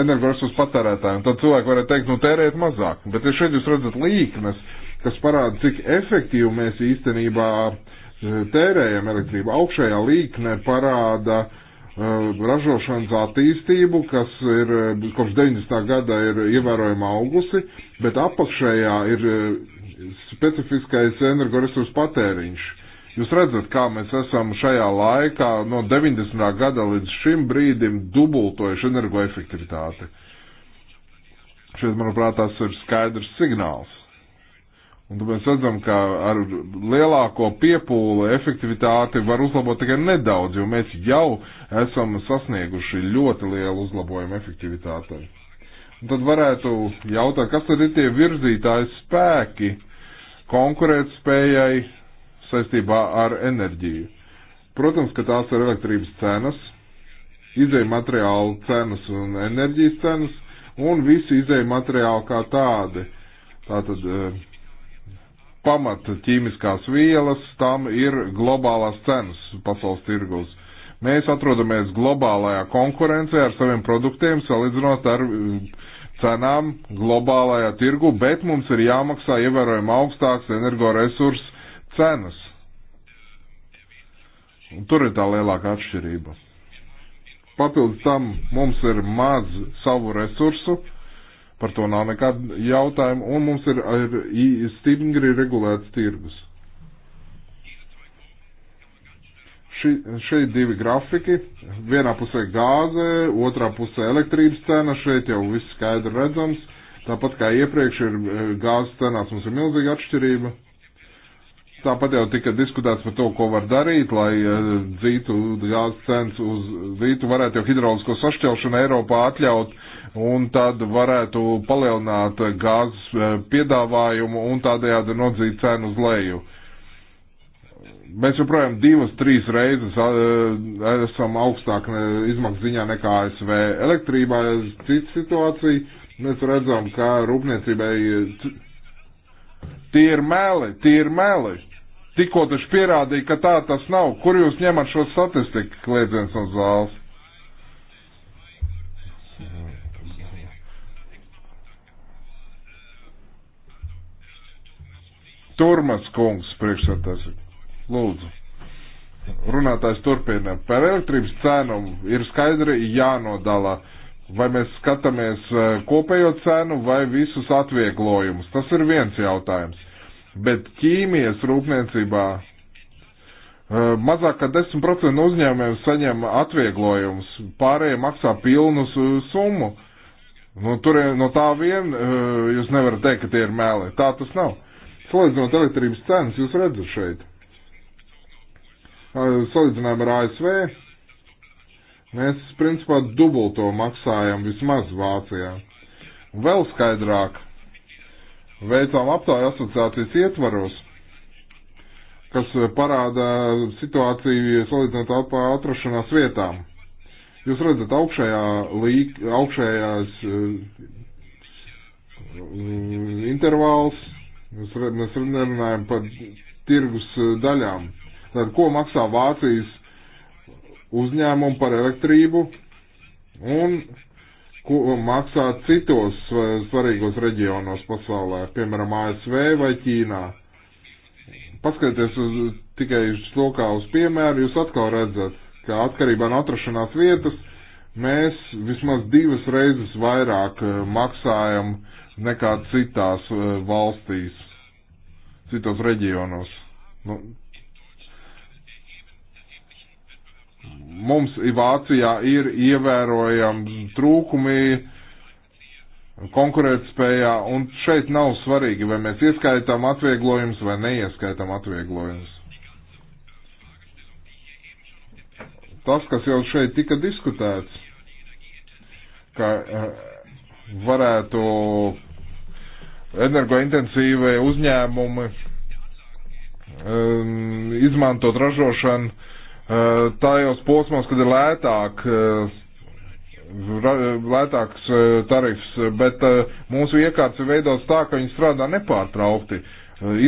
energoresursu patērētāji. Tad cilvēki varētu teikt, nu tērēt mazāk. Bet ja šeit jūs redzat līknes, kas parāda, cik efektīvi mēs īstenībā uh, tērējam elektrību. Augšējā līkne parāda uh, ražošanas attīstību, kas ir uh, kopš 90. gada ir ievērojama augusi, bet apakšējā ir uh, specifiskais energoresursu patēriņš. Jūs redzat, kā mēs esam šajā laikā no 90. gada līdz šim brīdim dubultojuši energoefektivitāti. Šeit, manuprāt, tas ir skaidrs signāls. Un tad mēs redzam, ka ar lielāko piepūli efektivitāti var uzlabot tikai nedaudz, jo mēs jau esam sasnieguši ļoti lielu uzlabojumu efektivitātei. Un tad varētu jautāt, kas tad ir tie virzītāji spēki konkurētspējai saistībā ar enerģiju. Protams, ka tās ir elektrības cenas, izēja materiālu cenas un enerģijas cenas, un visi izēja materiāli kā tādi. Tātad, eh, pamata ķīmiskās vielas, tam ir globālās cenas pasaules tirgus. Mēs atrodamies globālajā konkurencē ar saviem produktiem, salīdzinot ar mm, cenām globālajā tirgu, bet mums ir jāmaksā ievērojami augstāks energoresursu cenas. Un tur ir tā lielākā atšķirība. Papildus tam mums ir maz savu resursu, Par to nav nekāda jautājuma, un mums ir, ir stingri regulēts tirgus. Ši, šeit divi grafiki. Vienā pusē gāze, otrā pusē elektrības cena. Šeit jau viss skaidri redzams. Tāpat kā iepriekš ir e, gāzes cenās, mums ir milzīga atšķirība. Tāpat jau tika diskutēts par to, ko var darīt, lai eh, dzītu gāzes cenas uz dzītu varētu jau hidraulisko sašķelšanu Eiropā atļaut un tad varētu palielināt gāzes eh, piedāvājumu un tādējādi nodzīt cenu uz leju. Mēs joprojām divas, trīs reizes eh, esam augstāk izmaksu ziņā nekā ASV. Elektrībā ir cita situācija. Mēs redzam, ka rūpniecībai tie ir meli, tie ir meli Tikko taču pierādīja, ka tā tas nav. Kur jūs ņemat šo statistiku, kliedziens no zāles? Turmas kungs priekšsētājs. Lūdzu. Runātājs turpina. Par elektrības cenu ir skaidri jānodala. Vai mēs skatāmies eh, kopējo cenu vai visus atvieglojumus? Tas ir viens jautājums bet ķīmijas rūpniecībā eh, mazāk kā 10% no uzņēmējiem saņem atvieglojumus, pārējie maksā pilnu summu. Nu, tur no tā vien eh, jūs nevarat teikt, ka tie ir meli. Tā tas nav. Salīdzinot elektrības cenas, jūs redzat šeit. Eh, salīdzinājumā ar ASV mēs principā dubulto maksājam vismaz Vācijā. Vēl skaidrāk veicām aptāju asociācijas ietvaros, kas eh, parāda situāciju salīdzinot atrašanās vietām. Jūs redzat, augšējā līk, augšējās eh, intervāls, mēs, mēs nerunājam par tirgus eh, daļām. Tad, ko maksā Vācijas uzņēmumu par elektrību un ko maksā citos svarīgos reģionos pasaulē, piemēram, ASV vai Ķīnā. Paskatieties uz, tikai uz to kā uz piemēru, jūs atkal redzat, ka atkarībā no atrašanās vietas mēs vismaz divas reizes vairāk eh, maksājam nekā citās eh, valstīs, citos reģionos. Nu, mums Vācijā ir ievērojami trūkumi konkurētspējā, un šeit nav svarīgi, vai mēs ieskaitām atvieglojumus vai neieskaitām atvieglojumus. Tas, kas jau šeit tika diskutēts, ka eh, varētu energointensīvie uzņēmumi um, izmantot ražošanu Eh, tajos posmos, kad ir lētāk, eh, lētāks eh, tarifs, bet mūsu iekārts ir veidots tā, ka viņi strādā nepārtraukti.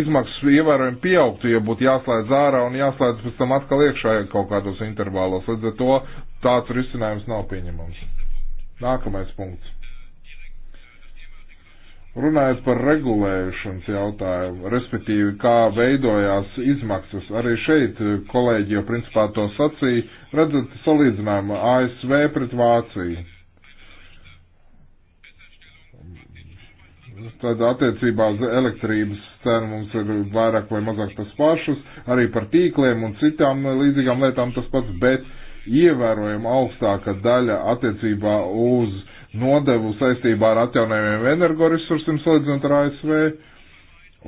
Izmaksas ievērojami pieaugtu, ja būtu jāslēdz ārā un jāslēdz pēc tam atkal iekšā kaut kādos intervālos. Līdz ar to tāds risinājums nav pieņemams. Nākamais punkts. Runājot par regulēšanas jautājumu, respektīvi, kā veidojās izmaksas, arī šeit eh, kolēģi jau principā to sacīja, redzat salīdzinājumu ASV pret Vāciju. Tad attiecībā uz elektrības cenu mums ir vairāk vai mazāk tas pašas, arī par tīkliem un citām līdzīgām lietām tas pats, bet ievērojama augstāka daļa attiecībā uz uh, nodevu saistībā ar atjaunējumiem energoresursiem salīdzinot ar ASV.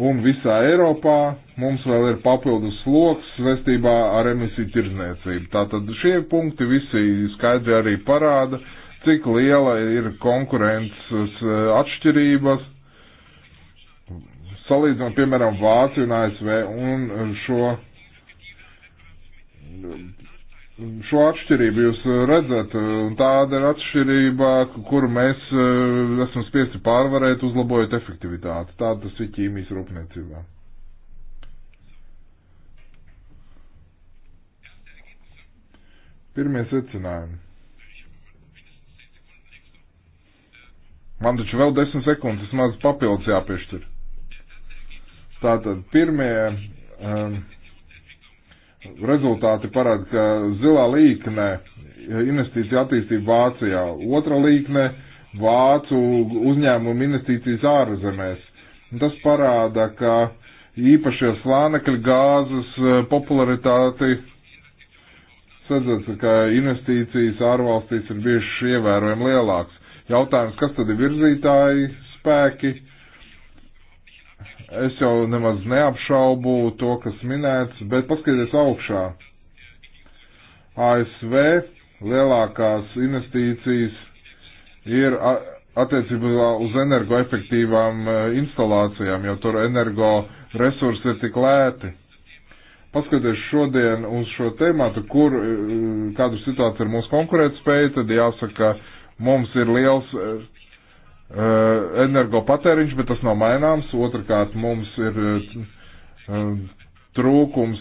Un visā Eiropā mums vēl ir papildus sloks saistībā ar emisiju tirdzniecību. Tātad šie punkti visi skaidri arī parāda, cik liela ir konkurences e, atšķirības salīdzinot, piemēram, Vāciju un ASV un šo šo atšķirību jūs eh, redzat, eh, un tāda ir atšķirība, kuru mēs eh, esam spiesti pārvarēt, uzlabojot efektivitāti. Tāda tas ir ķīmijas rūpniecībā. Pirmie secinājumi. Man taču vēl desmit sekundes maz papildus jāpiešķir. Tātad pirmie. Um, rezultāti parāda, ka zilā līkne eh, investīcija attīstība Vācijā, otra līkne Vācu uzņēmumu investīcijas ārzemēs. Tas parāda, ka īpašie slānekļa gāzes eh, popularitāti sadzēts, ka investīcijas ārvalstīs ir bijušas ievērojami lielākas. Jautājums, kas tad ir virzītāji spēki? Es jau nemaz neapšaubu to, kas minēts, bet paskatieties augšā. ASV lielākās investīcijas ir attiecībā uz energoefektīvām e, instalācijām, jo tur energo resursi ir tik lēti. Paskatieties šodien uz šo tēmātu, kur, e, kādu situāciju ir mūsu konkurētspēja, tad jāsaka, mums ir liels e, Eh, energopatēriņš, bet tas nav maināms. Otrakārt, mums ir eh, eh, trūkums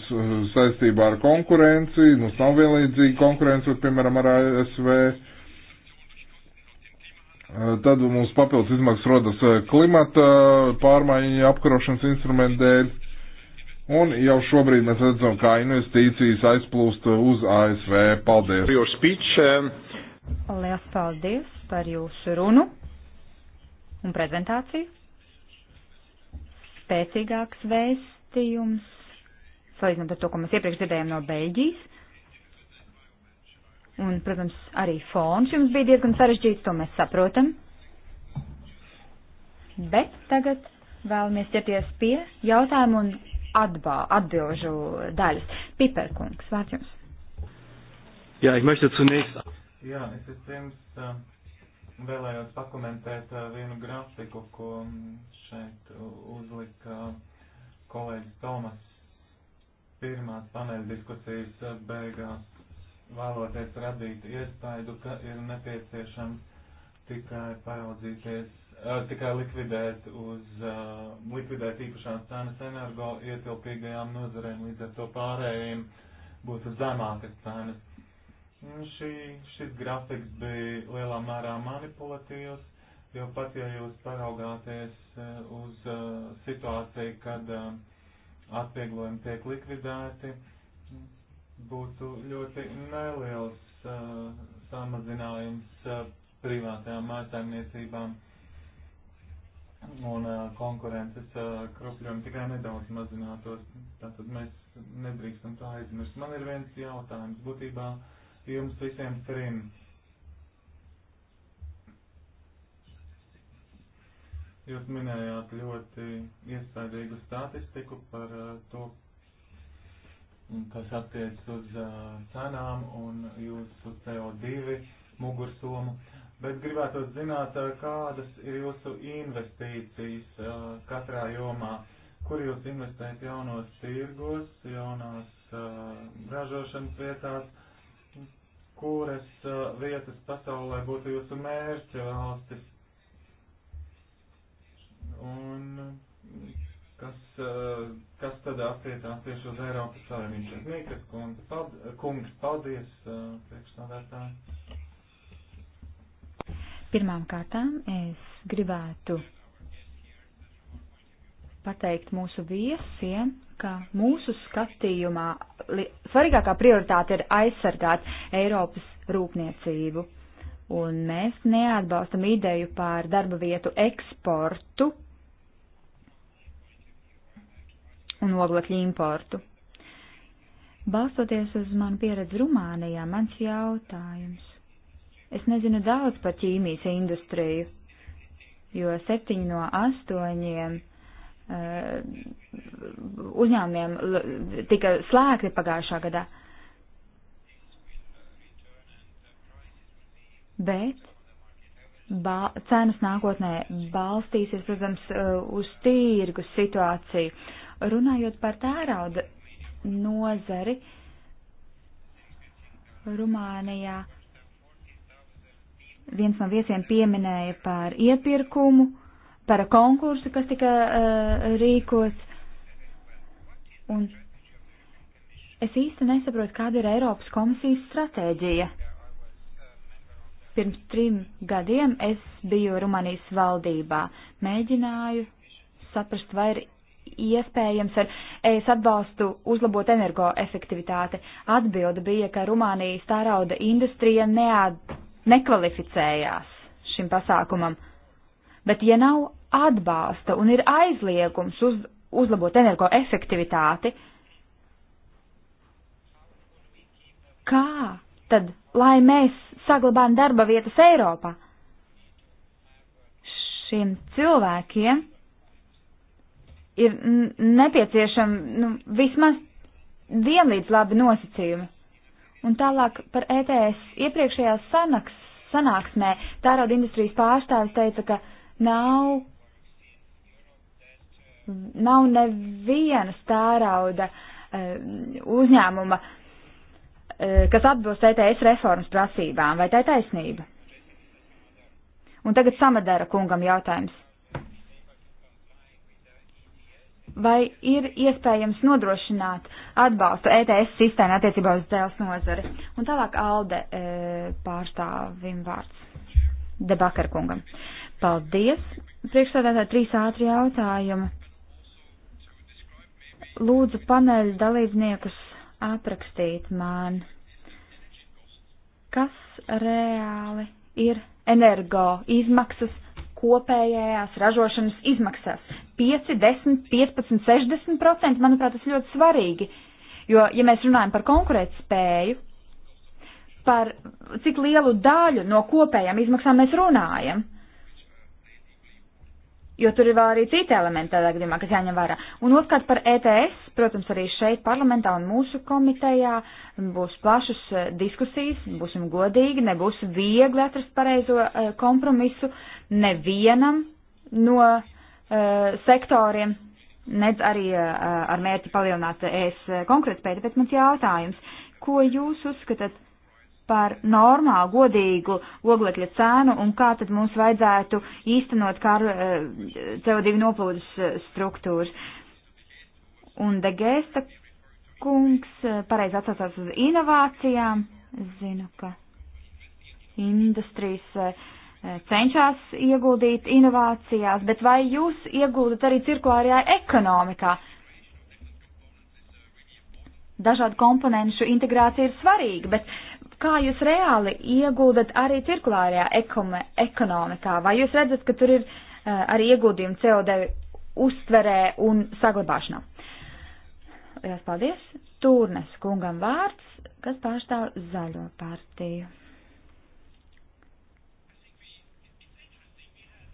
saistībā ar konkurenci, mums nu, nav vienlīdzīga konkurence, piemēram, ar ASV. Tad mums papildus izmaksas rodas klimata pārmaiņu apkarošanas instrumentu dēļ. Un jau šobrīd mēs redzam, kā investīcijas aizplūst uz ASV. Paldies! Lielas paldies par jūsu runu! un prezentāciju. Spēcīgāks vēstījums, salīdzinot ar to, ko mēs iepriekš dzirdējām no Beļģijas. Un, protams, arī fons jums bija diezgan sarežģīts, to mēs saprotam. Bet tagad vēlamies ķerties pie jautājumu un atbā, atbilžu daļas. Piperkungs, vārds jums. Jā, ich möchte zunächst. Jā, es vispirms uh, vēlējos pakomentēt vienu grafiku, ko šeit uzlika kolēģis Tomas pirmās paneļa diskusijas beigās, vēloties radīt iespaidu, ka ir nepieciešams tikai paraudzīties, tikai likvidēt uz, likvidēt īpašās cenas energo ietilpīgajām nozarēm, līdz ar to pārējiem būtu zemākas cenas Nu, šī, šis grafiks bija lielā mērā manipulatīvs, jo pat ja jūs paraugāties eh, uz eh, situāciju, kad eh, atvieglojumi tiek likvidēti, būtu ļoti neliels samazinājums privātajām mājasēmniecībām un konkurences kropļojumi tikai nedaudz mazinātos. Tātad mēs nedrīkstam tā aizmirst. Man ir viens jautājums būtībā jums visiem trim. Jūs minējāt ļoti iespaidīgu statistiku par uh, to, kas attiec uz uh, cenām un jūsu CO2 mugursomu, bet gribētu zināt, uh, kādas ir jūsu investīcijas uh, katrā jomā, kur jūs investējat jaunos tirgos, jaunās uh, ražošanas vietās kuras uh, vietas pasaulē būtu jūsu mērķa valstis un kas, uh, kas tad attiecās tieši uz Eiropas Savienību. Mīkas kundze, pald, kungs, paldies uh, priekšsādātāji. Pirmām kārtām es gribētu pateikt mūsu viesiem ka mūsu skatījumā svarīgākā prioritāte ir aizsargāt Eiropas rūpniecību. Un mēs neatbalstam ideju par darba vietu eksportu un oglekļu importu. Balstoties uz manu pieredzi Rumānijā, mans jautājums. Es nezinu daudz par ķīmijas industriju, jo septiņi no astoņiem Eh, uzņēmumiem tika slēgti pagājušā gadā. Bet ba cenas nākotnē balstīsies, protams, eh, uz tīrgus situāciju. Runājot par tērauda nozari, Rumānijā viens no viesiem pieminēja par iepirkumu par konkursu, kas tika uh, rīkots. Un es īsti nesaprotu, kāda ir Eiropas komisijas stratēģija. Pirms trim gadiem es biju Rumānijas valdībā, mēģināju saprast, vai ir iespējams ar ES atbalstu uzlabot energoefektivitāti. Atbilde bija, ka Rumānijas tārauda industrija nead, nekvalificējās šim pasākumam. Uh, Bet ja nav atbalsta un ir aizliegums uz, uzlabot energoefektivitāti, kā tad, lai mēs saglabājam darba vietas Eiropā? Šiem cilvēkiem ir nepieciešami nu, vismaz vienlīdz labi nosacījumi. Un tālāk par ETS iepriekšējā sanaks, sanāksmē tērauda industrijas pārstāvis teica, ka Nav, nav nevienas tērauda eh, uzņēmuma, eh, kas atbilst ETS reformas prasībām. Vai tā ir taisnība? Un tagad samadara kungam jautājums. Vai ir iespējams nodrošināt atbalstu ETS sistēmu attiecībā uz dēls nozari? Un tālāk Alde e, pārstāvim vārds Debakar kungam. E, Paldies. Priekšsēdētāji trīs ātri jautājumi. Lūdzu paneļu dalībniekus aprakstīt man, kas reāli ir energo izmaksas kopējās ražošanas izmaksas. 5, 10, 15, 60 procenti, manuprāt, tas ļoti svarīgi, jo, ja mēs runājam par konkurētspēju, par cik lielu daļu no kopējām izmaksām mēs runājam, jo tur ir vēl arī citi elementi tādā gadījumā, kas jāņem vērā. Un otrkārt par ETS, protams, arī šeit parlamentā un mūsu komitejā būs plašas eh, diskusijas, būsim godīgi, nebūs viegli atrast pareizo eh, kompromisu nevienam no uh, sektoriem, nedz arī uh, ar mērķi palielināt ES konkrētspēju, bet mans jautājums, ko jūs uzskatāt par normālu, godīgu oglekļa cēnu un kā tad mums vajadzētu īstenot kar, eh, CO2 noplūdes eh, struktūras. Un De Gesta kungs eh, pareizi atsaucās uz inovācijām. Zinu, ka industrijas cenšas ieguldīt inovācijās, bet vai jūs ieguldat arī cirkulārajā ekonomikā? Dažādu komponenšu integrācija ir svarīga, bet uh, kā jūs reāli ieguldat arī cirkulārajā ekonomikā? Vai jūs redzat, ka tur ir eh, arī ieguldījumi CO2 uztverē un saglabāšanā? Lielas paldies! Tūrnes kungam vārds, kas pārstāv zaļo partiju.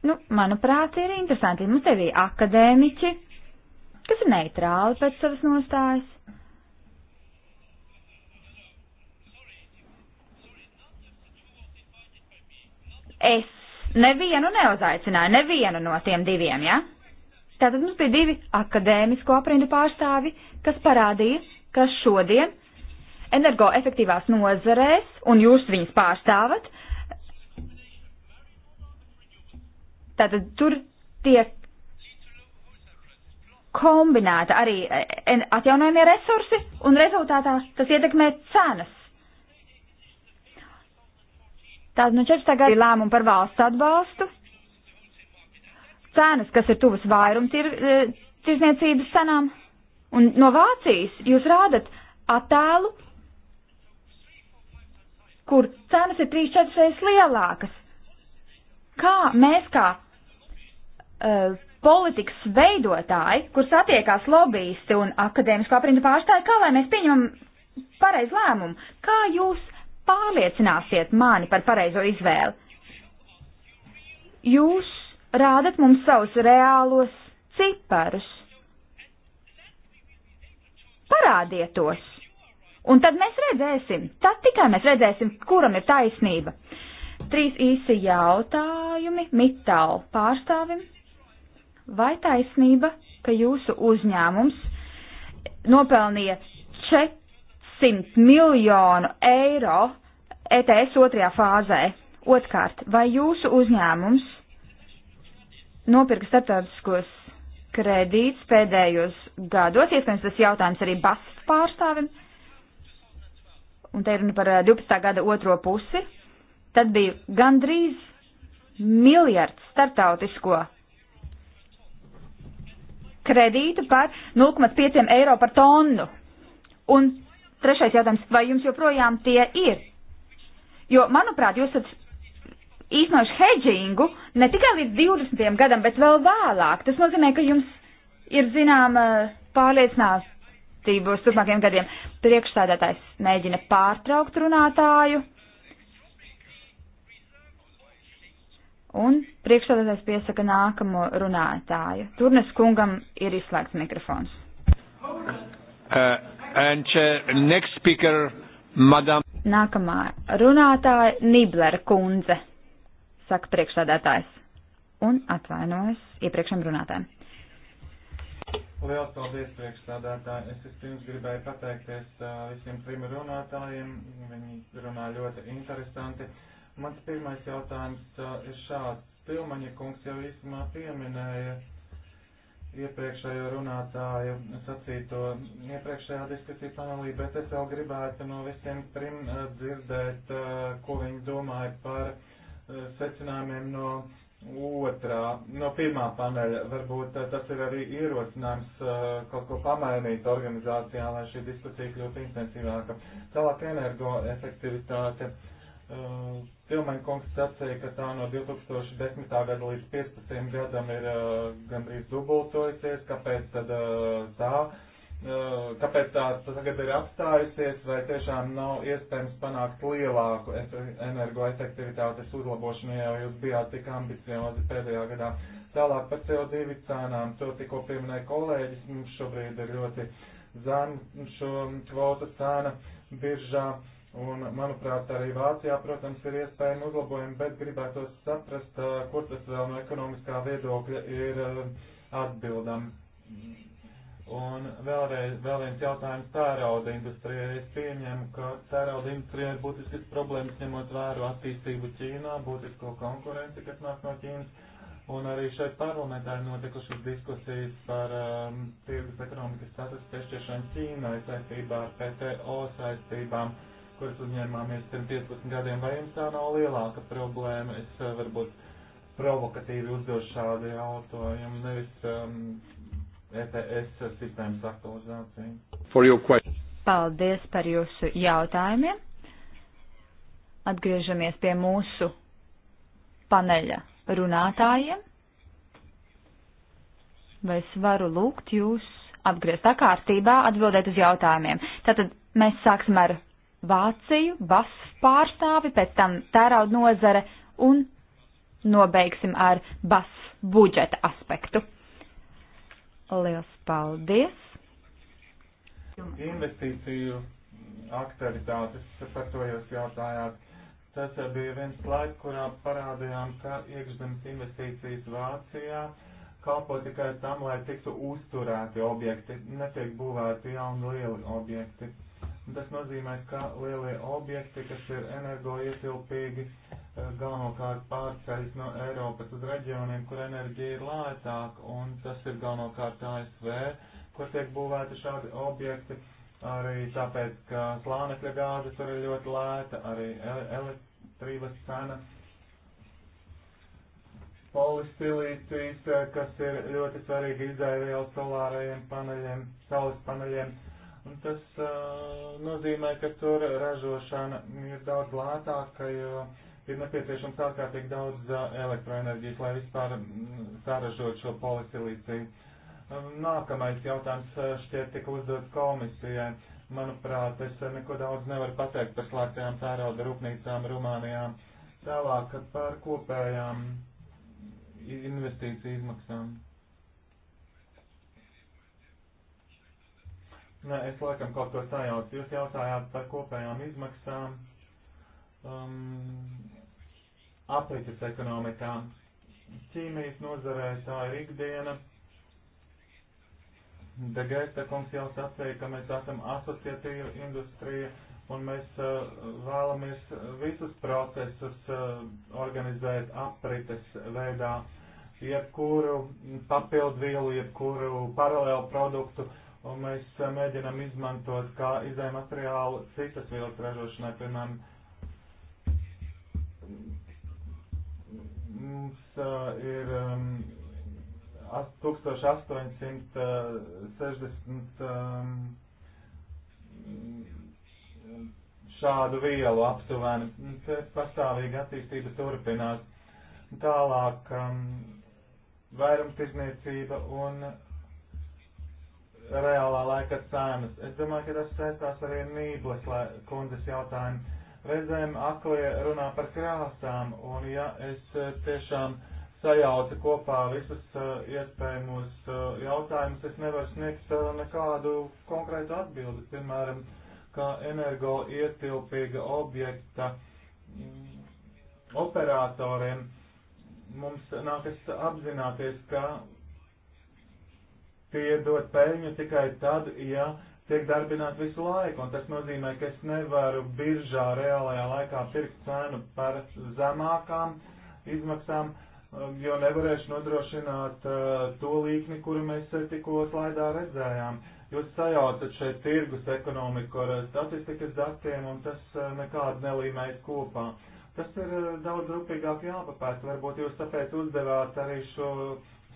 Nu, manuprāt, ir interesanti. Mums te bija akadēmiķi, kas ir neitrāli pēc savas nostājas Es nevienu neuzaicināju, nevienu no tiem diviem, ja? Tātad mums bija divi akadēmisko aprindu pārstāvi, kas parādīja, ka šodien energoefektīvās nozarēs, un jūs viņas pārstāvat, tātad tur tiek kombinēta arī e, atjaunojumie resursi, un rezultātā tas ietekmē cenas. Tātad no 14. gada ir lēmumi par valsts atbalstu, cenas, kas ir tuvas vairums ir e, tirzniecības cenām, un no Vācijas jūs rādat attēlu, kur cenas ir 3-4 reizes lielākas. Kā mēs kā uh, politikas veidotāji, kur satiekās lobbyisti un akadēmisko aprindu pārstāji, kā lai mēs pieņemam pareizu lēmumu? Kā jūs pārliecināsiet mani par pareizo izvēli. Jūs rādat mums savus reālos ciparus. Parādiet tos. Un tad mēs redzēsim, tad tikai mēs redzēsim, kuram ir taisnība. Trīs īsi jautājumi mitālu pārstāvim. Vai taisnība, ka jūsu uzņēmums nopelnīja 400 miljonu eiro ETS otrajā fāzē. Otkārt, vai jūsu uzņēmums nopirka starptautiskos kredītus pēdējos gados, iespējams tas jautājums arī BASF pārstāvim, un te ir runa par 12. Eh, gada otro pusi, tad bija gandrīz miljards starptautisko kredītu par 0,5 eiro par tonu. Un trešais jautājums, vai jums joprojām tie ir? Jo, manuprāt, jūs esat īstenojuši hedžingu ne tikai līdz 20. gadam, bet vēl vēlāk. Tas nozīmē, ka jums ir zināma eh, pārliecinātība uz turpmākajiem gadiem. Priekšstādātājs mēģina pārtraukt runātāju. Un priekšstādātājs piesaka nākamo runātāju. Turnes kungam ir izslēgts mikrofons. Uh, and uh, next speaker Madam. Nākamā runātāja Niblera kundze, saka priekšsādātājs, un atvainojas iepriekšējiem runātājiem. Liels paldies, priekšsādātāji. Es vispirms gribēju pateikties visiem trim runātājiem. Viņi runā ļoti interesanti. Mans pirmais jautājums ir šāds. Pilmaņa kungs jau īsumā pieminēja iepriekšējo runātāju sacīto iepriekšējā diskusiju panelī, bet es vēl gribētu no visiem trim eh, dzirdēt, eh, ko viņi domāja par eh, secinājumiem no otrā, no pirmā paneļa. Varbūt tas ir arī ierosinājums kaut ko pamainīt organizācijā, lai šī diskusija kļūtu intensīvāka. Tālāk energoefektivitāte. efektivitāte Pilmeņkungs sacīja, ka tā no 2010. gada līdz 15. gadam ir uh, gandrīz dubultojusies, kāpēc tad uh, tā, uh, kāpēc tā tagad ir apstājusies, vai tiešām nav iespējams panākt lielāku energoefektivitātes uzlabošanu, ja jūs bijāt tik ambiciozi pēdējā gadā. Tālāk par CO2 cenām, to tikko pieminēja kolēģis, mums šobrīd ir ļoti zem šo kvotu cena biržā. Uh, Un, manuprāt, arī Vācijā, protams, ir iespējami uzlabojumi, bet gribētos saprast, kur tas vēl no ekonomiskā viedokļa ir atbildam. Un vēlreiz, vēl viens jautājums tērauda industrijai. Es pieņemu, ka tērauda industrijai ir būtiskas problēmas, ņemot vēru attīstību Ķīnā, būtisko konkurenci, kas nāk no Ķīnas. Un arī šeit parlamentā ir notikušas diskusijas par um, tirgus ekonomikas status piešķiršanu Ķīnai saistībā ar PTO saistībām. Uh, kuras uzņēmāmies pirms 15 gadiem, vai jums tā nav lielāka problēma? Es eh, varbūt provokatīvi uzdošu šādu jautājumu, nevis um, ETS sistēmas aktualizāciju. Paldies par jūsu jautājumiem. Atgriežamies pie mūsu paneļa runātājiem. Vai es varu lūgt jūs atgriezt tā kārtībā, atbildēt uz jautājumiem? Tātad mēs sāksim ar Vāciju, BAS pārstāvi, pēc tam tērauda nozare un nobeigsim ar BAS budžeta aspektu. Liels paldies! Investīciju aktivitātes, par to jūs jautājāt. Tas eh, bija viens laiks, kurā parādījām, ka iekšzemes investīcijas Vācijā kalpo tikai tam, lai tiktu uzturēti objekti, netiek būvēti jauni lieli objekti Tas nozīmē, ka lielie objekti, kas ir energoietilpīgi, eh, galvenokārt pārceļas no Eiropas uz reģioniem, kur enerģija ir lētāka, un tas ir galvenokārt ASV, kur tiek būvēti šādi objekti, arī tāpēc, ka slānekļa gāze tur ir ļoti lēta, arī elektrības cena. Polistilīcijas, eh, kas ir ļoti svarīgi izēvielu solārajiem paneļiem, saules paneļiem Tas uh, nozīmē, ka tur ražošana ir daudz lētāka, jo ir nepieciešams ārkārtīgi daudz uh, elektroenerģijas, lai vispār mm, saražot šo polisiliciju. Um, nākamais jautājums šķiet tika uzdots komisijai. Manuprāt, es neko daudz nevaru pateikt par slēgtajām tērauda rūpnīcām Rumānijā. Tālāk par kopējām investīciju izmaksām. Nē, es laikam kaut ko sajaucu. Jūs jautājāt par kopējām izmaksām um, aprīķis ekonomikā. Ķīmijas nozarē tā ir ikdiena. Degēta kungs jau sacīja, ka mēs esam asociatīva industrija un mēs uh, vēlamies visus procesus uh, organizēt aprites veidā, jebkuru papildvielu, jebkuru paralēlu produktu uh, un mēs eh, mēģinam izmantot kā izēja materiālu citas vielas ražošanai, piemēram, mums uh, ir um, 1860 um, šādu vielu aptuveni. Nu, pastāvīgi attīstība turpinās. Tālāk um, vairumtirdzniecība un reālā laika cenas. Es domāju, ka tas saistās arī Nīblas kundzes jautājumu. Reizēm aklie runā par krāsām, un ja es eh, tiešām sajaucu kopā visus uh, iespējamos uh, jautājumus, es nevaru sniegt uh, nekādu konkrētu atbildi, piemēram, kā energo ietilpīga objekta mm, operatoriem. Mums nākas apzināties, ka tie dod peļņu tikai tad, ja tiek darbināti visu laiku, un tas nozīmē, ka es nevaru biržā reālajā laikā pirkt cenu par zemākām izmaksām, um, jo nevarēšu nodrošināt uh, to līkni, kuru mēs uh, tikko slaidā redzējām. Jūs sajaucat šeit tirgus ekonomiku ar uh, statistikas datiem, un tas uh, nekādi nelīmējas kopā. Tas ir uh, daudz rūpīgāk jāpapēta, varbūt jūs tāpēc uzdevāt arī šo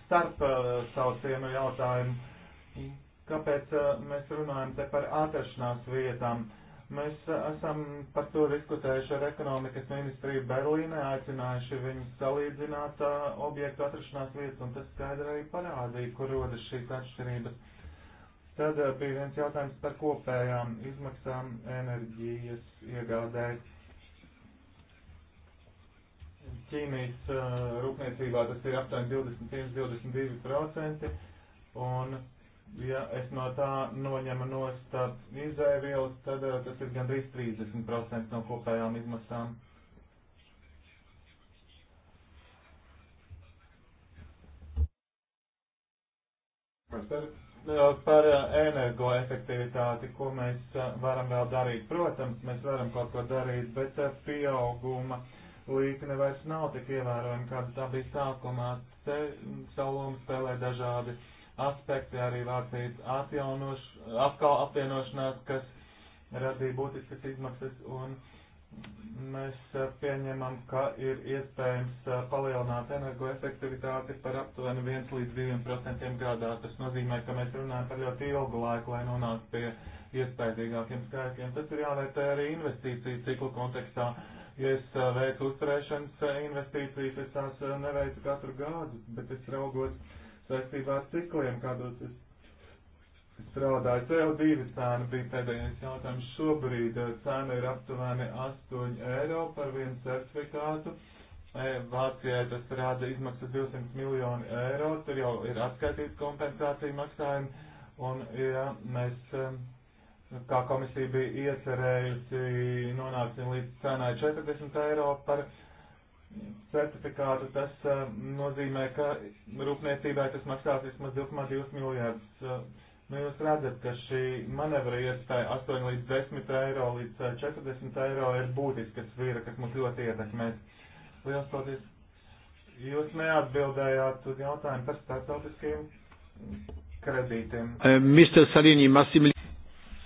starp uh, saucienu jautājumu. Kāpēc uh, mēs runājam te par atrašanās vietām? Mēs uh, esam par to diskutējuši ar ekonomikas ministriju Berlīnē, aicinājuši viņus salīdzināt objektu atrašanās vietas, un tas skaidri arī parādīja, kur rodas šīs atšķirības. Tad bija viens jautājums par kopējām izmaksām enerģijas iegādēji ķīmijas uh, rūpniecībā tas ir aptuveni 21-22%, un ja es no tā noņemu nost izēvielas, tad uh, tas ir gandrīz 30% no kopējām izmaksām. Par, uh, par energoefektivitāti, ko mēs varam vēl darīt. Protams, mēs varam kaut ko darīt, bet pieauguma uh, līkne vairs nav tik ievērojama, kāda tā bija sākumā. Te savu lomu spēlē dažādi aspekti, arī Vācijas atkal apvienošanās, kas radīja būtiskas izmaksas, un mēs eh, pieņemam, ka ir iespējams eh, palielināt energoefektivitāti par aptuveni 1 līdz 2% gadā. Tas nozīmē, ka mēs runājam par ļoti ilgu laiku, lai nonāktu pie iespējīgākiem skaitļiem. Tas ir jāvērtē arī investīciju ciklu kontekstā Ja es veicu uzturēšanas investīcijas, es tās neveicu katru gadu, bet es raugos saistībā ar cikliem, kādos es strādāju. CO2 cēna bija pēdējais jautājums. Šobrīd cēna ir aptuveni 8 eiro par vienu certifikātu. Vācijai tas rāda izmaksas 200 miljoni eiro, tur jau ir atskaitīts kompensācija maksājumi, un ja mēs kā komisija bija iecerējusi, nonāksim līdz cenai 40 eiro par certifikātu. Tas eh, nozīmē, ka rūpniecībai tas maksās vismaz 2,2 miljārdus. Eh, nu, jūs redzat, ka šī manevra iespēja 8 līdz 10 eiro līdz 40 eh, eiro ir būtiska svīra, kas mums ļoti ietekmēs. Lielas paldies! Jūs neatbildējāt uz jautājumu par starptautiskajiem kredītiem. Uh, Mr. Salini, Massimil.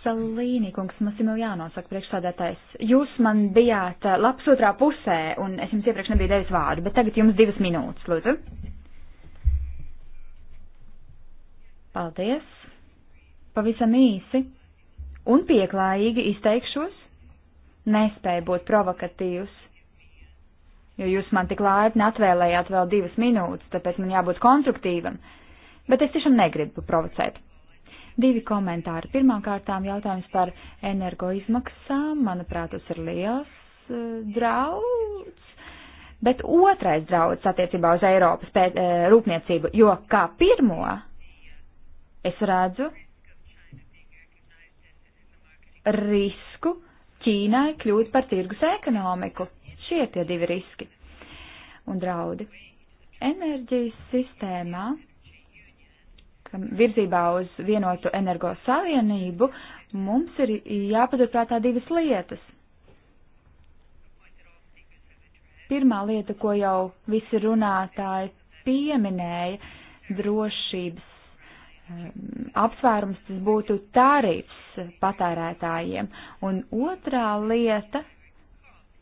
Salīni kungs, Masimiljāno, saka priekšsādātājs, jūs man bijāt eh, labs otrā pusē, un es jums iepriekš nebiju devis vārdu, bet tagad jums divas minūtes, lūdzu. Paldies. Pavisam īsi. Un pieklājīgi izteikšos. Nespēju būt provokatīvs. Jo jūs man tik laipni atvēlējāt vēl divas minūtes, tāpēc man jābūt konstruktīvam. Bet es tiešām negribu provocēt. Divi komentāri. Pirmkārtām jautājums par energoizmaksām. Manuprāt, tas ir liels uh, eh, drauds. Bet otrais drauds attiecībā uz Eiropas pēc, uh, eh, rūpniecību, jo kā pirmo es redzu risku Ķīnai kļūt par tirgus ekonomiku. Šie tie divi riski un draudi. Enerģijas sistēmā virzībā uz vienotu energo savienību, mums ir jāpaturprātā divas lietas. Pirmā lieta, ko jau visi runātāji pieminēja, drošības um, apsvērums tas būtu tarifs patērētājiem. Un otrā lieta,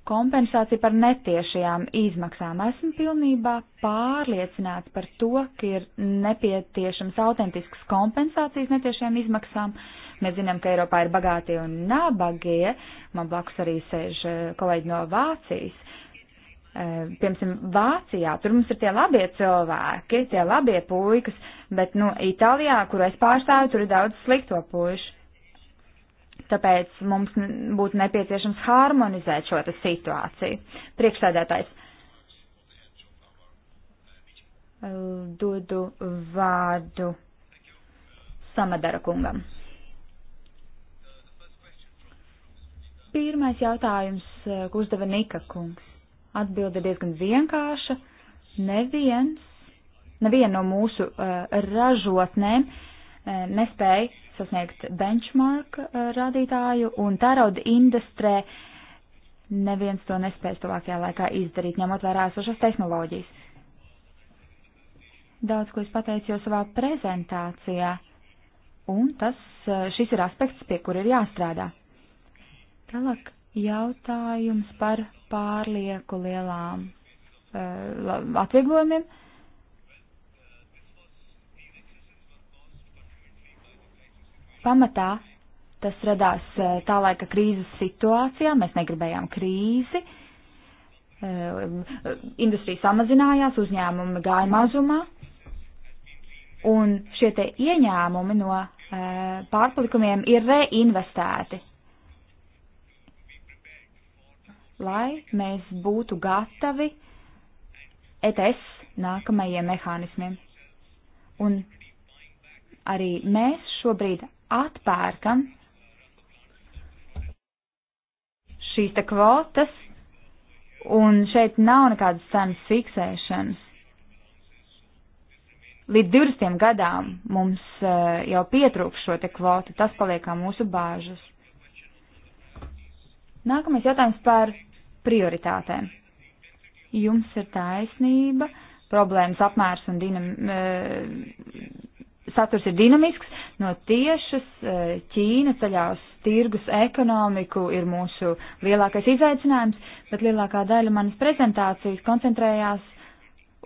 kompensāciju par netiešajām izmaksām. Esmu pilnībā pārliecināts par to, ka ir nepieciešams autentisks kompensācijas netiešajām izmaksām. Mēs zinām, ka Eiropā ir bagātie un nabagie. Man blakus arī sēž eh, kolēģi no Vācijas. Eh, piemēram, Vācijā tur mums ir tie labie cilvēki, tie labie puikas, bet, nu, Itālijā, kur es pārstāvu, tur ir daudz slikto puišu tāpēc mums būtu nepieciešams harmonizēt šo situāciju. Priekšsēdētājs dodu vārdu Samadara kungam. Pirmais jautājums, eh, ko uzdeva Nika kungs. Atbilde diezgan vienkārša. Neviens, neviena no mūsu uh, ražotnēm uh, E, nespēja sasniegt benchmark e, rādītāju, un tērauda industrē neviens to nespēs tuvākajā laikā izdarīt, ņemot vērā esošas tehnoloģijas. Daudz, ko es pateicu jau savā prezentācijā, un tas, e, šis ir aspekts, pie kura ir jāstrādā. Tālāk jautājums par pārlieku lielām uh, atvieglojumiem. Uh, Pamatā tas radās eh, tā laika krīzes situācijā, mēs negribējām krīzi, eh, industrija samazinājās, uzņēmumi gāja mazumā, un šie te ieņēmumi no eh, pārpalikumiem ir reinvestēti, lai mēs būtu gatavi ETS nākamajiem mehānismiem. Un arī mēs šobrīd atpērkam šīs te kvotas, un šeit nav nekādas cenas fiksēšanas. Līdz 20 gadām mums eh, jau pietrūks šo te kvotu, tas paliek kā mūsu bāžas. Nākamais jautājums par prioritātēm. Jums ir taisnība, problēmas apmērs un dinam, eh, saturs ir dinamisks, no tiešas e, Ķīna ceļās tirgus ekonomiku ir mūsu lielākais izaicinājums, bet lielākā daļa manas prezentācijas koncentrējās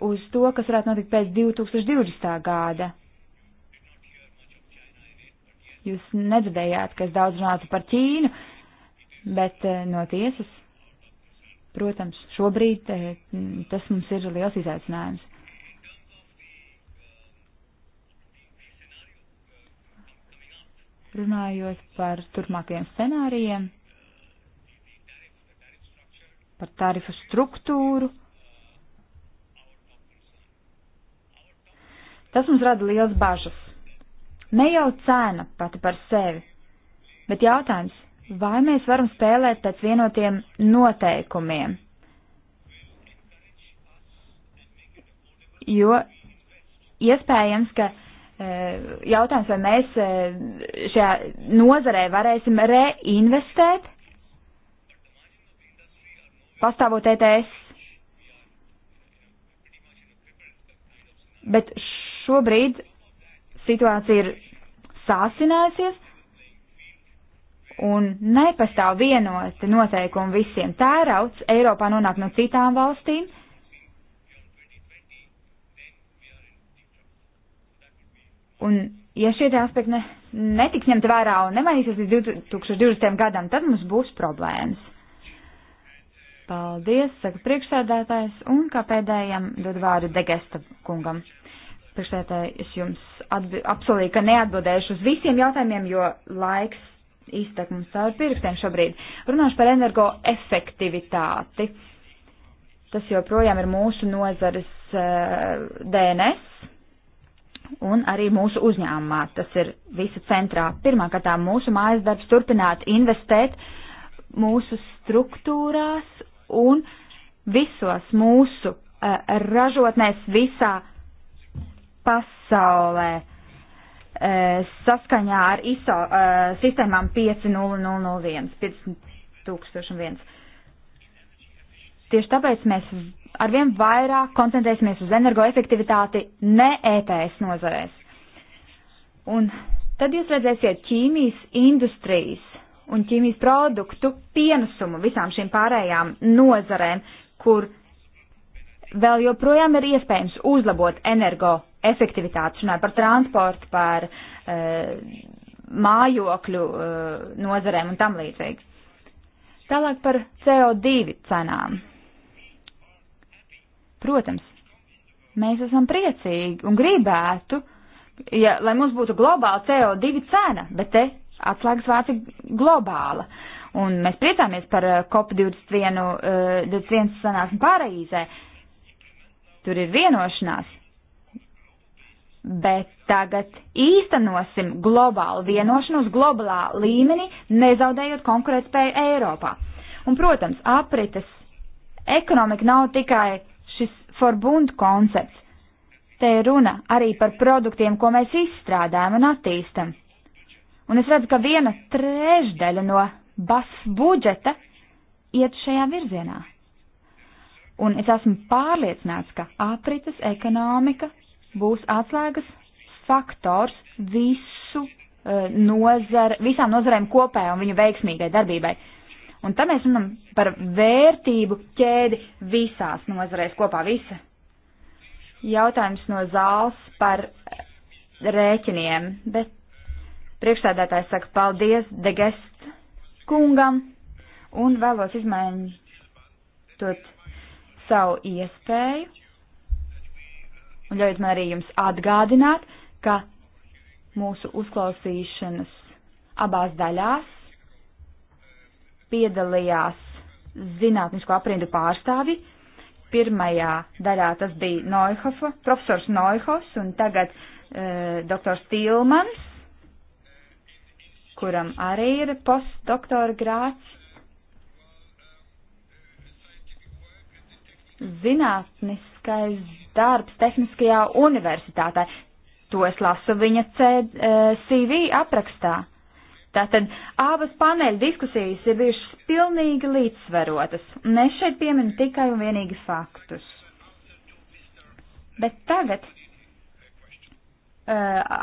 uz to, kas varētu notikt pēc 2020. gada. Jūs nedzirdējāt, ka es daudz runātu par Ķīnu, bet e, no tiesas, protams, šobrīd e, tas mums ir liels izaicinājums. runājot par turpmākajiem scenārijiem, par tarifu struktūru. Tas mums rada liels bažas. Ne jau cena pati par sevi, bet jautājums, vai mēs varam spēlēt pēc vienotiem noteikumiem. Jo iespējams, ka E, jautājums, vai mēs e, šajā nozarē varēsim reinvestēt, pastāvot ETS. Bet šobrīd situācija ir sāsinājusies un nepastāv vienoti noteikumi visiem. Tērauds Eiropā nonāk no citām valstīm Un, ja šie aspekti ne, netiks ņemti vērā un nemainīsies līdz 2020. gadam, tad mums būs problēmas. Paldies, saka priekšsēdētājs, un kā pēdējam dod vārdu Degesta kungam. Priekšsēdētāji, es jums apsolīju, ka neatbildēšu uz visiem jautājumiem, jo laiks iztek mums caur pirkstiem šobrīd. Runāšu par energoefektivitāti. Tas joprojām ir mūsu nozares uh, eh, DNS un arī mūsu uzņēmumā. Tas ir visa centrā. Pirmkārt, mūsu mājas darbs turpināt investēt mūsu struktūrās un visos mūsu uh, ražotnēs visā pasaulē uh, saskaņā ar ISO uh, sistēmām 5001, 5001. Tieši tāpēc mēs arvien vairāk koncentrēsimies uz energoefektivitāti ne ETS nozarēs. Un tad jūs redzēsiet ķīmijas industrijas un ķīmijas produktu pienesumu visām šīm pārējām nozarēm, kur vēl joprojām ir iespējams uzlabot energoefektivitāti, runājot par transportu, par e, mājokļu e, nozarēm un tam līdzīgi. Tālāk par CO2 cenām. Protams, mēs esam priecīgi un gribētu, ja, lai mums būtu globāla CO2 cena, bet te atslēgas vārds ir globāla. Un mēs priecāmies par eh, COP21 uh, eh, sanāksmi Pārīzē. Tur ir vienošanās. Bet tagad īstenosim globālu vienošanos globālā līmenī, nezaudējot konkurētspēju Eiropā. Un, protams, aprites ekonomika nav tikai Verbund koncepts. Te ir runa arī par produktiem, ko mēs izstrādājam un attīstam. Un es redzu, ka viena trešdaļa no bas budžeta iet šajā virzienā. Un es esmu pārliecināts, ka aprites ekonomika būs atslēgas faktors visu uh, eh, nozar, visām nozarēm kopējā un viņu veiksmīgai darbībai. Uh, Un tam mēs runam par vērtību ķēdi visās nozarēs kopā visa. Jautājums no zāles par rēķiniem, bet priekšstādātājs saka paldies Degest kungam un vēlos izmaiņot savu iespēju. Un ļaujiet man arī jums atgādināt, ka mūsu uzklausīšanas abās daļās piedalījās zinātnisko aprindu pārstāvi. Pirmajā daļā tas bija Noihofa, profesors Noihofs un tagad e, doktors Tilmans, kuram arī ir postdoktora grāts. Zinātniskais darbs Tehniskajā universitātē. To es lasu viņa CV eh, aprakstā. Tātad abas paneļa diskusijas ir bijušas pilnīgi līdzsvarotas, un es šeit pieminu tikai un vienīgi faktus. Bet tagad uh,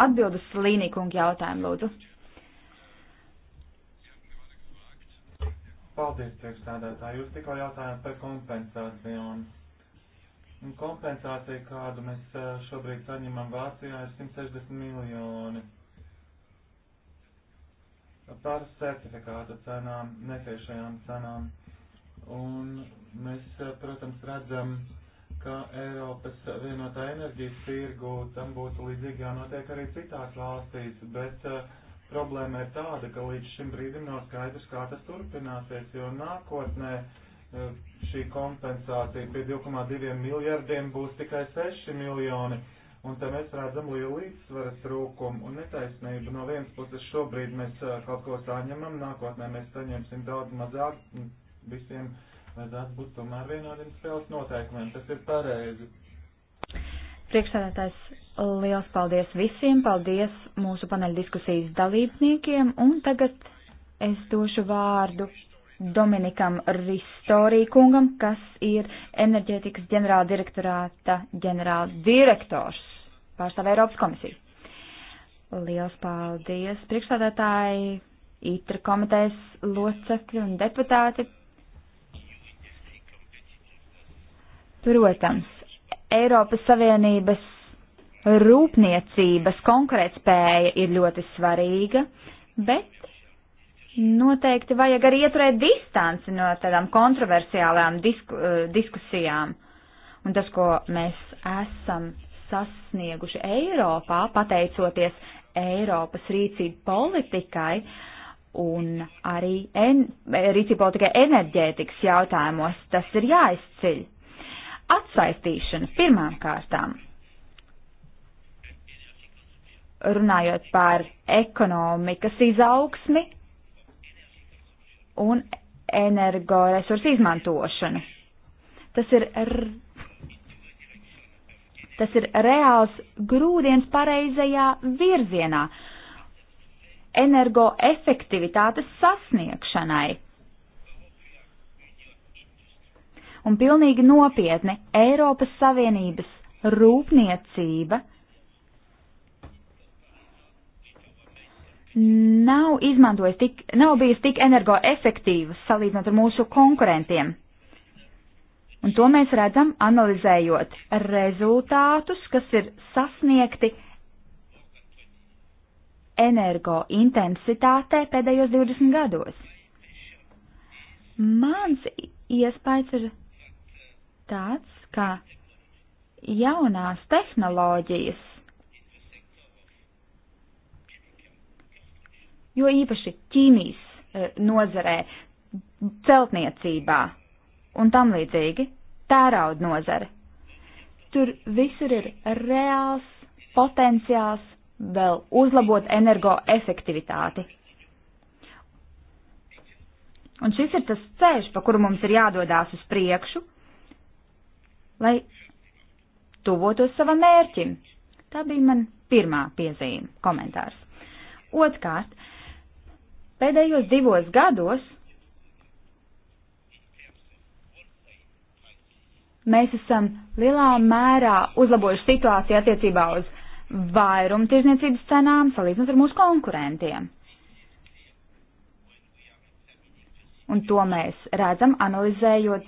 atbildus Līnīkunga jautājumu lūdzu. Paldies, priekšstādātāji. Jūs tikko jautājāt par kompensāciju. Un kompensācija, kādu mēs uh, šobrīd saņemam Vācijā, ir 160 miljoni par certifikātu cenām, netiešajām cenām. Un mēs, protams, redzam, ka Eiropas vienotā enerģijas tirgu tam būtu līdzīgi jānotiek arī citās valstīs, bet uh, problēma ir tāda, ka līdz šim brīdim nav skaidrs, kā tas turpināsies, jo nākotnē uh, šī kompensācija pie 2,2 miljardiem būs tikai 6 miljoni Un te mēs redzam lielu līdzsvara trūkumu un netaisnību. No vienas puses šobrīd mēs kaut ko saņemam, nākotnē mēs saņemsim daudz mazāk, un visiem vajadzētu būt tomēr vienādiem spēles noteikumiem. Tas ir pareizi. Priekšsēdētājs, liels paldies visiem, paldies mūsu paneļa diskusijas dalībniekiem, un tagad es došu vārdu Dominikam Ristorī kungam, kas ir enerģētikas ģenerāla direktorāta ģenerāla direktors pārstāv Eiropas komisiju. Liels paldies priekšstādātāji, ITRA komitejas locekļi un deputāti. Protams, Eiropas Savienības rūpniecības konkurētspēja ir ļoti svarīga, bet Noteikti vajag arī ieturēt distanci no tādām kontroversiālām disku, eh, diskusijām. Un tas, ko mēs esam sasnieguši Eiropā, pateicoties Eiropas rīcību politikai un arī en, rīcību politikai enerģētikas jautājumos, tas ir jāizceļ. Atsaistīšana pirmām kārtām runājot par ekonomikas izaugsmi, un energoresursu izmantošanu. Tas ir, tas ir reāls grūdienis pareizajā virzienā energoefektivitātes sasniegšanai. Un pilnīgi nopietni Eiropas Savienības rūpniecība nav izmantojis tik, nav bijis tik energoefektīvas salīdzinot ar mūsu konkurentiem. Un to mēs redzam, analizējot rezultātus, kas ir sasniegti energointensitātē pēdējos 20 gados. Mans iespējas ir tāds, ka jaunās tehnoloģijas jo īpaši ķīmijas e, nozarē, celtniecībā un tam līdzīgi tērauda nozare. Tur visur ir reāls potenciāls vēl uzlabot energoefektivitāti. Un šis ir tas ceļš, pa kuru mums ir jādodās uz priekšu, lai tuvotos savam mērķim. Tā bija man pirmā piezīme, komentārs. Otkārt, uh, Pēdējos divos gados mēs esam lielā mērā uzlabojuši situāciju attiecībā uz vairumu tirzniecības cenām salīdzinot ar mūsu konkurentiem. Un to mēs redzam, analizējot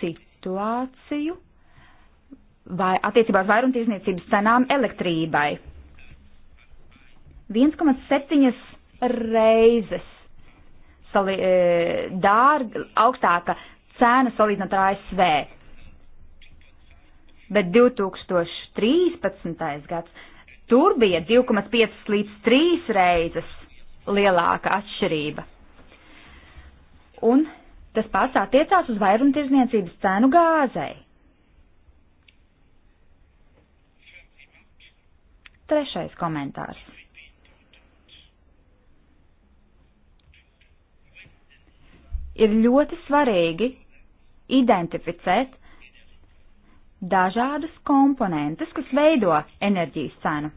situāciju vai attiecībā uz vairumtirdzniecības cenām elektrībai. 1,7 reizes sali, e, dārga, augstāka cena salīdzinot ar ASV. Bet 2013. gads tur bija 2,5 līdz 3 reizes lielāka atšķirība. Un tas pats attiecās uz vairumtirdzniecības cenu gāzei. Trešais komentārs. ir ļoti svarīgi identificēt dažādas komponentes, kas veido enerģijas cenu.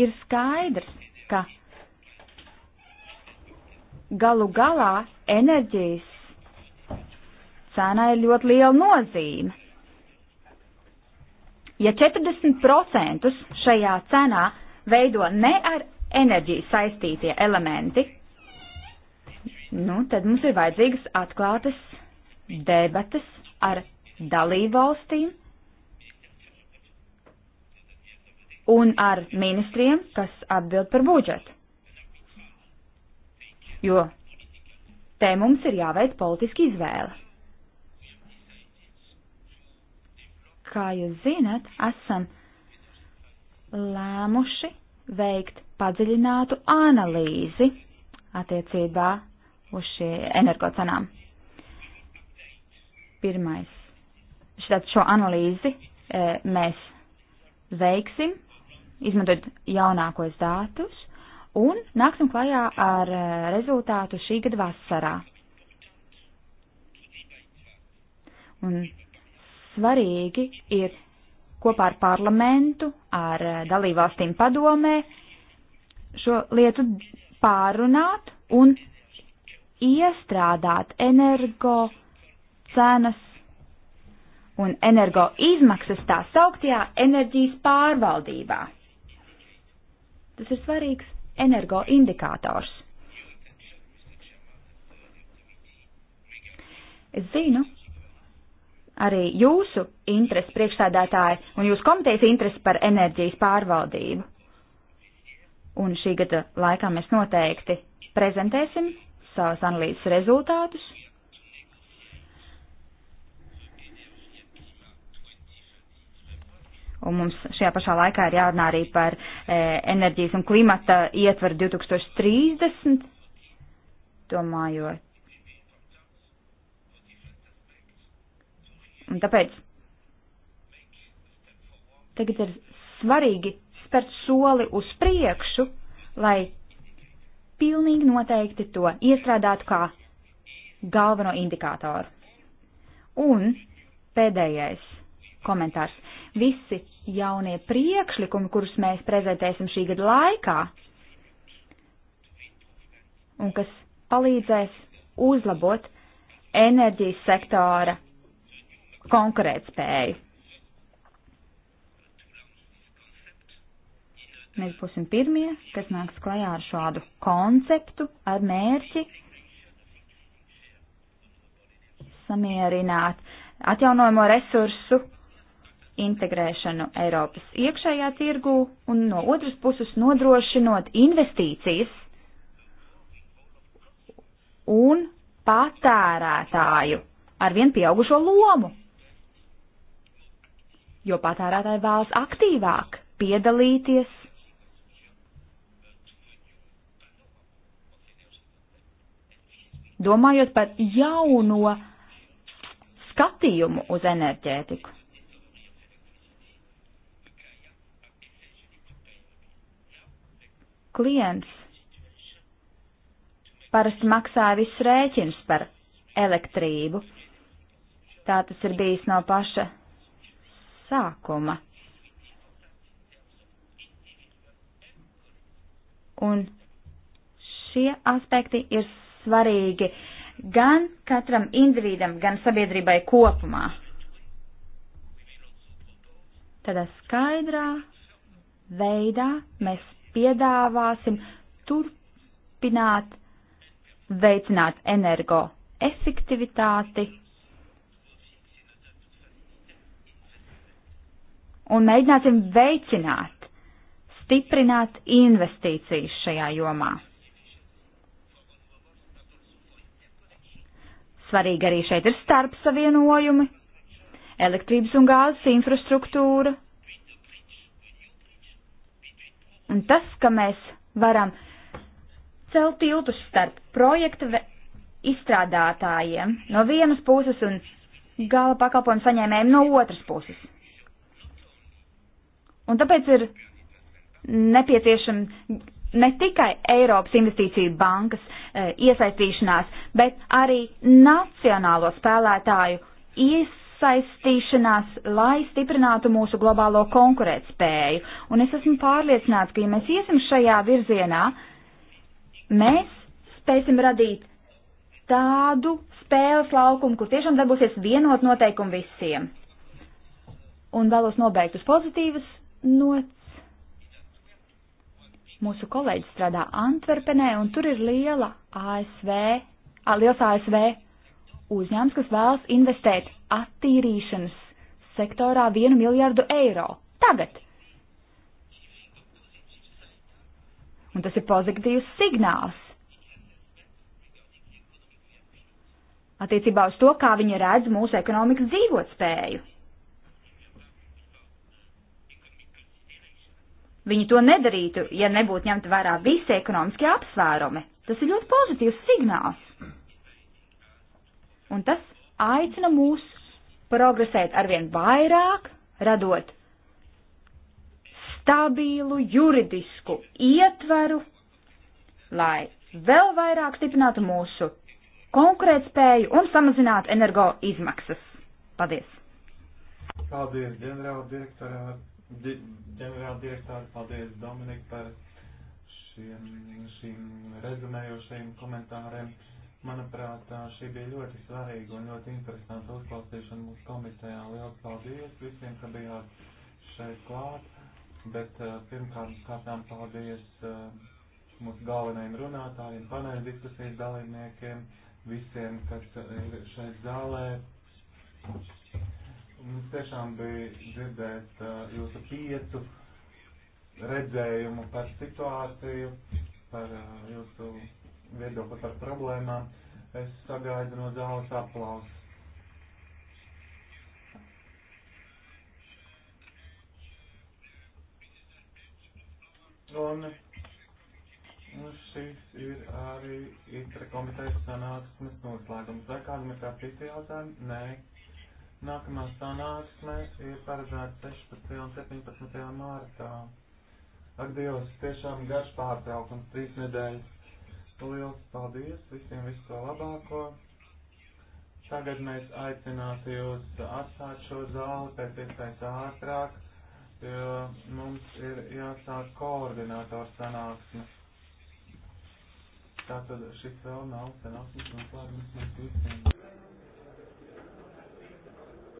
Ir skaidrs, ka galu galā enerģijas cenā ir ļoti liela nozīme. Ja 40% šajā cenā veido ne ar enerģiju saistītie elementi, nu, tad mums ir vajadzīgas atklātas debatas ar dalībvalstīm un ar ministriem, kas atbild par budžetu. Jo te mums ir jāveic politiski izvēle. Kā jūs zinat, esam lēmuši veikt padziļinātu analīzi attiecībā uz šī energocenām. Pirmais. Šitāt šo analīzi e, mēs veiksim, izmantojot jaunākos datus, un nāksim klajā ar e, rezultātu šī gada vasarā. Un svarīgi ir kopā ar parlamentu, ar e, dalībvalstīm padomē šo lietu pārunāt un iestrādāt energo cenas un energo izmaksas tā sauktajā enerģijas pārvaldībā. Tas ir svarīgs energo indikators. Es zinu, arī jūsu interesi priekšsēdētāji un jūsu komitejas interesi par enerģijas pārvaldību. Un šī gada laikā mēs noteikti prezentēsim savas analīzes rezultātus. Un mums šajā pašā laikā ir jārunā arī par e, enerģijas un klimata ietveru 2030, domājot. Un tāpēc tagad ir svarīgi spērt soli uz priekšu, lai pilnīgi noteikti to iestrādātu kā galveno indikātoru. Un pēdējais komentārs. Visi jaunie priekšlikumi, kurus mēs prezentēsim šī gada laikā, un kas palīdzēs uzlabot enerģijas sektora konkurētspēju Mēs būsim pirmie, kas nāks klajā ar šādu konceptu, ar mērķi samierināt atjaunojamo resursu integrēšanu Eiropas iekšējā tirgū un no otras puses nodrošinot investīcijas un patērētāju ar vien pieaugušo lomu. Jo patērētāji vēlas aktīvāk piedalīties domājot par jauno skatījumu uz enerģētiku. Klients parasti maksāja visus rēķinus par elektrību. Tā tas ir bijis no paša sākuma. Un šie aspekti ir svarīgi gan katram individam, gan sabiedrībai kopumā. Tādā skaidrā veidā mēs piedāvāsim turpināt veicināt energo efektivitāti un mēģināsim veicināt, stiprināt investīcijas šajā jomā. Svarīgi arī šeit ir starpsavienojumi, elektrības un gāzes infrastruktūra. Un tas, ka mēs varam celt tiltus starp projektu izstrādātājiem no vienas puses un gala pakalpojumu saņēmējiem no otras puses. Un tāpēc ir nepieciešama ne tikai Eiropas investīciju bankas e, iesaistīšanās, bet arī nacionālo spēlētāju iesaistīšanās, lai stiprinātu mūsu globālo konkurētspēju. Un es esmu pārliecināts, ka ja mēs iesim šajā virzienā, mēs spēsim radīt tādu spēles laukumu, kur tiešām darbosies vienot noteikumu visiem. Un vēlos nobeigt uz pozitīvas nots Mūsu kolēģis strādā Antverpenē, un tur ir liela ASV, a, liels ASV uzņēmums, kas vēlas investēt attīrīšanas sektorā vienu miljardu eiro. Tagad! Un tas ir pozitīvs signāls. Attiecībā uz to, kā viņi redz mūsu ekonomikas dzīvotspēju. Viņi to nedarītu, ja nebūtu ņemt vērā visi ekonomiskie apsvērumi. Tas ir ļoti pozitīvs signāls. Un tas aicina mūs progresēt arvien vairāk, radot stabilu juridisku ietveru, lai vēl vairāk stiprinātu mūsu konkurētspēju un samazinātu energo izmaksas. Paldies! Paldies, ģenerāla direktorā! di ģenerāldirektori, paldies Dominika par šiem, šīm rezumējošajiem komentāriem. Manuprāt, šī bija ļoti svarīga un ļoti interesanta uzklausīšana mūsu komitejā. Lielas paldies visiem, ka bijāt šeit klāt, bet pirmkārt kārtām paldies mūsu galvenajiem runātājiem, paneļa diskusijas dalībniekiem, visiem, kas ir šeit zālē. Mums tiešām bija dzirdēt uh, jūsu piecu redzējumu par situāciju, par uh, jūsu viedokli par problēmām. Es sagaidu no zāles aplausus. Un Nu, šis ir arī ITRA komitejas sanāksmes noslēgums. Vai kādam ir kāds cits jautājums? Nē. Nākamā sanāksme ir paredzēta 16. un 17. martā. Ak, Dievs, tiešām garš pārtraukums, trīs nedēļas. Lielas paldies visiem, visu to labāko. Tagad mēs aicinātu jūs atstāt šo zāli pēc iespējas ātrāk, jo mums ir jāsāk koordinātors sanāksme. Tātad šis vēl nav sanāksmes noslēgums mums visiem.